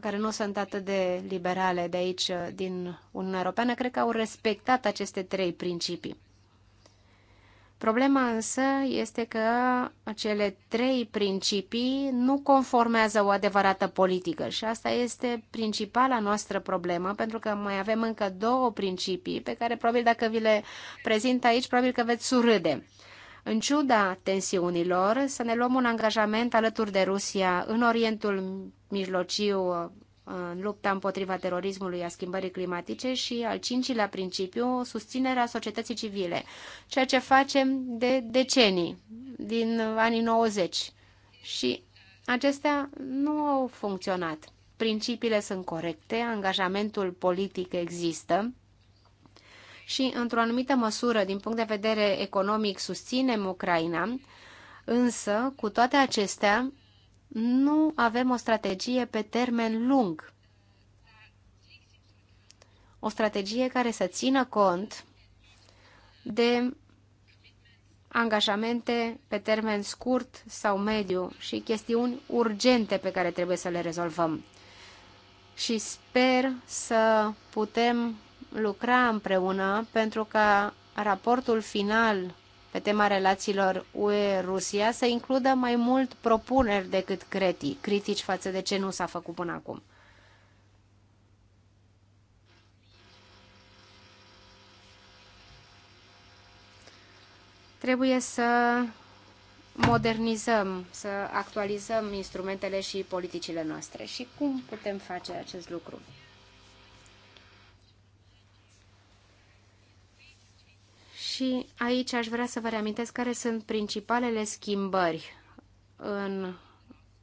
Speaker 3: care nu sunt atât de liberale de aici, uh, din Uniunea Europeană, cred că au respectat aceste trei principii. Problema însă este că cele trei principii nu conformează o adevărată politică și asta este principala noastră problemă, pentru că mai avem încă două principii pe care probabil dacă vi le prezint aici, probabil că veți surâde. În ciuda tensiunilor, să ne luăm un angajament alături de Rusia în Orientul Mijlociu, în lupta împotriva terorismului a schimbării climatice și al cincilea principiu, susținerea societății civile, ceea ce facem de decenii, din anii 90. Și acestea nu au funcționat. Principiile sunt corecte, angajamentul politic există, și, într-o anumită măsură, din punct de vedere economic, susținem Ucraina, însă, cu toate acestea, nu avem o strategie pe termen lung. O strategie care să țină cont de angajamente pe termen scurt sau mediu și chestiuni urgente pe care trebuie să le rezolvăm. Și sper să putem lucra împreună pentru ca raportul final pe tema relațiilor UE-Rusia să includă mai mult propuneri decât critici, critici față de ce nu s-a făcut până acum. Trebuie să modernizăm, să actualizăm instrumentele și politicile noastre. Și cum putem face acest lucru? Și aici aș vrea să vă reamintesc care sunt principalele schimbări în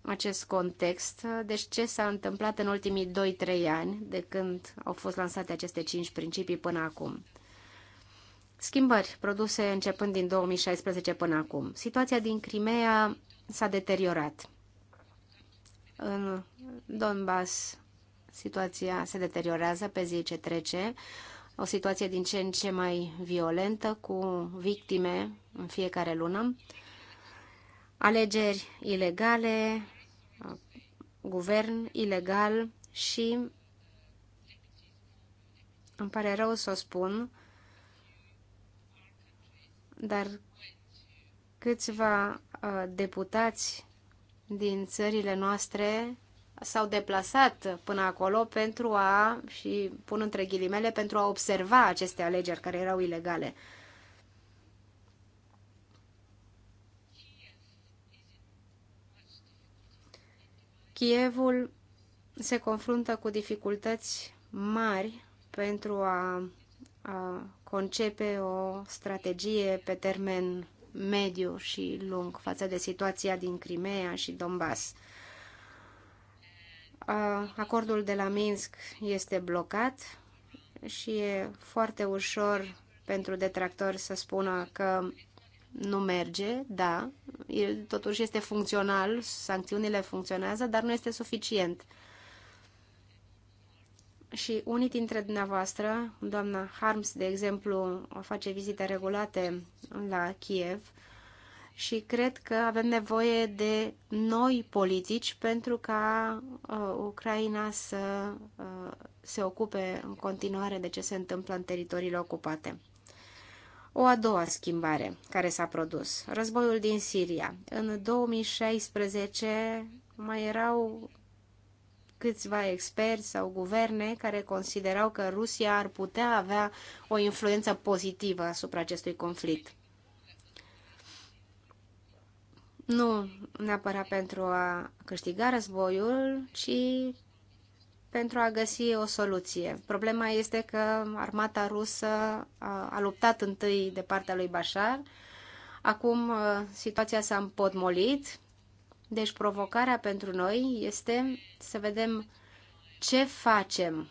Speaker 3: acest context. Deci ce s-a întâmplat în ultimii 2-3 ani de când au fost lansate aceste 5 principii până acum. Schimbări produse începând din 2016 până acum. Situația din Crimea s-a deteriorat. În Donbass situația se deteriorează pe zi ce trece. Uh, o situație din ce în ce mai violentă, cu victime în fiecare lună, alegeri ilegale, guvern ilegal și, îmi pare rău să o spun, dar câțiva uh, deputați din țările noastre s-au deplasat până acolo pentru a, și pun între ghilimele, pentru a observa aceste alegeri care erau ilegale. Kievul se confruntă cu dificultăți mari pentru a, a concepe o strategie pe termen mediu și lung față de situația din Crimea și Donbass. Acordul de la Minsk este blocat și e foarte ușor pentru detractori să spună că nu merge, da, el totuși este funcțional, sancțiunile funcționează, dar nu este suficient. Și unii dintre dumneavoastră, doamna Harms, de exemplu, face vizite regulate la Kiev, și cred că avem nevoie de noi politici pentru ca uh, Ucraina să uh, se ocupe în continuare de ce se întâmplă în teritoriile ocupate. O a doua schimbare care s-a produs, războiul din Siria. În 2016 mai erau câțiva experți sau guverne care considerau că Rusia ar putea avea o influență pozitivă asupra acestui conflict nu neapărat pentru a câștiga războiul, ci pentru a găsi o soluție. Problema este că armata rusă a luptat întâi de partea lui Bashar, acum uh, situația s-a împotmolit, deci provocarea pentru noi este să vedem ce facem,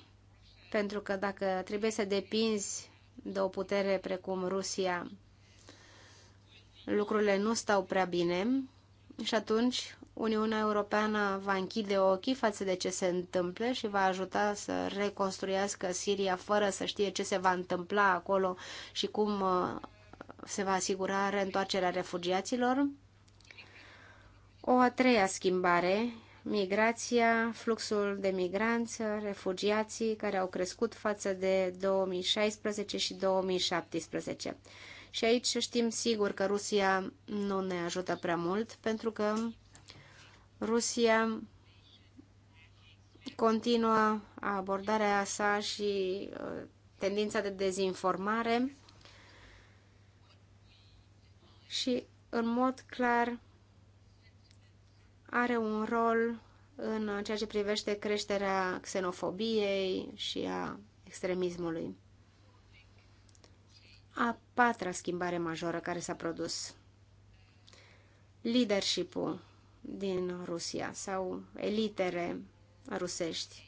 Speaker 3: pentru că dacă trebuie să depinzi de o putere precum Rusia lucrurile nu stau prea bine și atunci Uniunea Europeană va închide ochii față de ce se întâmplă și va ajuta să reconstruiască Siria fără să știe ce se va întâmpla acolo și cum uh, se va asigura reîntoarcerea refugiaților. O a treia schimbare, migrația, fluxul de migranți, refugiații care au crescut față de 2016 și 2017. Și aici știm sigur că Rusia nu ne ajută prea mult, pentru că Rusia continuă abordarea sa și uh, tendința de dezinformare și, în mod clar, are un rol în ceea ce privește creșterea xenofobiei și a extremismului a patra schimbare majoră care s-a produs. Leadership-ul din Rusia sau elitele rusești.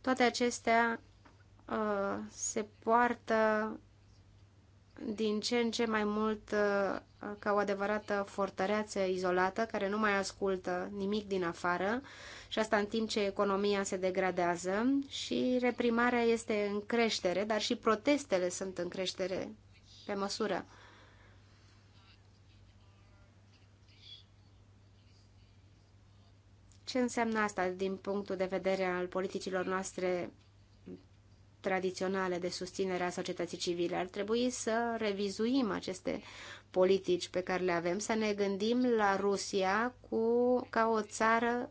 Speaker 3: Toate acestea uh, se poartă din ce în ce mai mult uh, ca o adevărată fortăreață izolată care nu mai ascultă nimic din afară și asta în timp ce economia se degradează și reprimarea este în creștere, dar și protestele sunt în creștere pe măsură. Ce înseamnă asta din punctul de vedere al politicilor noastre tradiționale de susținere a societății civile? Ar trebui să revizuim aceste politici pe care le avem, să ne gândim la Rusia cu, ca o țară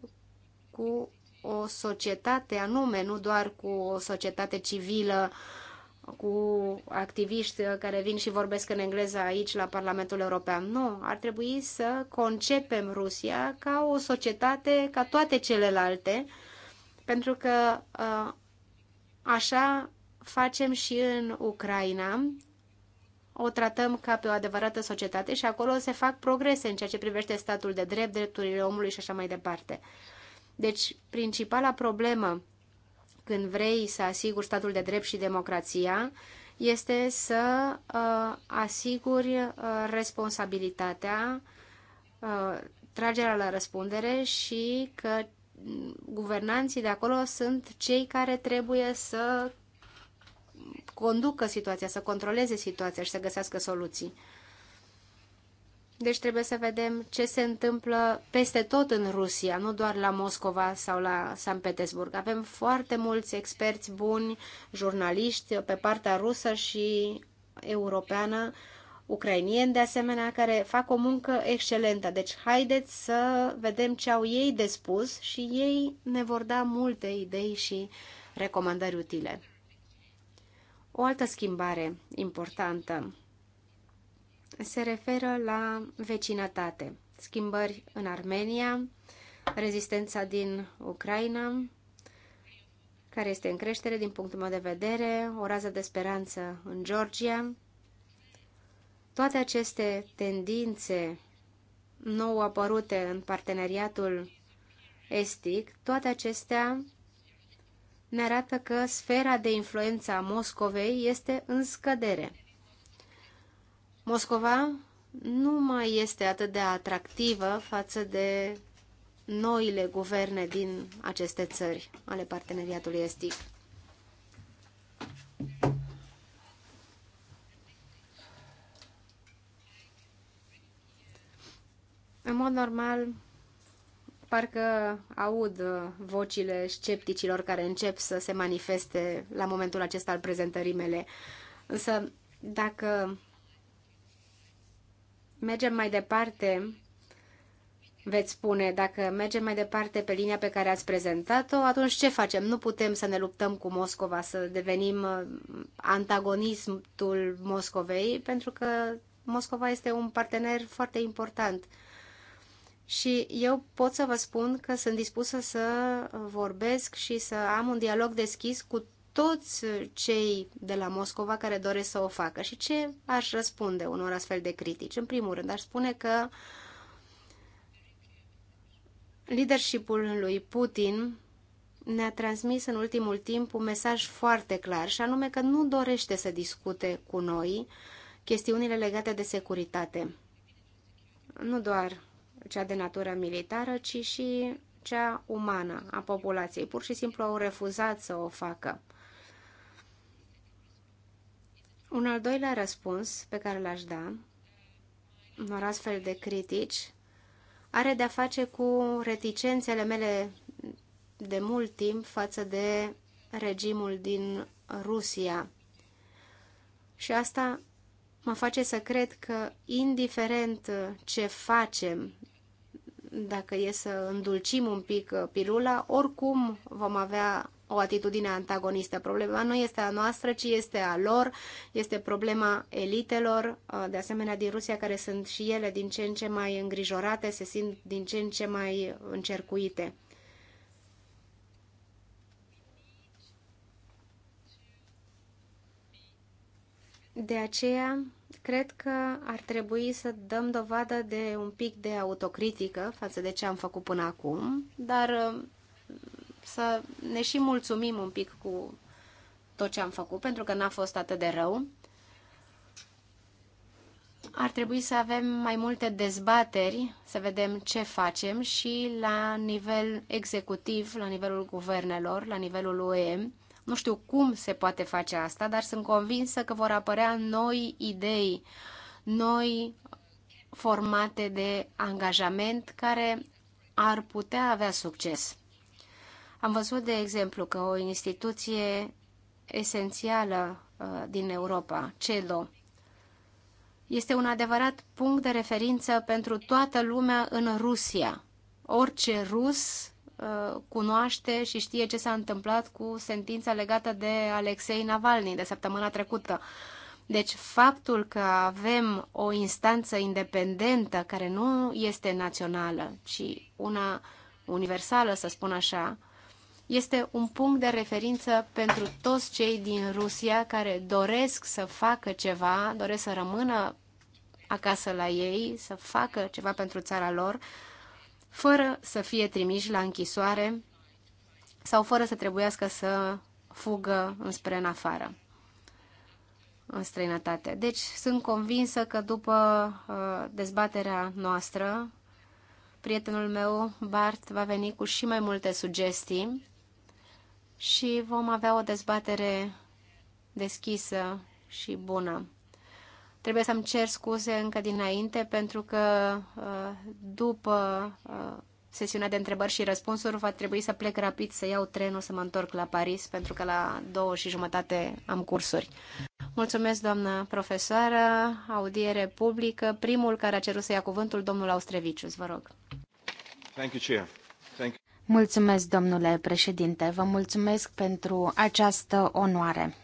Speaker 3: cu o societate anume, nu doar cu o societate civilă uh, cu activiști care vin și vorbesc în engleză aici la Parlamentul European. Nu, ar trebui să concepem Rusia ca o societate ca toate celelalte, pentru că uh, așa facem și în Ucraina, o tratăm ca pe o adevărată societate și acolo se fac progrese în ceea ce privește statul de drept, drepturile omului și așa mai departe. Deci, principala problemă când vrei să asiguri statul de drept și democrația, este să uh, asiguri uh, responsabilitatea, uh, tragerea la răspundere și că mm, guvernanții de acolo sunt cei care trebuie să conducă situația, să controleze situația și să găsească soluții deci trebuie să vedem ce se întâmplă peste tot în Rusia, nu doar la Moscova sau la San Petersburg. Avem foarte mulți experți buni, jurnaliști pe partea rusă și europeană, ucrainieni de asemenea, care fac o muncă excelentă. Deci haideți să vedem ce au ei de spus și ei ne vor da multe idei și recomandări utile. O altă schimbare importantă se referă la vecinătate, schimbări în Armenia, rezistența din Ucraina, care este în creștere din punctul meu de vedere, o rază de speranță în Georgia. Toate aceste tendințe nou apărute în parteneriatul estic, toate acestea ne arată că sfera de influență a Moscovei este în scădere. Moscova nu mai este atât de atractivă față de noile guverne din aceste țări ale parteneriatului estic. În mod normal, parcă aud uh, vocile scepticilor care încep să se manifeste la momentul acesta al prezentării mele. Însă, dacă mergem mai departe, veți spune, dacă mergem mai departe pe linia pe care ați prezentat-o, atunci ce facem? Nu putem să ne luptăm cu Moscova, să devenim uh, antagonismul Moscovei, pentru că Moscova este un partener foarte important. Și eu pot să vă spun că sunt dispusă să vorbesc și să am un dialog deschis cu toți cei de la Moscova care doresc să o facă. Și ce aș răspunde unor astfel de critici? În primul rând, aș spune că leadershipul lui Putin ne-a transmis în ultimul timp un mesaj foarte clar, și anume că nu dorește să discute cu noi chestiunile legate de securitate. Nu doar cea de natură militară, ci și cea umană a populației. Pur și simplu au refuzat să o facă. Un al doilea răspuns pe care l-aș da unor astfel de critici are de-a face cu reticențele mele de mult timp față de regimul din Rusia. Și asta mă face să cred că, indiferent ce facem, dacă e să îndulcim un pic pilula, oricum vom avea o atitudine antagonistă. Problema nu este a noastră, ci este a lor, este problema elitelor, uh, de asemenea din Rusia, care sunt și ele din ce în ce mai îngrijorate, se simt din ce în ce mai încercuite. De aceea, cred că ar trebui să dăm dovadă de un pic de autocritică față de ce am făcut până acum, dar uh, să ne și mulțumim un pic cu tot ce am făcut, pentru că n-a fost atât de rău. Ar trebui să avem mai multe dezbateri, să vedem ce facem și la nivel executiv, la nivelul guvernelor, la nivelul UE. Nu știu cum se poate face asta, dar sunt convinsă că vor apărea noi idei, noi formate de angajament care ar putea avea succes. Am văzut, de exemplu, că o instituție esențială uh, din Europa, CELO, este un adevărat punct de referință pentru toată lumea în Rusia. Orice rus uh, cunoaște și știe ce s-a întâmplat cu sentința legată de Alexei Navalny de săptămâna trecută. Deci faptul că avem o instanță independentă care nu este națională, ci una universală, să spun așa, este un punct de referință pentru toți cei din Rusia care doresc să facă ceva, doresc să rămână acasă la ei, să facă ceva pentru țara lor, fără să fie trimiși la închisoare sau fără să trebuiască să fugă înspre în afară, în străinătate. Deci sunt convinsă că după uh, dezbaterea noastră, prietenul meu, Bart, va veni cu și mai multe sugestii și vom avea o dezbatere deschisă și bună. Trebuie să-mi cer scuze încă dinainte pentru că uh, după uh, sesiunea de întrebări și răspunsuri va trebui să plec rapid să iau trenul să mă întorc la Paris pentru că la două și jumătate am cursuri. Mulțumesc, doamnă profesoară, audiere publică. Primul care a cerut să ia cuvântul, domnul Austrevicius, vă rog.
Speaker 1: Thank you, Chair. Mulțumesc, domnule președinte, vă mulțumesc pentru această onoare.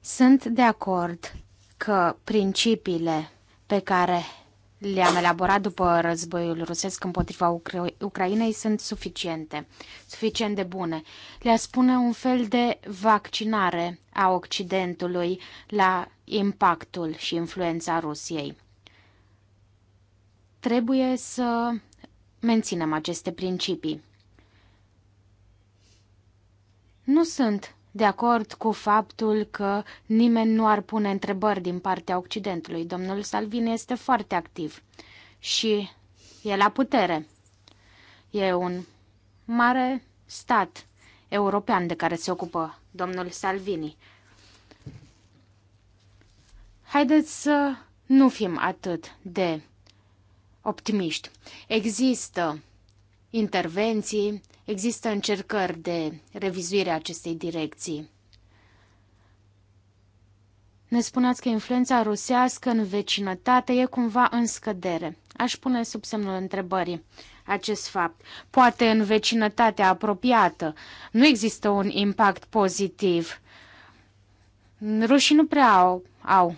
Speaker 1: Sunt de acord că principiile pe care le-am elaborat după războiul rusesc împotriva Ucra Ucrainei sunt suficiente, suficient de bune. Le-a spune un fel de vaccinare a Occidentului la impactul și influența Rusiei. Trebuie să menținem aceste principii. Nu sunt de acord cu faptul că nimeni nu ar pune întrebări din partea Occidentului. Domnul Salvini este foarte activ și e la putere. E un mare stat european de care se ocupă domnul Salvini. Haideți să nu fim atât de optimiști. Există intervenții, există încercări de revizuire a acestei direcții. Ne spuneați că influența rusească în vecinătate e cumva în scădere. Aș pune sub semnul întrebării acest fapt. Poate în vecinătatea apropiată nu există un impact pozitiv. Rușii nu prea au, au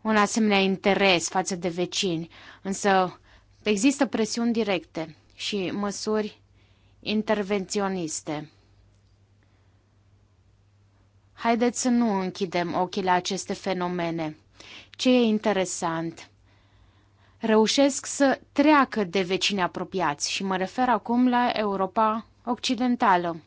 Speaker 1: un asemenea interes față de vecini, însă Există presiuni directe și măsuri intervenționiste. Haideți să nu închidem ochii la aceste fenomene. Ce e interesant? Reușesc să treacă de vecini apropiați și mă refer acum la Europa Occidentală.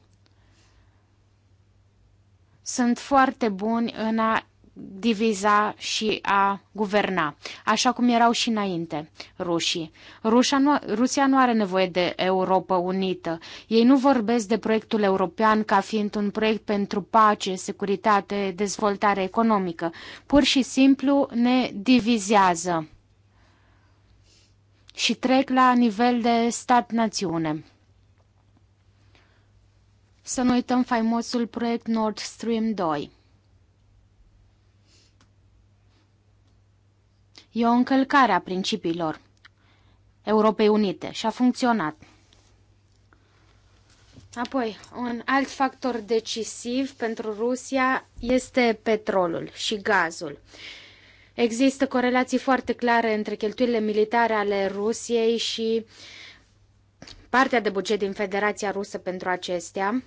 Speaker 1: Sunt foarte buni în a diviza și a guverna, așa cum erau și înainte rușii. Rusia nu, Rusia nu are nevoie de Europa Unită. Ei nu vorbesc de proiectul european ca fiind un proiect pentru pace, securitate, dezvoltare economică. Pur și simplu ne divizează și trec la nivel de stat-națiune. Să nu uităm faimosul proiect Nord Stream 2. E o încălcare a principiilor Europei Unite și a funcționat. Apoi, un alt factor decisiv pentru Rusia este petrolul și gazul. Există corelații foarte clare între cheltuielile militare ale Rusiei și partea de buget din Federația Rusă pentru acestea.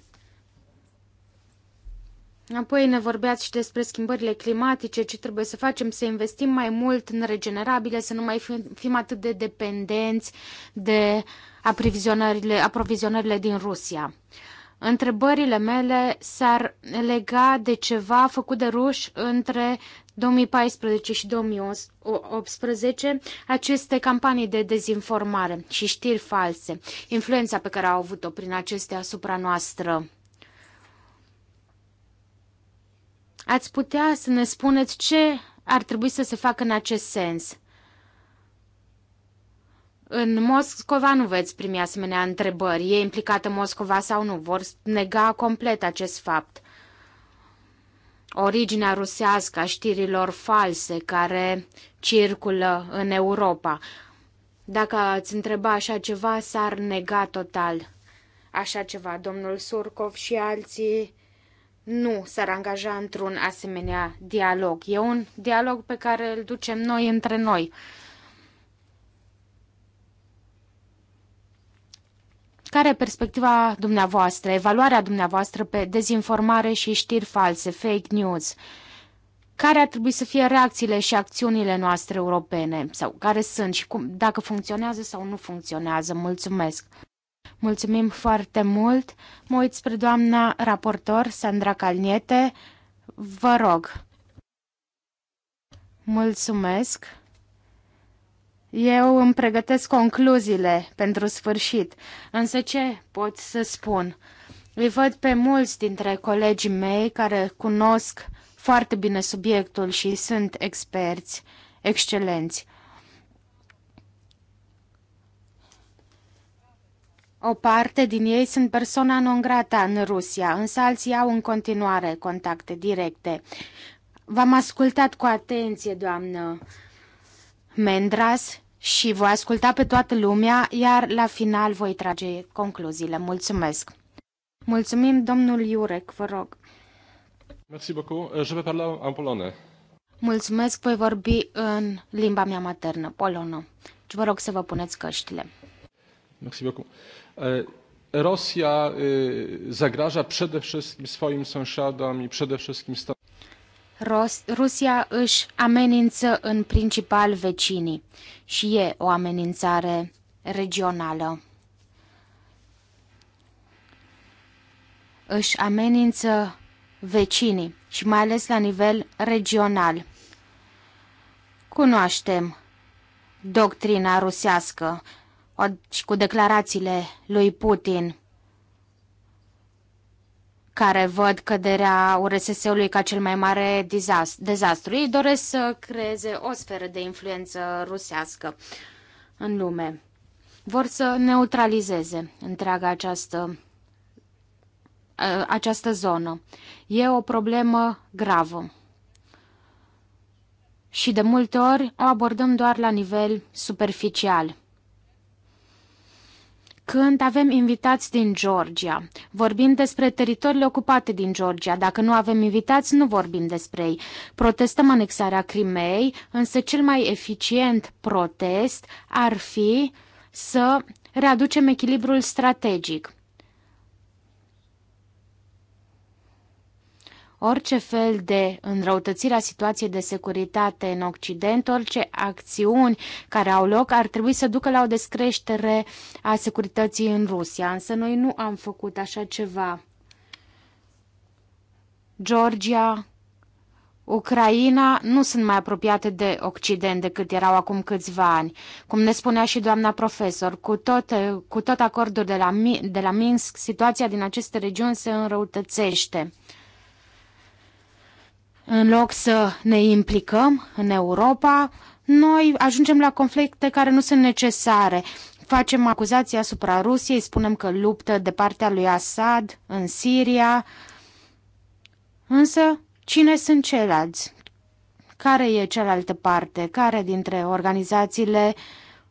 Speaker 1: Apoi ne vorbeați și despre schimbările climatice, ce trebuie să facem, să investim mai mult în regenerabile, să nu mai fim, fim atât de dependenți de aprovizionările, aprovizionările din Rusia. Întrebările mele s-ar lega de ceva făcut de ruși între 2014 și 2018 aceste campanii de dezinformare și știri false, influența pe care au avut-o prin acestea asupra noastră. Ați putea să ne spuneți ce ar trebui să se facă în acest sens? În Moscova nu veți primi asemenea întrebări. E implicată Moscova sau nu? Vor nega complet acest fapt. Originea rusească a știrilor false care circulă în Europa. Dacă ați întreba așa ceva, s-ar nega total. Așa ceva, domnul Surcov și alții nu s-ar angaja într-un asemenea dialog. E un dialog pe care îl ducem noi între noi. Care e perspectiva dumneavoastră, evaluarea dumneavoastră pe dezinformare și știri false, fake news? Care ar trebui să fie reacțiile și acțiunile noastre europene? Sau care sunt și cum, dacă funcționează sau nu funcționează? Mulțumesc! Mulțumim foarte mult. Mă uit spre doamna raportor Sandra Calniete. Vă rog. Mulțumesc. Eu îmi pregătesc concluziile pentru sfârșit, însă ce pot să spun? Îi văd pe mulți dintre colegii mei care cunosc foarte bine subiectul și sunt experți excelenți. O parte din ei sunt persoana non grata în Rusia, însă alții au în continuare contacte directe. V-am ascultat cu atenție, doamnă Mendras, și voi asculta pe toată lumea, iar la final voi trage concluziile. Mulțumesc! Mulțumim, domnul Iurec, vă rog.
Speaker 2: Merci beaucoup.
Speaker 4: Euh, je vais parler en polonais.
Speaker 1: Mulțumesc, voi vorbi în limba mea maternă, polonă. Deci vă rog să vă puneți căștile.
Speaker 4: Merci beaucoup. Rosja zagraża przede wszystkim swoim sąsiadom i przede
Speaker 2: wszystkim Stanom
Speaker 1: Ros Rusia își amenință în principal vecinii și e o amenințare regională. Își amenință vecinii și mai ales la nivel regional. Cunoaștem doctrina rusească și cu declarațiile lui Putin care văd căderea URSS-ului ca cel mai mare dezastru. Ei doresc să creeze o sferă de influență rusească în lume. Vor să neutralizeze întreaga această, ă, această zonă. E o problemă gravă. Și de multe ori o abordăm doar la nivel superficial când avem invitați din Georgia. Vorbim despre teritoriile ocupate din Georgia. Dacă nu avem invitați, nu vorbim despre ei. Protestăm anexarea Crimei, însă cel mai eficient protest ar fi să readucem echilibrul strategic. Orice fel de înrăutățire a situației de securitate în Occident, orice acțiuni care au loc ar trebui să ducă la o descreștere a securității în Rusia, însă noi nu am făcut așa ceva. Georgia, Ucraina nu sunt mai apropiate de Occident decât erau acum câțiva ani. Cum ne spunea și doamna profesor, cu tot, cu tot acordul de la, de la Minsk, situația din aceste regiuni se înrăutățește. În loc să ne implicăm în Europa, noi ajungem la conflicte care nu sunt necesare. Facem acuzații asupra Rusiei, spunem că luptă de partea lui Assad în Siria. Însă, cine sunt ceilalți? Care e cealaltă parte? Care dintre organizațiile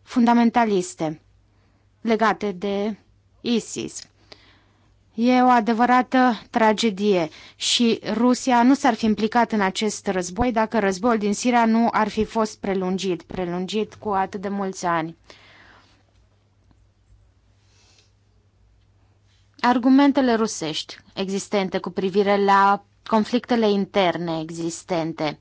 Speaker 1: fundamentaliste legate de ISIS? E o adevărată tragedie și Rusia nu s-ar fi implicat în acest război dacă războiul din Siria nu ar fi fost prelungit, prelungit cu atât de mulți ani. Argumentele rusești existente cu privire la conflictele interne existente.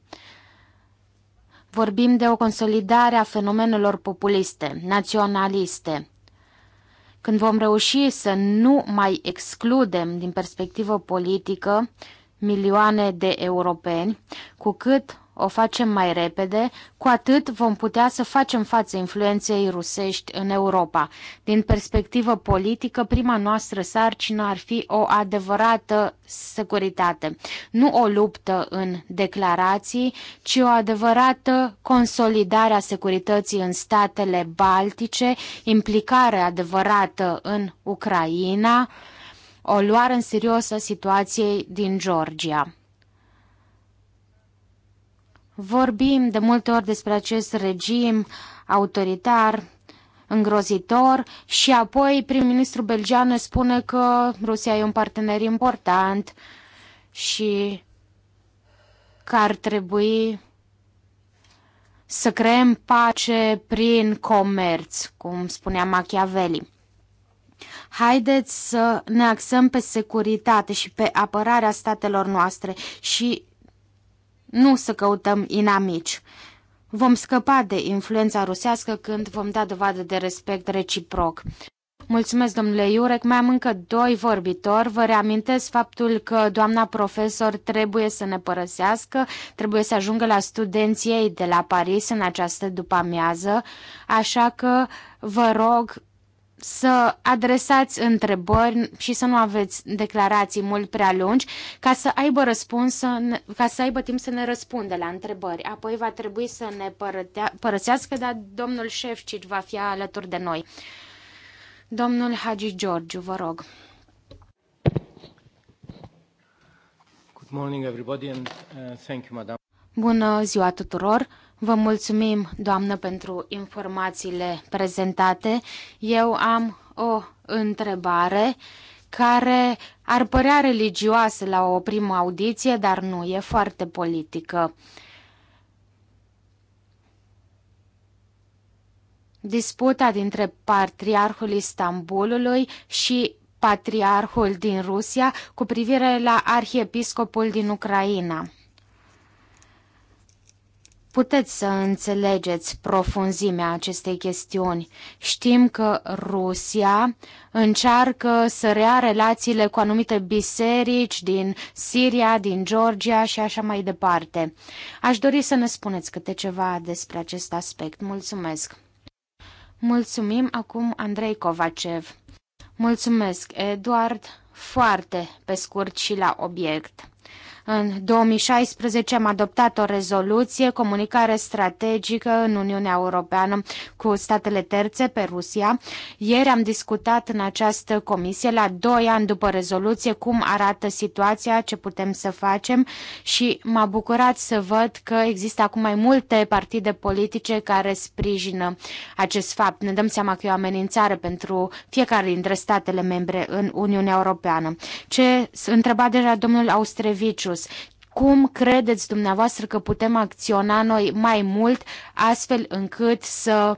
Speaker 1: Vorbim de o consolidare a fenomenelor populiste, naționaliste când vom reuși să nu mai excludem din perspectivă politică milioane de europeni, cu cât o facem mai repede, cu atât vom putea să facem față influenței rusești în Europa. Din perspectivă politică, prima noastră sarcină ar fi o adevărată securitate. Nu o luptă în declarații, ci o adevărată consolidare a securității în statele baltice, implicare adevărată în Ucraina, o luare în serios a situației din Georgia. Vorbim de multe ori despre acest regim autoritar, îngrozitor și apoi prim-ministrul belgean ne spune că Rusia e un partener important și că ar trebui să creăm pace prin comerț, cum spunea Machiavelli. Haideți să ne axăm pe securitate și pe apărarea statelor noastre și nu să căutăm inamici. Vom scăpa de influența rusească când vom da dovadă de respect reciproc. Mulțumesc, domnule Iurec. Mai am încă doi vorbitori. Vă reamintesc faptul că doamna profesor trebuie să ne părăsească, trebuie să ajungă la studenții ei de la Paris în această după-amiază, așa că vă rog să adresați întrebări și să nu aveți declarații mult prea lungi ca să aibă răspuns, ca să aibă timp să ne răspundă la întrebări. Apoi va trebui să ne părătea, părăsească, dar domnul Șefcic va fi alături de noi. Domnul Hagi Georgiu, vă rog.
Speaker 4: Good morning everybody and uh, thank you, madam.
Speaker 1: Bună ziua tuturor. Vă mulțumim, doamnă, pentru informațiile prezentate. Eu am o întrebare care ar părea religioasă la o primă audiție, dar nu, e foarte politică. Disputa dintre Patriarhul Istanbulului și Patriarhul din Rusia cu privire la Arhiepiscopul din Ucraina. Puteți să înțelegeți profunzimea acestei chestiuni. Știm că Rusia încearcă să rea relațiile cu anumite biserici din Siria, din Georgia și așa mai departe. Aș dori să ne spuneți câte ceva despre acest aspect. Mulțumesc! Mulțumim acum Andrei Kovacev. Mulțumesc, Eduard, foarte pe scurt și la obiect. În 2016 am adoptat o rezoluție, comunicare strategică în Uniunea Europeană cu statele terțe pe Rusia. Ieri am discutat în această comisie, la doi ani după rezoluție, cum arată situația, ce putem să facem și m-a bucurat să văd că există acum mai multe partide politice care sprijină acest fapt. Ne dăm seama că e o amenințare pentru fiecare dintre statele membre în Uniunea Europeană. Ce întreba deja domnul Austreviciu, Plus. Cum credeți dumneavoastră că putem acționa noi mai mult astfel încât să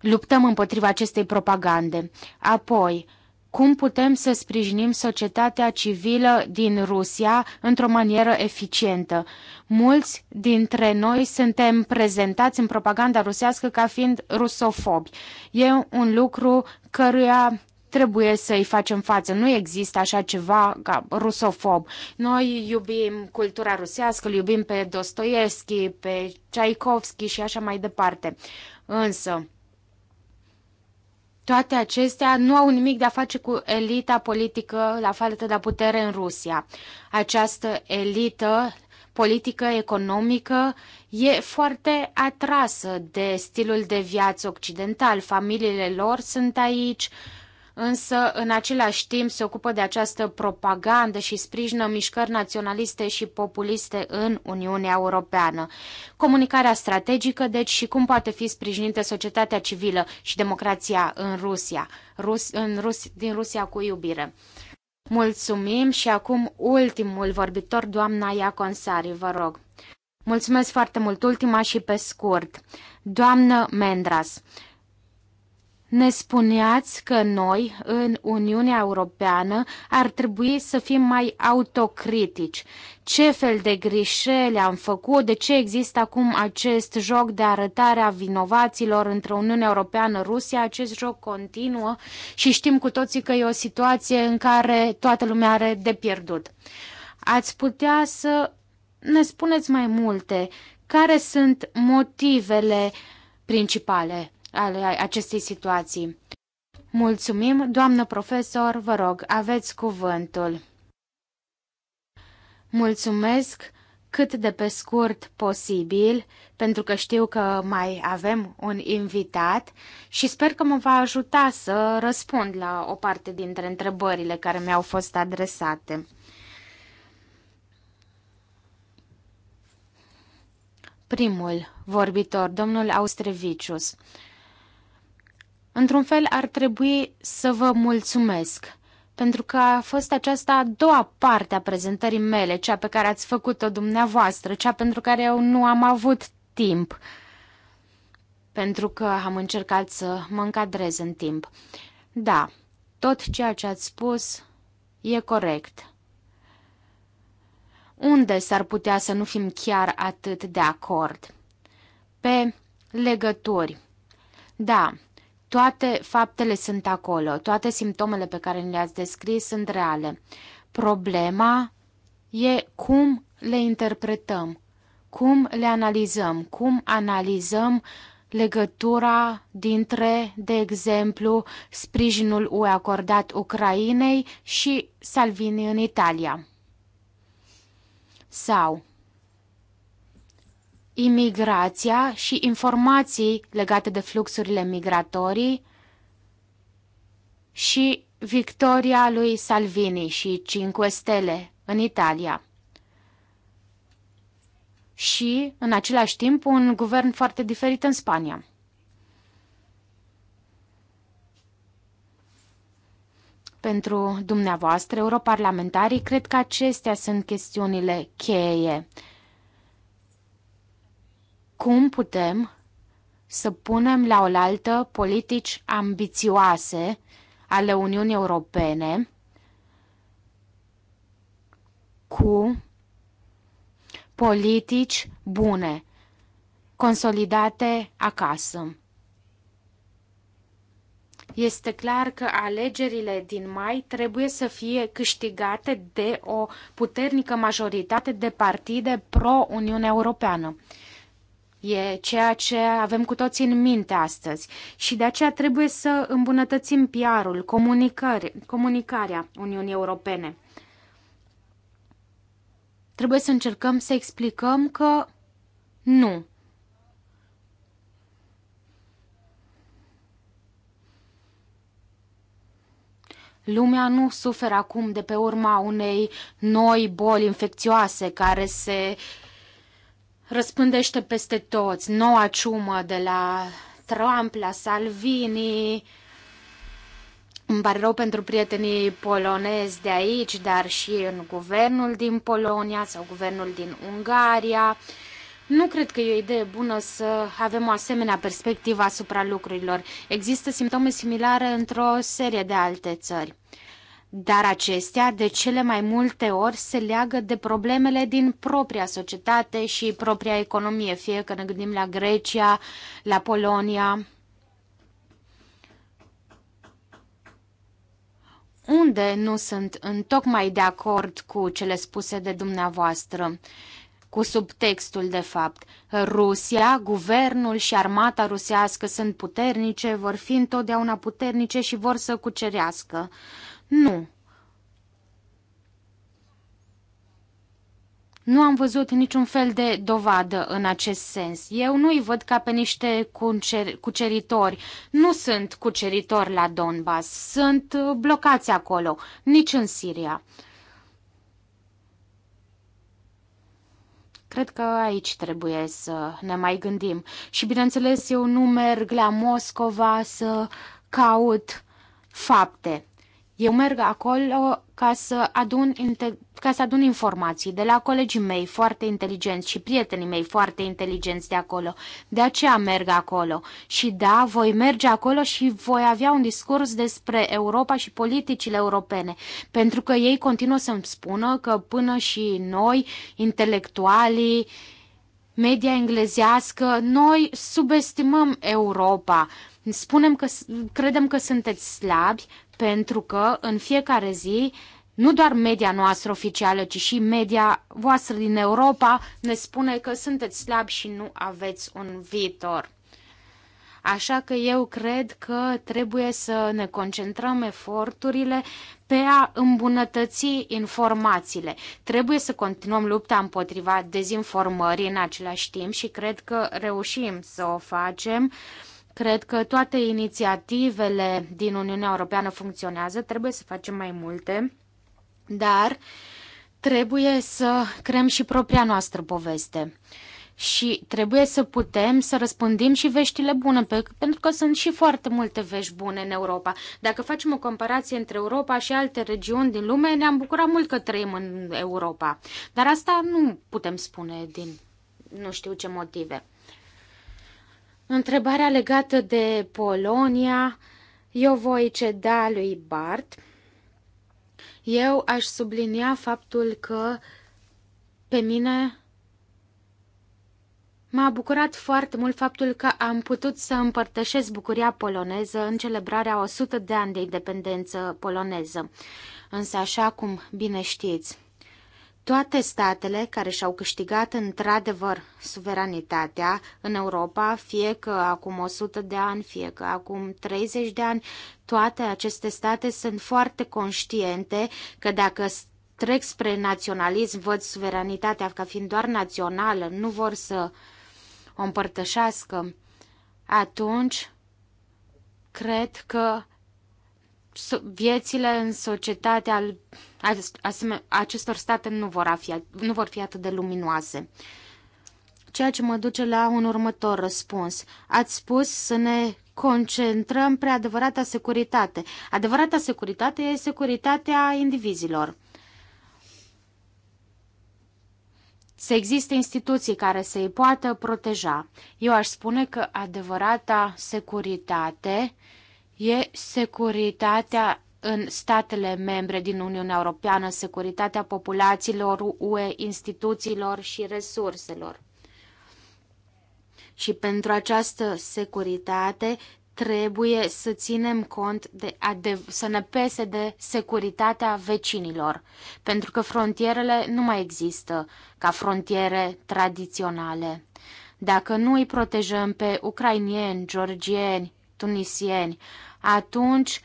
Speaker 1: luptăm împotriva acestei propagande? Apoi, cum putem să sprijinim societatea civilă din Rusia într-o manieră eficientă. Mulți dintre noi suntem prezentați în propaganda rusească ca fiind rusofobi. E un lucru căruia trebuie să-i facem față. Nu există așa ceva ca rusofob. Noi iubim cultura rusească, îl iubim pe Dostoevski, pe Tchaikovsky și așa mai departe. Însă, toate acestea nu au nimic de a face cu elita politică la faltă de putere în Rusia. Această elită politică, economică, e foarte atrasă de stilul de viață occidental. Familiile lor sunt aici, uh, însă în același timp se ocupă de această propagandă și sprijină mișcări naționaliste și populiste în Uniunea Europeană. Comunicarea strategică, deci, și cum poate fi sprijinită societatea civilă și democrația în Rusia, Rus, în Rus, din Rusia cu iubire. Mulțumim și acum ultimul vorbitor, doamna Iaconsari, vă rog. Mulțumesc foarte mult, ultima și pe scurt. Doamnă Mendras, ne spuneați că noi, în Uniunea Europeană, ar trebui să fim mai autocritici. Ce fel de greșeli am făcut? De ce există acum acest joc de arătare a vinovaților între Uniunea Europeană-Rusia? Acest joc continuă și știm cu toții că e o situație în care toată lumea are de pierdut. Ați putea să ne spuneți mai multe. Care sunt motivele principale? ale acestei situații. Mulțumim, doamnă profesor, vă rog, aveți cuvântul. Mulțumesc cât de pe scurt posibil, pentru că știu că mai avem un invitat și sper că mă va ajuta să răspund la o parte dintre întrebările care mi-au fost adresate. Primul vorbitor, domnul Austrevicius. Într-un fel ar trebui să vă mulțumesc pentru că a fost aceasta a doua parte a prezentării mele, cea pe care ați făcut-o dumneavoastră, cea pentru care eu nu am avut timp, pentru că am încercat să mă încadrez în timp. Da, tot ceea ce ați spus e corect. Unde s-ar putea să nu fim chiar atât de acord? Pe legături. Da, toate faptele sunt acolo, toate simptomele pe care ni le-ați descris sunt reale. Problema e cum le interpretăm, cum le analizăm, cum analizăm legătura dintre, de exemplu, sprijinul UE acordat Ucrainei și Salvini în Italia. Sau imigrația și informații legate de fluxurile migratorii și victoria lui Salvini și Cinque Stele în Italia. Și, în același timp, un guvern foarte diferit în Spania. Pentru dumneavoastră, europarlamentarii, cred că acestea sunt chestiunile cheie cum putem să punem la oaltă politici ambițioase ale Uniunii Europene cu politici bune, consolidate acasă. Este clar că alegerile din mai trebuie să fie câștigate de o puternică majoritate de partide pro Uniunea Europeană. E ceea ce avem cu toții în minte astăzi și de aceea trebuie să îmbunătățim PR-ul, comunicarea Uniunii Europene. Trebuie să încercăm să explicăm că nu. Lumea nu suferă acum de pe urma unei noi boli infecțioase care se răspândește peste toți. Noua ciumă de la Trump, la Salvini, îmi pare rău pentru prietenii polonezi de aici, dar și în guvernul din Polonia sau guvernul din Ungaria. Nu cred că e o idee bună să avem o asemenea perspectivă asupra lucrurilor. Există simptome similare într-o serie de alte țări dar acestea de cele mai multe ori se leagă de problemele din propria societate și propria economie, fie că ne gândim la Grecia, la Polonia. Unde nu sunt în tocmai de acord cu cele spuse de dumneavoastră? Cu subtextul, de fapt, Rusia, guvernul și armata rusească sunt puternice, vor fi întotdeauna puternice și vor să cucerească. Uh, nu. Nu am văzut niciun fel de dovadă în acest sens. Eu nu-i văd ca pe niște cuceritori. Nu sunt cuceritori la Donbass. Sunt uh, blocați acolo, nici în Siria. Cred că aici trebuie să ne mai gândim. Și bineînțeles, eu nu merg la Moscova să caut fapte. Eu merg acolo ca să adun, ca să adun informații de la colegii mei foarte inteligenți și prietenii mei foarte inteligenți de acolo. De aceea merg acolo. Și da, voi merge acolo și voi avea un discurs despre Europa și politicile europene. Pentru că ei continuă să-mi spună că până și noi, intelectualii, media englezească, noi subestimăm Europa. Spunem că credem că sunteți slabi, pentru că în fiecare zi nu doar media noastră oficială, ci și media voastră din Europa ne spune că sunteți slabi și nu aveți un viitor. Așa că eu cred că trebuie să ne concentrăm eforturile pe a îmbunătăți informațiile. Trebuie să continuăm lupta împotriva dezinformării în același timp și cred că reușim să o facem. Uh, Cred că toate inițiativele din Uniunea Europeană funcționează, trebuie să facem mai multe, dar trebuie să creăm și propria noastră poveste. Și trebuie să putem să răspândim și veștile bune, pe, pentru că sunt și foarte multe vești bune în Europa. Dacă facem o comparație între Europa și alte regiuni din lume, ne-am bucurat mult că trăim în Europa. Dar asta nu putem spune din nu știu ce motive. Întrebarea legată de Polonia, eu voi ceda lui Bart. Eu aș sublinia faptul că pe mine m-a bucurat foarte mult faptul că am putut să împărtășesc bucuria poloneză în celebrarea 100 de ani de independență poloneză. Însă, așa cum bine știți, toate statele care și-au câștigat într-adevăr suveranitatea în Europa, fie că acum 100 de ani, fie că acum 30 de ani, toate aceste state sunt foarte conștiente că dacă trec spre naționalism, văd suveranitatea ca fiind doar națională, nu vor să o împărtășească, atunci cred că viețile în societatea acestor state nu vor, fi, nu vor fi atât de luminoase. Ceea ce mă duce la un următor răspuns. Ați spus să ne concentrăm pe adevărata securitate. Adevărata securitate e securitatea indivizilor. Să existe instituții care să îi poată proteja. Eu aș spune că adevărata securitate uh, e securitatea în statele membre din Uniunea Europeană, securitatea populațiilor UE, instituțiilor și resurselor. Și pentru această securitate trebuie să ținem cont de să ne pese de securitatea vecinilor, pentru că frontierele nu mai există ca frontiere tradiționale. Dacă nu îi protejăm pe ucrainieni, georgieni, tunisieni, atunci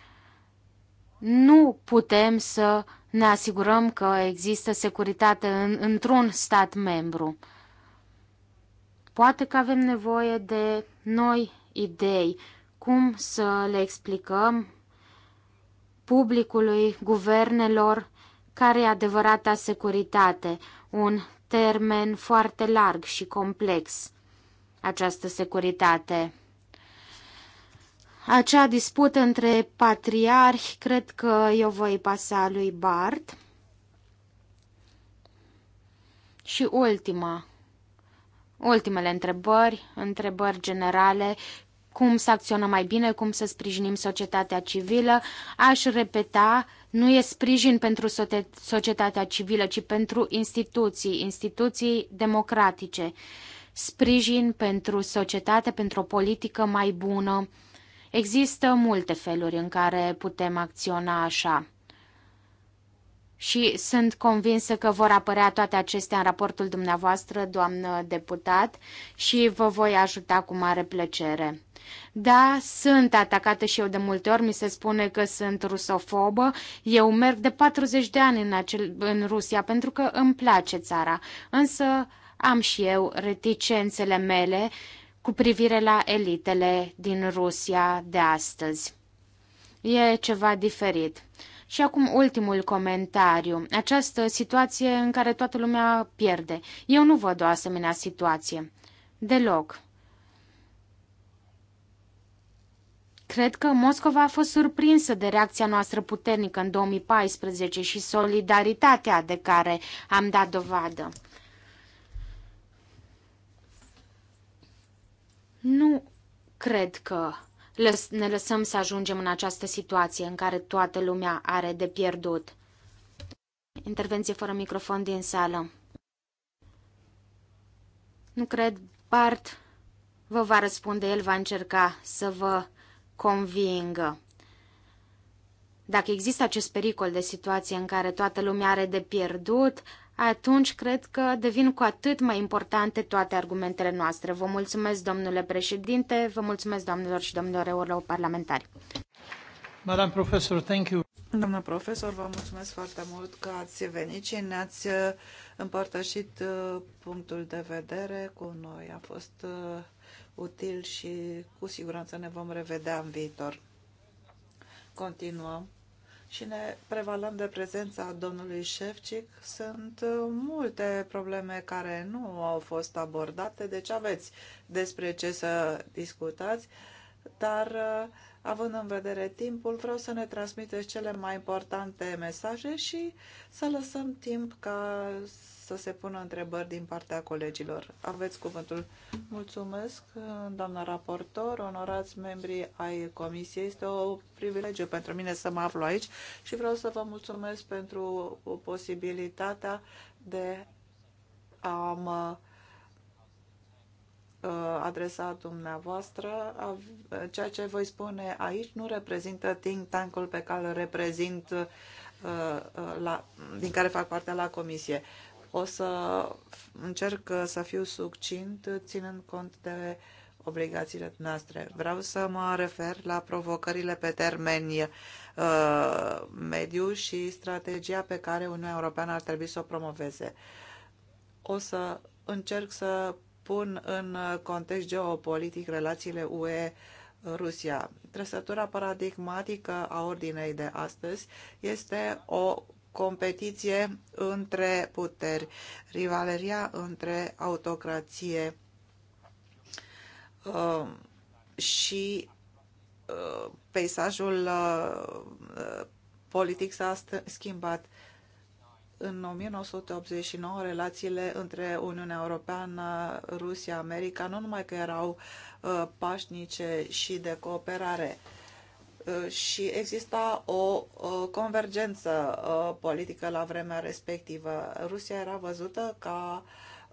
Speaker 1: nu putem să ne asigurăm că există securitate în, într-un stat membru. Poate că avem nevoie de noi idei, cum să le explicăm publicului, guvernelor, care e adevărata securitate, un termen foarte larg și complex, această securitate acea dispută între patriarhi, cred că eu voi pasa lui Bart. Și ultima, ultimele întrebări, întrebări generale, cum să acționăm mai bine, cum să sprijinim societatea civilă. Aș repeta, nu e sprijin pentru societatea civilă, ci pentru instituții, instituții democratice. Sprijin pentru societate, pentru o politică mai bună Există multe feluri în care putem acționa așa. Și sunt convinsă că vor apărea toate acestea în raportul dumneavoastră, doamnă deputat, și vă voi ajuta cu mare plăcere. Da, sunt atacată și eu de multe ori, mi se spune că sunt rusofobă. Eu merg de 40 de ani în, acel, în Rusia pentru că îmi place țara, însă am și eu reticențele mele cu privire la elitele din Rusia de astăzi. E ceva diferit. Și acum ultimul comentariu. Această situație în care toată lumea pierde. Eu nu văd o asemenea situație. Deloc. Cred că Moscova a fost surprinsă de reacția noastră puternică în 2014 și solidaritatea de care am dat dovadă. Nu cred că ne lăsăm să ajungem în această situație în care toată lumea are de pierdut. Intervenție fără microfon din sală. Nu cred, Bart vă va răspunde, el va încerca să vă convingă. Dacă există acest pericol de situație în care toată lumea are de pierdut, atunci cred că devin cu atât mai importante toate argumentele noastre. Vă mulțumesc, domnule președinte, vă mulțumesc, doamnelor și domnilor europarlamentari.
Speaker 2: Madam Profesor, thank you. Doamna profesor, vă mulțumesc foarte mult că ați venit și ne-ați uh, împărtășit uh, punctul de vedere cu noi. A fost uh, util și cu siguranță ne vom revedea în viitor. Continuăm și ne prevalăm de prezența domnului Șefcic, sunt uh, multe probleme care nu au fost abordate, deci aveți despre ce să discutați, dar uh, Având în vedere timpul, vreau să ne transmiteți cele mai importante mesaje și să lăsăm timp ca să se pună întrebări din partea colegilor. Aveți cuvântul. Mulțumesc, doamna raportor, onorați membrii ai comisiei. Este o privilegiu pentru mine să mă aflu aici și vreau să vă mulțumesc pentru posibilitatea de a mă Uh, adresat dumneavoastră. Ceea ce voi spune aici nu reprezintă think tank-ul pe care îl reprezint uh, uh, la, din care fac parte la comisie. O să încerc să fiu succint ținând cont de obligațiile noastre. Vreau să mă refer la provocările pe termen uh, mediu și strategia pe care Uniunea Europeană ar trebui să o promoveze. O să încerc să pun în context geopolitic relațiile UE Rusia. Trăsătura paradigmatică a ordinei de astăzi este o competiție între puteri, rivaleria între autocrație uh, și uh, peisajul uh, politic s-a schimbat în 1989 relațiile între Uniunea Europeană, Rusia, America nu numai că erau uh, pașnice și de cooperare, uh, și exista o uh, convergență uh, politică la vremea respectivă. Rusia era văzută ca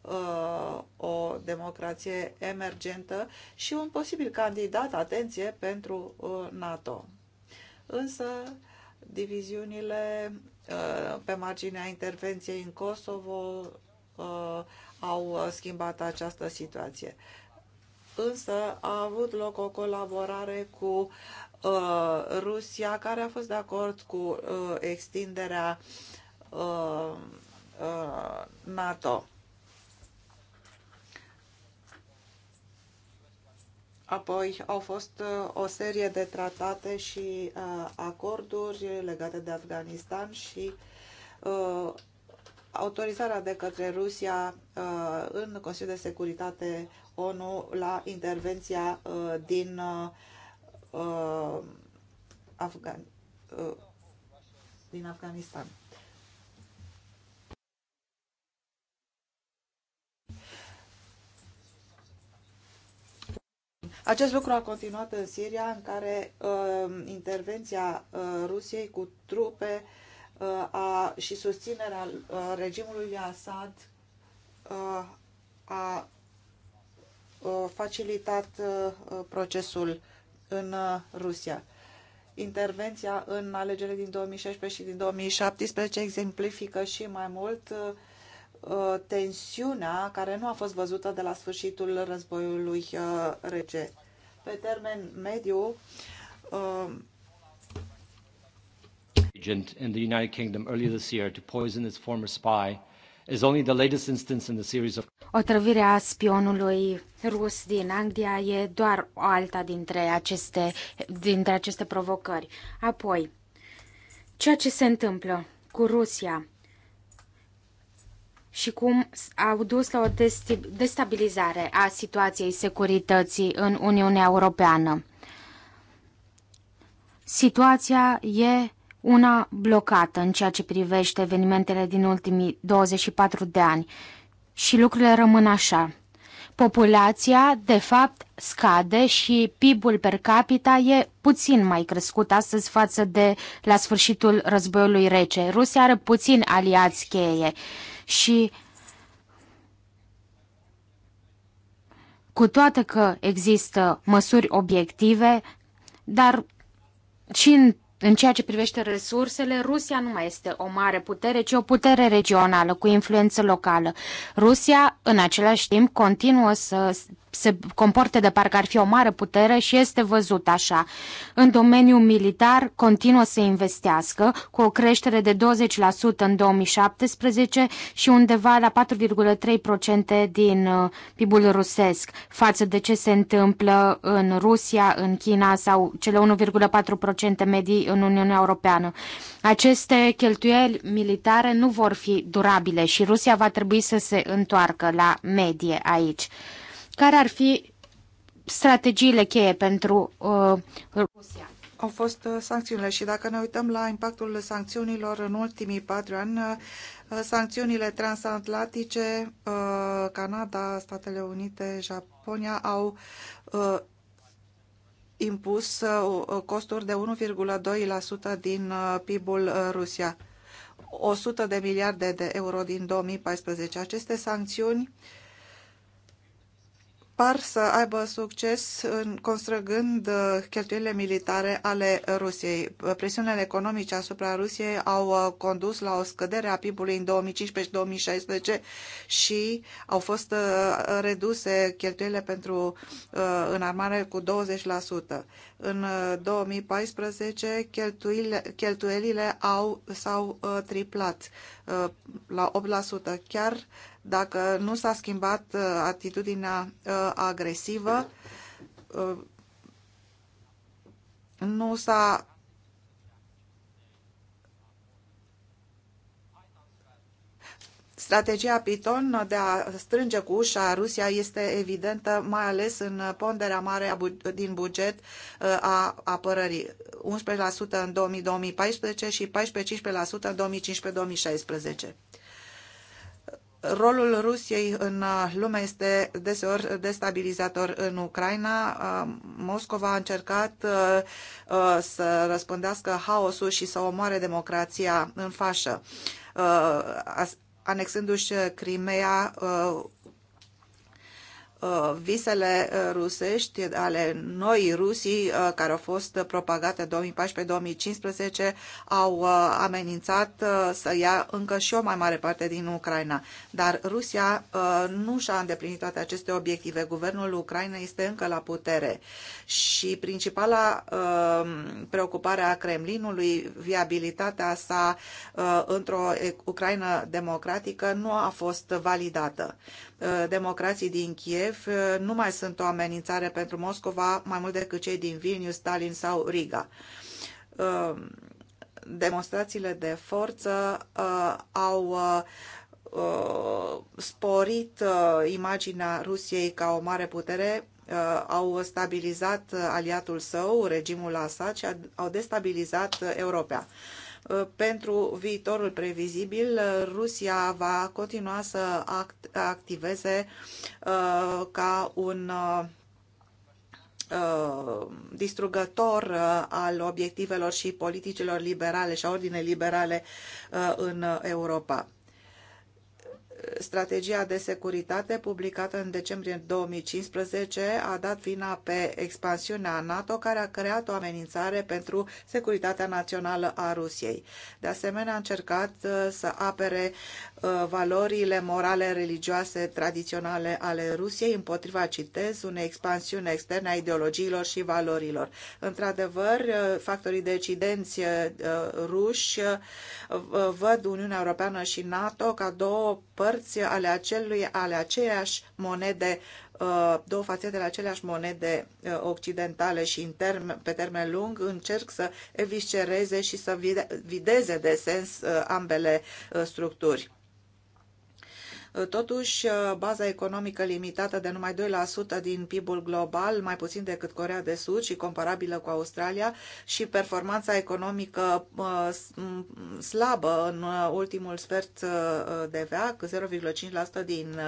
Speaker 2: uh, o democrație emergentă și un posibil candidat, atenție, pentru NATO. Însă, diviziunile Uh, pe marginea intervenției în Kosovo uh, au schimbat această situație. Însă a avut loc o colaborare cu uh, Rusia, care a fost de acord cu extinderea NATO. Apoi au fost uh, o serie de tratate și uh, acorduri legate de Afganistan și uh, autorizarea de către Rusia în Consiliul de Securitate ONU la intervenția din Afgan din Afganistan. Acest lucru a continuat în Siria, în care uh, intervenția uh, Rusiei cu trupe uh, a, și susținerea uh, regimului Assad uh, a uh, facilitat uh, procesul în uh, Rusia. Intervenția în alegerile din 2016 și din 2017 exemplifică și mai mult uh, Uh, tensiunea care nu a fost văzută de la sfârșitul războiului uh, rece. Pe termen mediu, uh,
Speaker 4: agent in the United Kingdom earlier this year to poison its former spy is only the latest instance in the series of
Speaker 1: Otrăvirea spionului rus din Anglia e doar o alta dintre aceste, dintre aceste provocări. Apoi, ceea ce se întâmplă cu Rusia și cum au dus la o destabilizare a situației securității în Uniunea Europeană. Situația e una blocată în ceea ce privește evenimentele din ultimii 24 de ani și lucrurile rămân așa. Populația, de fapt, scade și PIB-ul per capita e puțin mai crescut astăzi față de la sfârșitul războiului rece. Rusia are puțin aliați cheie și cu toate că există măsuri obiective, dar și în, în ceea ce privește resursele, Rusia nu mai este o mare putere, ci o putere regională cu influență locală. Rusia, în același timp, continuă să se comportă de parcă ar fi o mare putere și este văzut așa. În domeniul militar continuă să investească cu o creștere de 20% în 2017 și undeva la 4,3% din uh, PIB-ul rusesc față de ce se întâmplă în Rusia, în China sau cele 1,4% medii în Uniunea Europeană. Aceste cheltuieli militare nu vor fi durabile și Rusia va trebui să se întoarcă la medie aici. Care ar fi strategiile cheie pentru uh, Rusia?
Speaker 2: Au fost uh, sancțiunile și dacă ne uităm la impactul sancțiunilor în ultimii patru ani, uh, sancțiunile transatlantice, uh, Canada, Statele Unite, Japonia au impus costuri de 1,2% din PIB-ul Rusia. 100 de miliarde de euro din 2014. Aceste sancțiuni uh, par să aibă succes în constrăgând uh, cheltuielile militare ale Rusiei. Presiunile economice asupra Rusiei au uh, condus la o scădere a PIB-ului în 2015-2016 și au fost uh, reduse cheltuielile pentru înarmare cu 20%. În 2014 cheltuielile, cheltuielile au, s-au triplat la 8%. Chiar dacă nu s-a schimbat uh, atitudinea uh, agresivă, uh, nu s-a Strategia Piton de a strânge cu ușa Rusia este evidentă, mai ales în ponderea mare din buget a apărării, 11% în 2014 și 14-15% în 2015-2016. Rolul Rusiei în uh, lume este deseori destabilizator în Ucraina. Uh, Moscova a încercat uh, să răspândească haosul și să omoare democrația în fașă, anexându-și Crimea Uh, visele uh, rusești ale noii Rusii uh, care au fost propagate 2014-2015 au amenințat să ia încă și o mai mare parte din Ucraina. Dar Rusia nu și-a îndeplinit toate aceste obiective. Guvernul Ucrainei este încă la putere și principala preocupare a Kremlinului, viabilitatea sa într-o Ucraina democratică, nu a fost validată. Uh, democrații din Kiev uh, nu mai sunt o amenințare pentru Moscova mai mult decât cei din Vilnius, Stalin sau Riga. Uh, demonstrațiile de forță au sporit imaginea Rusiei ca o mare putere, au stabilizat aliatul său, regimul Assad, și au destabilizat Europa. Uh, pentru viitorul previzibil, uh, Rusia va continua să activeze uh, ca un distrugător al obiectivelor și politicilor liberale și a ordinei liberale în Europa strategia de securitate publicată în decembrie 2015 a dat vina pe expansiunea NATO, care a creat o amenințare pentru securitatea națională a Rusiei. De asemenea, a încercat uh, să apere Uh, valorile morale religioase tradiționale ale Rusiei împotriva, citez, unei expansiuni externe a ideologiilor și valorilor. Într-adevăr, uh, factorii decidenți uh, ruși văd Uniunea Europeană și NATO ca două părți ale, acelui, ale aceeași monede două fațete ale aceleași monede occidentale și în term, pe termen lung încerc să eviscereze și să videze de sens ambele structuri. Totuși, uh, baza economică limitată de numai 2% din PIB-ul global, mai puțin decât Corea de Sud și comparabilă cu Australia, și performanța economică uh, slabă în uh, ultimul sfert de veac, 0,5% din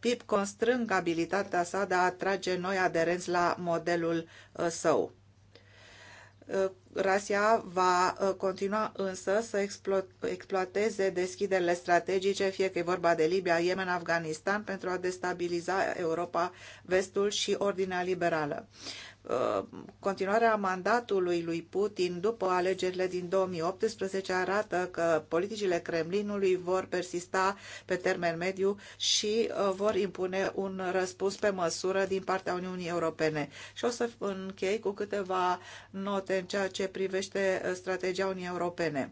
Speaker 2: PIB, constrâng abilitatea sa de a atrage noi aderenți la modelul său. Uh, Rasia va uh, continua însă să explo exploateze deschiderile strategice, fie că e vorba de Libia, Yemen, Afganistan, pentru a destabiliza Europa, vestul și ordinea liberală. Uh, continuarea mandatului lui Putin după alegerile din 2018 arată că politicile Kremlinului vor persista pe termen mediu și uh, vor impune un răspuns pe măsură din partea Uniunii Europene. Și o să închei cu câteva note în ceea ce privește uh, strategia Uniunii Europene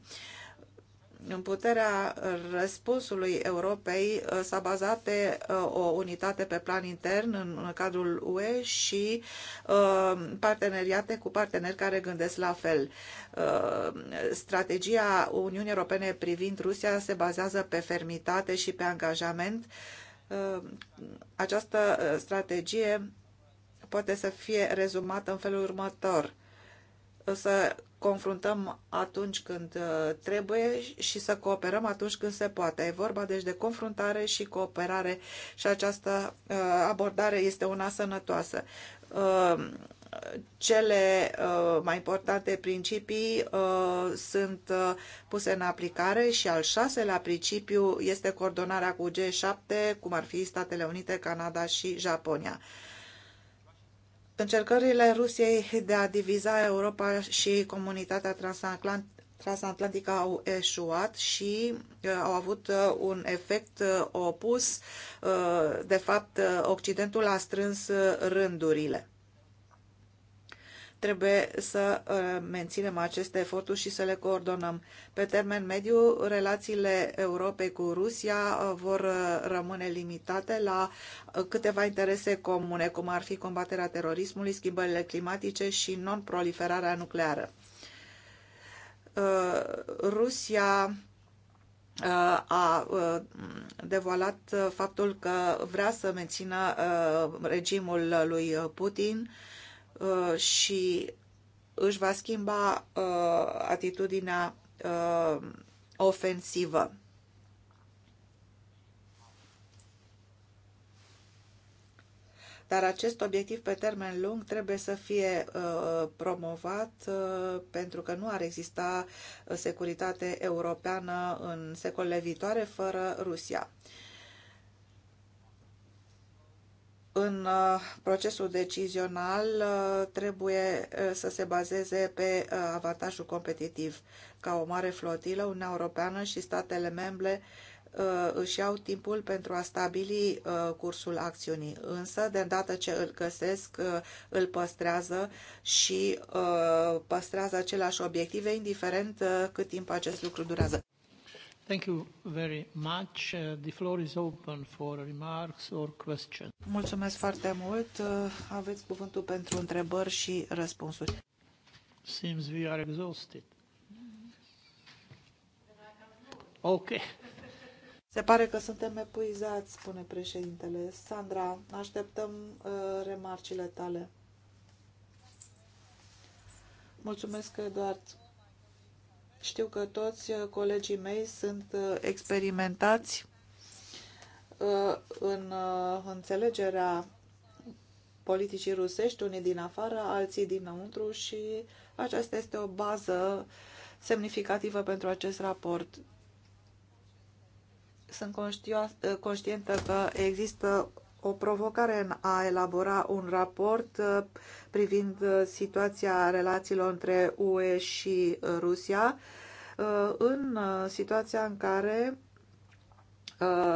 Speaker 2: puterea răspunsului Europei uh, s-a bazat pe uh, o unitate pe plan intern în cadrul UE și uh, parteneriate cu parteneri care gândesc la fel. Strategia Uniunii Europene privind Rusia se bazează pe fermitate și pe angajament. Această strategie poate să fie rezumată în felul următor. Să confruntăm atunci când uh, trebuie și să cooperăm atunci când se poate. E vorba deci de confruntare și cooperare și această uh, abordare este una sănătoasă. Uh, cele mai importante principii sunt puse în aplicare și al șaselea principiu este coordonarea cu G7, cum ar fi Statele Unite, Canada și Japonia. Încercările Rusiei de a diviza Europa și comunitatea transatlant transatlantică au eșuat și uh, au avut uh, un efect uh, opus. De fapt, Occidentul a strâns rândurile trebuie să uh, menținem aceste eforturi și să le coordonăm. Pe termen mediu, relațiile Europei cu Rusia uh, vor uh, rămâne limitate la câteva interese comune, cum ar fi combaterea terorismului, schimbările climatice și non-proliferarea nucleară. Rusia a devoalat faptul că vrea să mențină regimul lui Putin Uh, și își va schimba uh, atitudinea uh, ofensivă. dar acest obiectiv pe termen lung trebuie să fie uh, promovat uh, pentru că nu ar exista securitate europeană în secolele viitoare fără Rusia. în uh, procesul decizional uh, trebuie uh, să se bazeze pe avantajul competitiv. Ca o mare flotilă, Uniunea Europeană și statele membre își iau timpul pentru a stabili cursul acțiunii. Însă, de îndată ce îl găsesc, îl păstrează și păstrează aceleași obiective, indiferent cât timp acest lucru durează.
Speaker 4: Thank you very much. Uh, the floor is open for remarks or questions.
Speaker 2: Mulțumesc foarte mult. Uh, aveți cuvântul pentru întrebări și răspunsuri. Seems we are exhausted. Ok. Se pare că suntem epuizați, spune președintele. Sandra, așteptăm uh, remarcile tale. Mulțumesc, Eduard. Știu că toți uh, colegii mei sunt uh, experimentați uh, în înțelegerea politicii rusești, unii din afară, alții dinăuntru și aceasta este o bază semnificativă pentru acest raport. Sunt conștientă că există o provocare în a elabora un raport uh, privind uh, situația relațiilor între UE și uh, Rusia în situația în care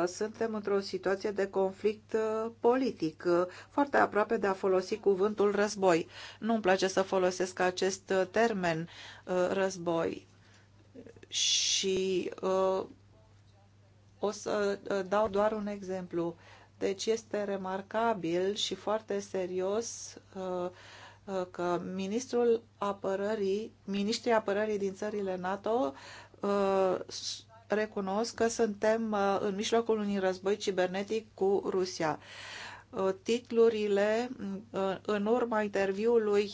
Speaker 2: suntem într-o situație de conflict politic, foarte aproape de a folosi cuvântul război. Nu îmi place să folosesc acest termen război și o să dau doar un exemplu deci este remarcabil și foarte serios uh, uh, că ministrul apărării, ministrii apărării din țările NATO uh, recunosc că suntem în mijlocul unui război cibernetic cu Rusia. Titlurile în urma interviului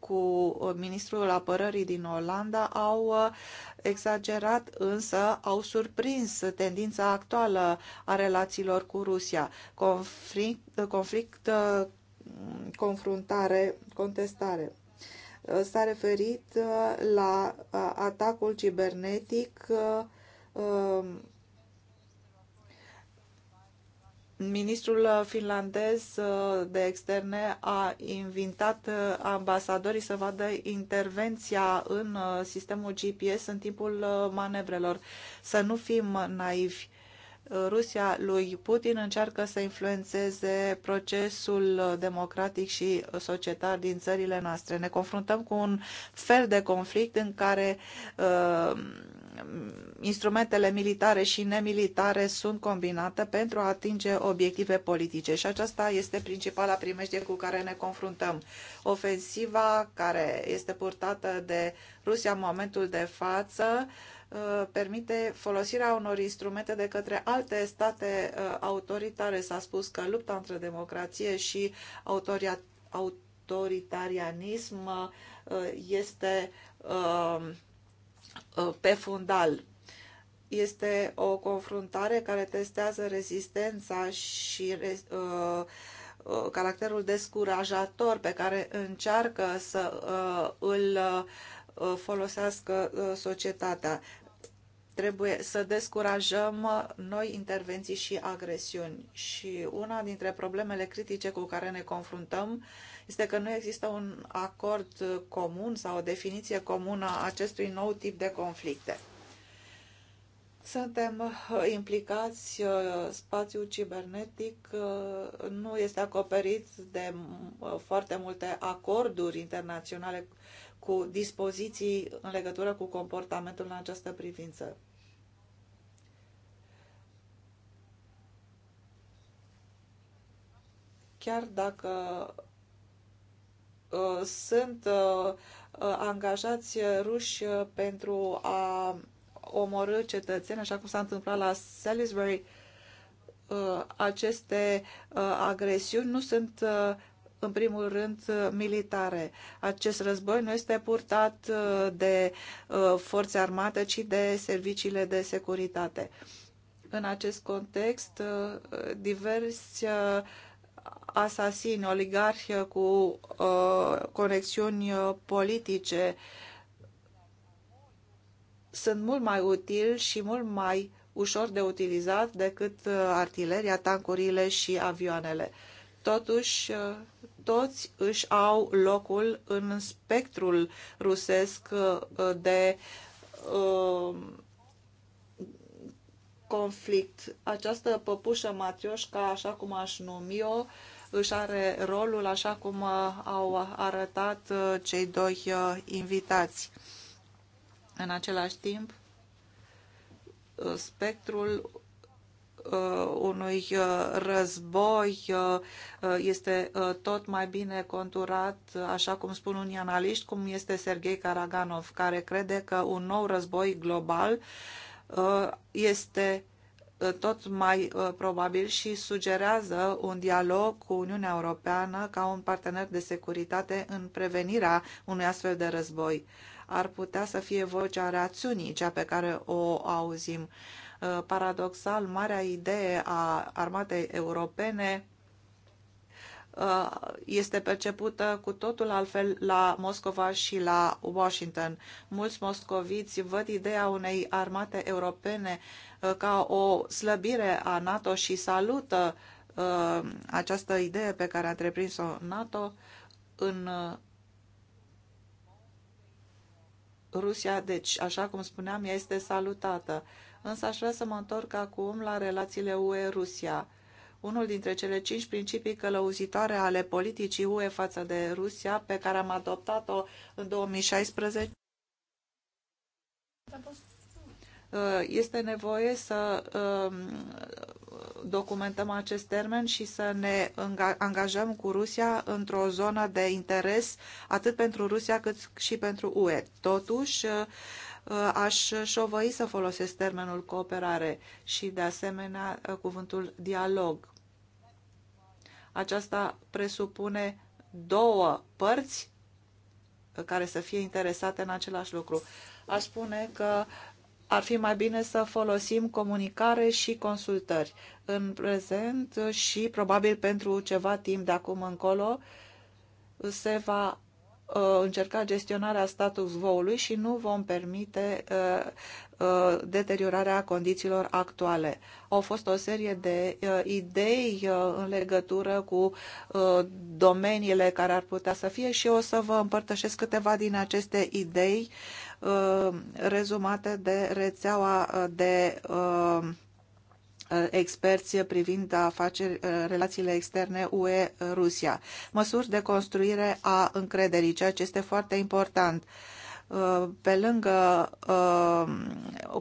Speaker 2: cu uh, ministrul apărării din Olanda au uh, exagerat, însă au surprins tendința actuală a relațiilor cu Rusia. Conflict, uh, conflict confruntare, contestare. S-a referit la atacul cibernetic um, Ministrul finlandez uh, de externe a invitat uh, ambasadorii să vadă intervenția în uh, sistemul GPS în timpul manevrelor. Să nu fim naivi. Rusia lui Putin încearcă să influențeze procesul democratic și societar din țările noastre. Ne confruntăm cu un fel de conflict în care uh, instrumentele militare și nemilitare sunt combinate pentru a atinge obiective politice și aceasta este principala primejdie cu care ne confruntăm. Ofensiva care este purtată de Rusia în momentul de față uh, permite folosirea unor instrumente de către alte state uh, autoritare. S-a spus că lupta între democrație și autoritarianism uh, este Uh, pe fundal. Este o confruntare care testează rezistența și uh, uh, caracterul descurajator pe care încearcă să uh, îl uh, folosească uh, societatea. Trebuie să descurajăm uh, noi intervenții și agresiuni. Și una dintre problemele critice cu care ne confruntăm uh, este că nu există un acord comun sau o definiție comună a acestui nou tip de conflicte. Suntem uh, implicați, uh, spațiul cibernetic uh, nu este acoperit de foarte multe acorduri internaționale cu dispoziții în legătură cu comportamentul în această privință. Chiar dacă Uh, sunt uh, uh, angajați ruși pentru a omorâ cetățeni, așa cum s-a întâmplat la Salisbury. Aceste agresiuni nu sunt în primul rând, militare. Acest război nu este purtat de forțe armate, ci de serviciile de securitate. În acest context, diversi asasini, oligarhi cu uh, conexiuni uh, politice sunt mult mai util și mult mai ușor de utilizat decât uh, artileria, tancurile și avioanele. Totuși, uh, toți își au locul în spectrul rusesc de uh, conflict. Această păpușă matrioșca, așa cum aș numi-o, își are rolul așa cum uh, au arătat uh, cei doi uh, invitați. În același timp, spectrul unui război este tot mai bine conturat, așa cum spun unii analiști, cum este Sergei Karaganov, care crede că un nou război global Uh, este uh, tot mai uh, probabil și sugerează un dialog cu Uniunea Europeană ca un partener de securitate în prevenirea unui astfel de război. Ar putea să fie vocea rațiunii, cea pe care o auzim. Paradoxal, marea idee a armatei europene Uh, este percepută cu totul altfel la Moscova și la Washington. Mulți moscoviți văd ideea unei armate europene uh, ca o slăbire a NATO și salută uh, această idee pe care a întreprins-o NATO în Rusia, deci, așa cum spuneam, ea este salutată. Însă aș vrea să mă întorc acum la relațiile UE-Rusia unul dintre cele cinci principii călăuzitoare ale politicii UE față de Rusia, pe care am adoptat-o în 2016. Uh, este nevoie să um, documentăm acest termen și să ne angajăm cu Rusia într-o zonă de interes atât pentru Rusia cât și pentru UE. Totuși, uh, uh, aș șovăi să folosesc termenul cooperare și, de asemenea, cuvântul dialog. Aceasta presupune două părți care să fie interesate în același lucru. Aș spune că ar fi mai bine să folosim comunicare și consultări. În prezent și probabil pentru ceva timp de acum încolo se va Uh, încerca gestionarea status quo-ului și nu vom permite uh, uh, deteriorarea condițiilor actuale. Au fost o serie de idei în legătură cu domeniile care ar putea să fie și o să vă împărtășesc câteva din aceste idei rezumate de rețeaua de Uh, experți privind afaceri, uh, relațiile externe UE-Rusia. Măsuri de construire a încrederii, ceea ce este foarte important uh, pe lângă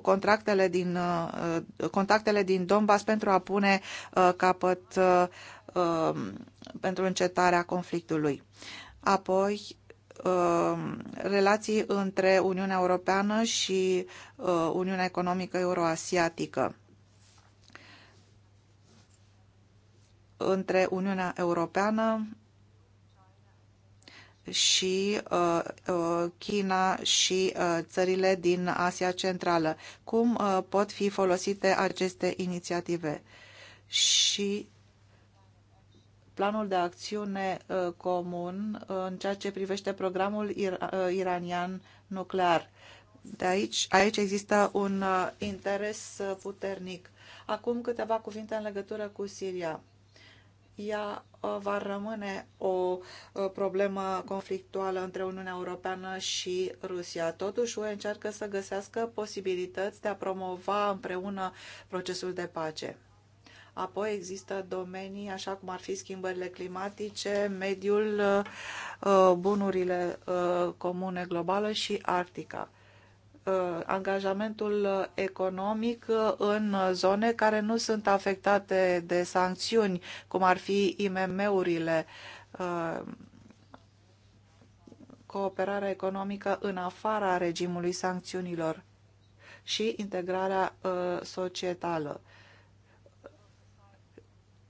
Speaker 2: contractele din, contactele din Donbass pentru a pune capăt um, pentru încetarea conflictului. Apoi, relații între Uniunea Europeană și Uniunea Economică Euroasiatică. între Uniunea Europeană și uh, uh, China și uh, țările din Asia Centrală. Cum pot fi folosite aceste inițiative? Și planul de acțiune comun în ceea ce privește programul iranian nuclear. De aici, aici există un interes puternic. Acum câteva cuvinte în legătură cu Siria ea uh, va rămâne o uh, problemă conflictuală între Uniunea Europeană și Rusia. Totuși, UE încearcă să găsească posibilități de a promova împreună procesul de pace. Apoi există domenii, așa cum ar fi schimbările climatice, mediul, uh, bunurile comune globale și Arctica. Uh, angajamentul economic uh, în zone care nu sunt afectate de sancțiuni, cum ar fi IMM-urile, uh, cooperarea economică în afara regimului sancțiunilor și integrarea societală,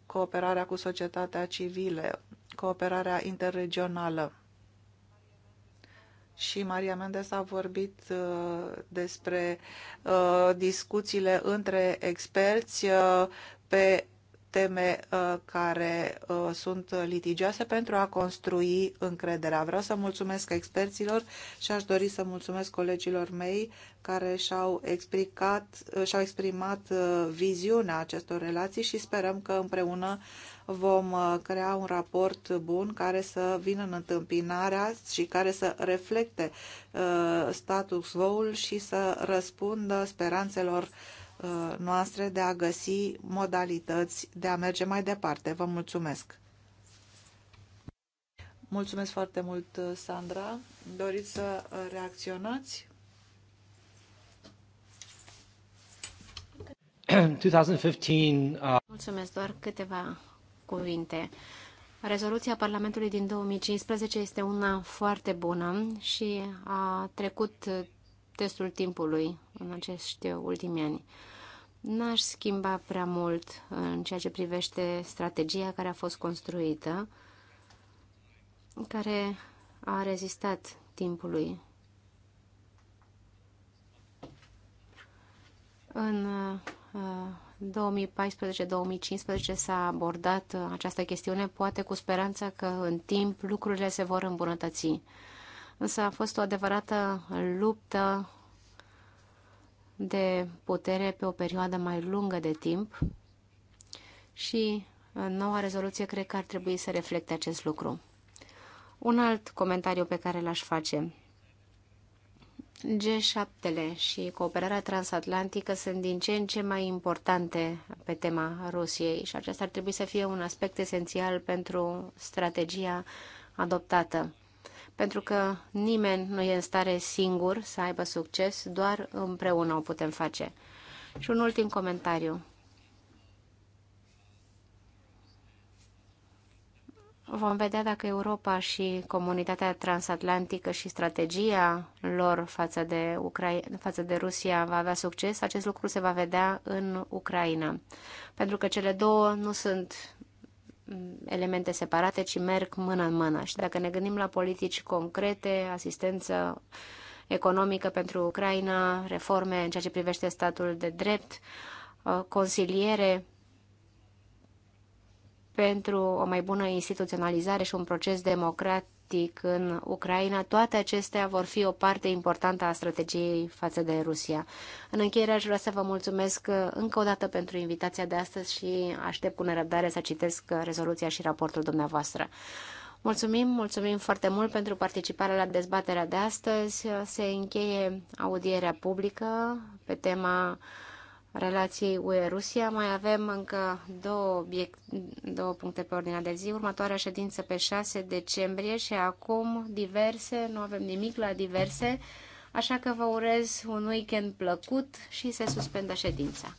Speaker 2: cooperarea cu societatea civilă, cooperarea interregională și Maria Mendes a vorbit uh, despre uh, discuțiile între experți uh, pe teme uh, care uh, sunt litigioase pentru a construi încrederea. Vreau să mulțumesc experților și aș dori să mulțumesc colegilor mei care și-au explicat, uh, și-au exprimat viziunea acestor relații și sperăm că împreună vom crea un raport bun care să vină în întâmpinarea și care să reflecte status quo-ul și să răspundă speranțelor uh, Uh, noastre de a găsi modalități de a merge mai departe. Vă mulțumesc! Mulțumesc foarte mult, uh, Sandra. Doriți să uh, reacționați?
Speaker 4: 2015, uh...
Speaker 2: Mulțumesc, doar câteva
Speaker 3: cuvinte. Rezoluția Parlamentului din 2015 este una foarte bună și a trecut testul timpului în acești ultimi ani n-aș schimba prea mult în ceea ce privește strategia care a fost construită, care a rezistat timpului. În 2014-2015 uh, s-a abordat uh, această chestiune, poate cu speranța că în timp lucrurile se vor îmbunătăți. Însă a fost o adevărată luptă de putere pe o perioadă mai lungă de timp și în noua rezoluție cred că ar trebui să reflecte acest lucru. Un alt comentariu pe care l-aș face. G7-le și cooperarea transatlantică sunt din ce în ce mai importante pe tema Rusiei și acesta ar trebui să fie un aspect esențial pentru strategia adoptată pentru că nimeni nu e în stare singur să aibă succes, doar împreună o putem face. Și un ultim comentariu. Vom vedea dacă Europa și comunitatea transatlantică și strategia lor față de, Ucra- față de Rusia va avea succes. Acest lucru se va vedea în Ucraina. Pentru că cele două nu sunt elemente separate, ci merg mână în mână. Și dacă ne gândim la politici concrete, asistență economică pentru Ucraina, reforme în ceea ce privește statul de drept, uh, consiliere pentru o mai bună instituționalizare și un proces democratic. Baltic, în Ucraina, toate acestea vor fi o parte importantă a strategiei față de Rusia. În încheiere aș vrea să vă mulțumesc încă o dată pentru invitația de astăzi și aștept cu nerăbdare să citesc rezoluția și raportul dumneavoastră. Mulțumim, mulțumim foarte mult pentru participarea la dezbaterea de astăzi. Se încheie audierea publică pe tema relației UE-Rusia. Mai avem încă două, obiect, două puncte pe ordinea de zi. Următoarea ședință pe 6 decembrie și acum diverse, nu avem nimic la diverse, așa că vă urez un weekend plăcut și se suspendă ședința.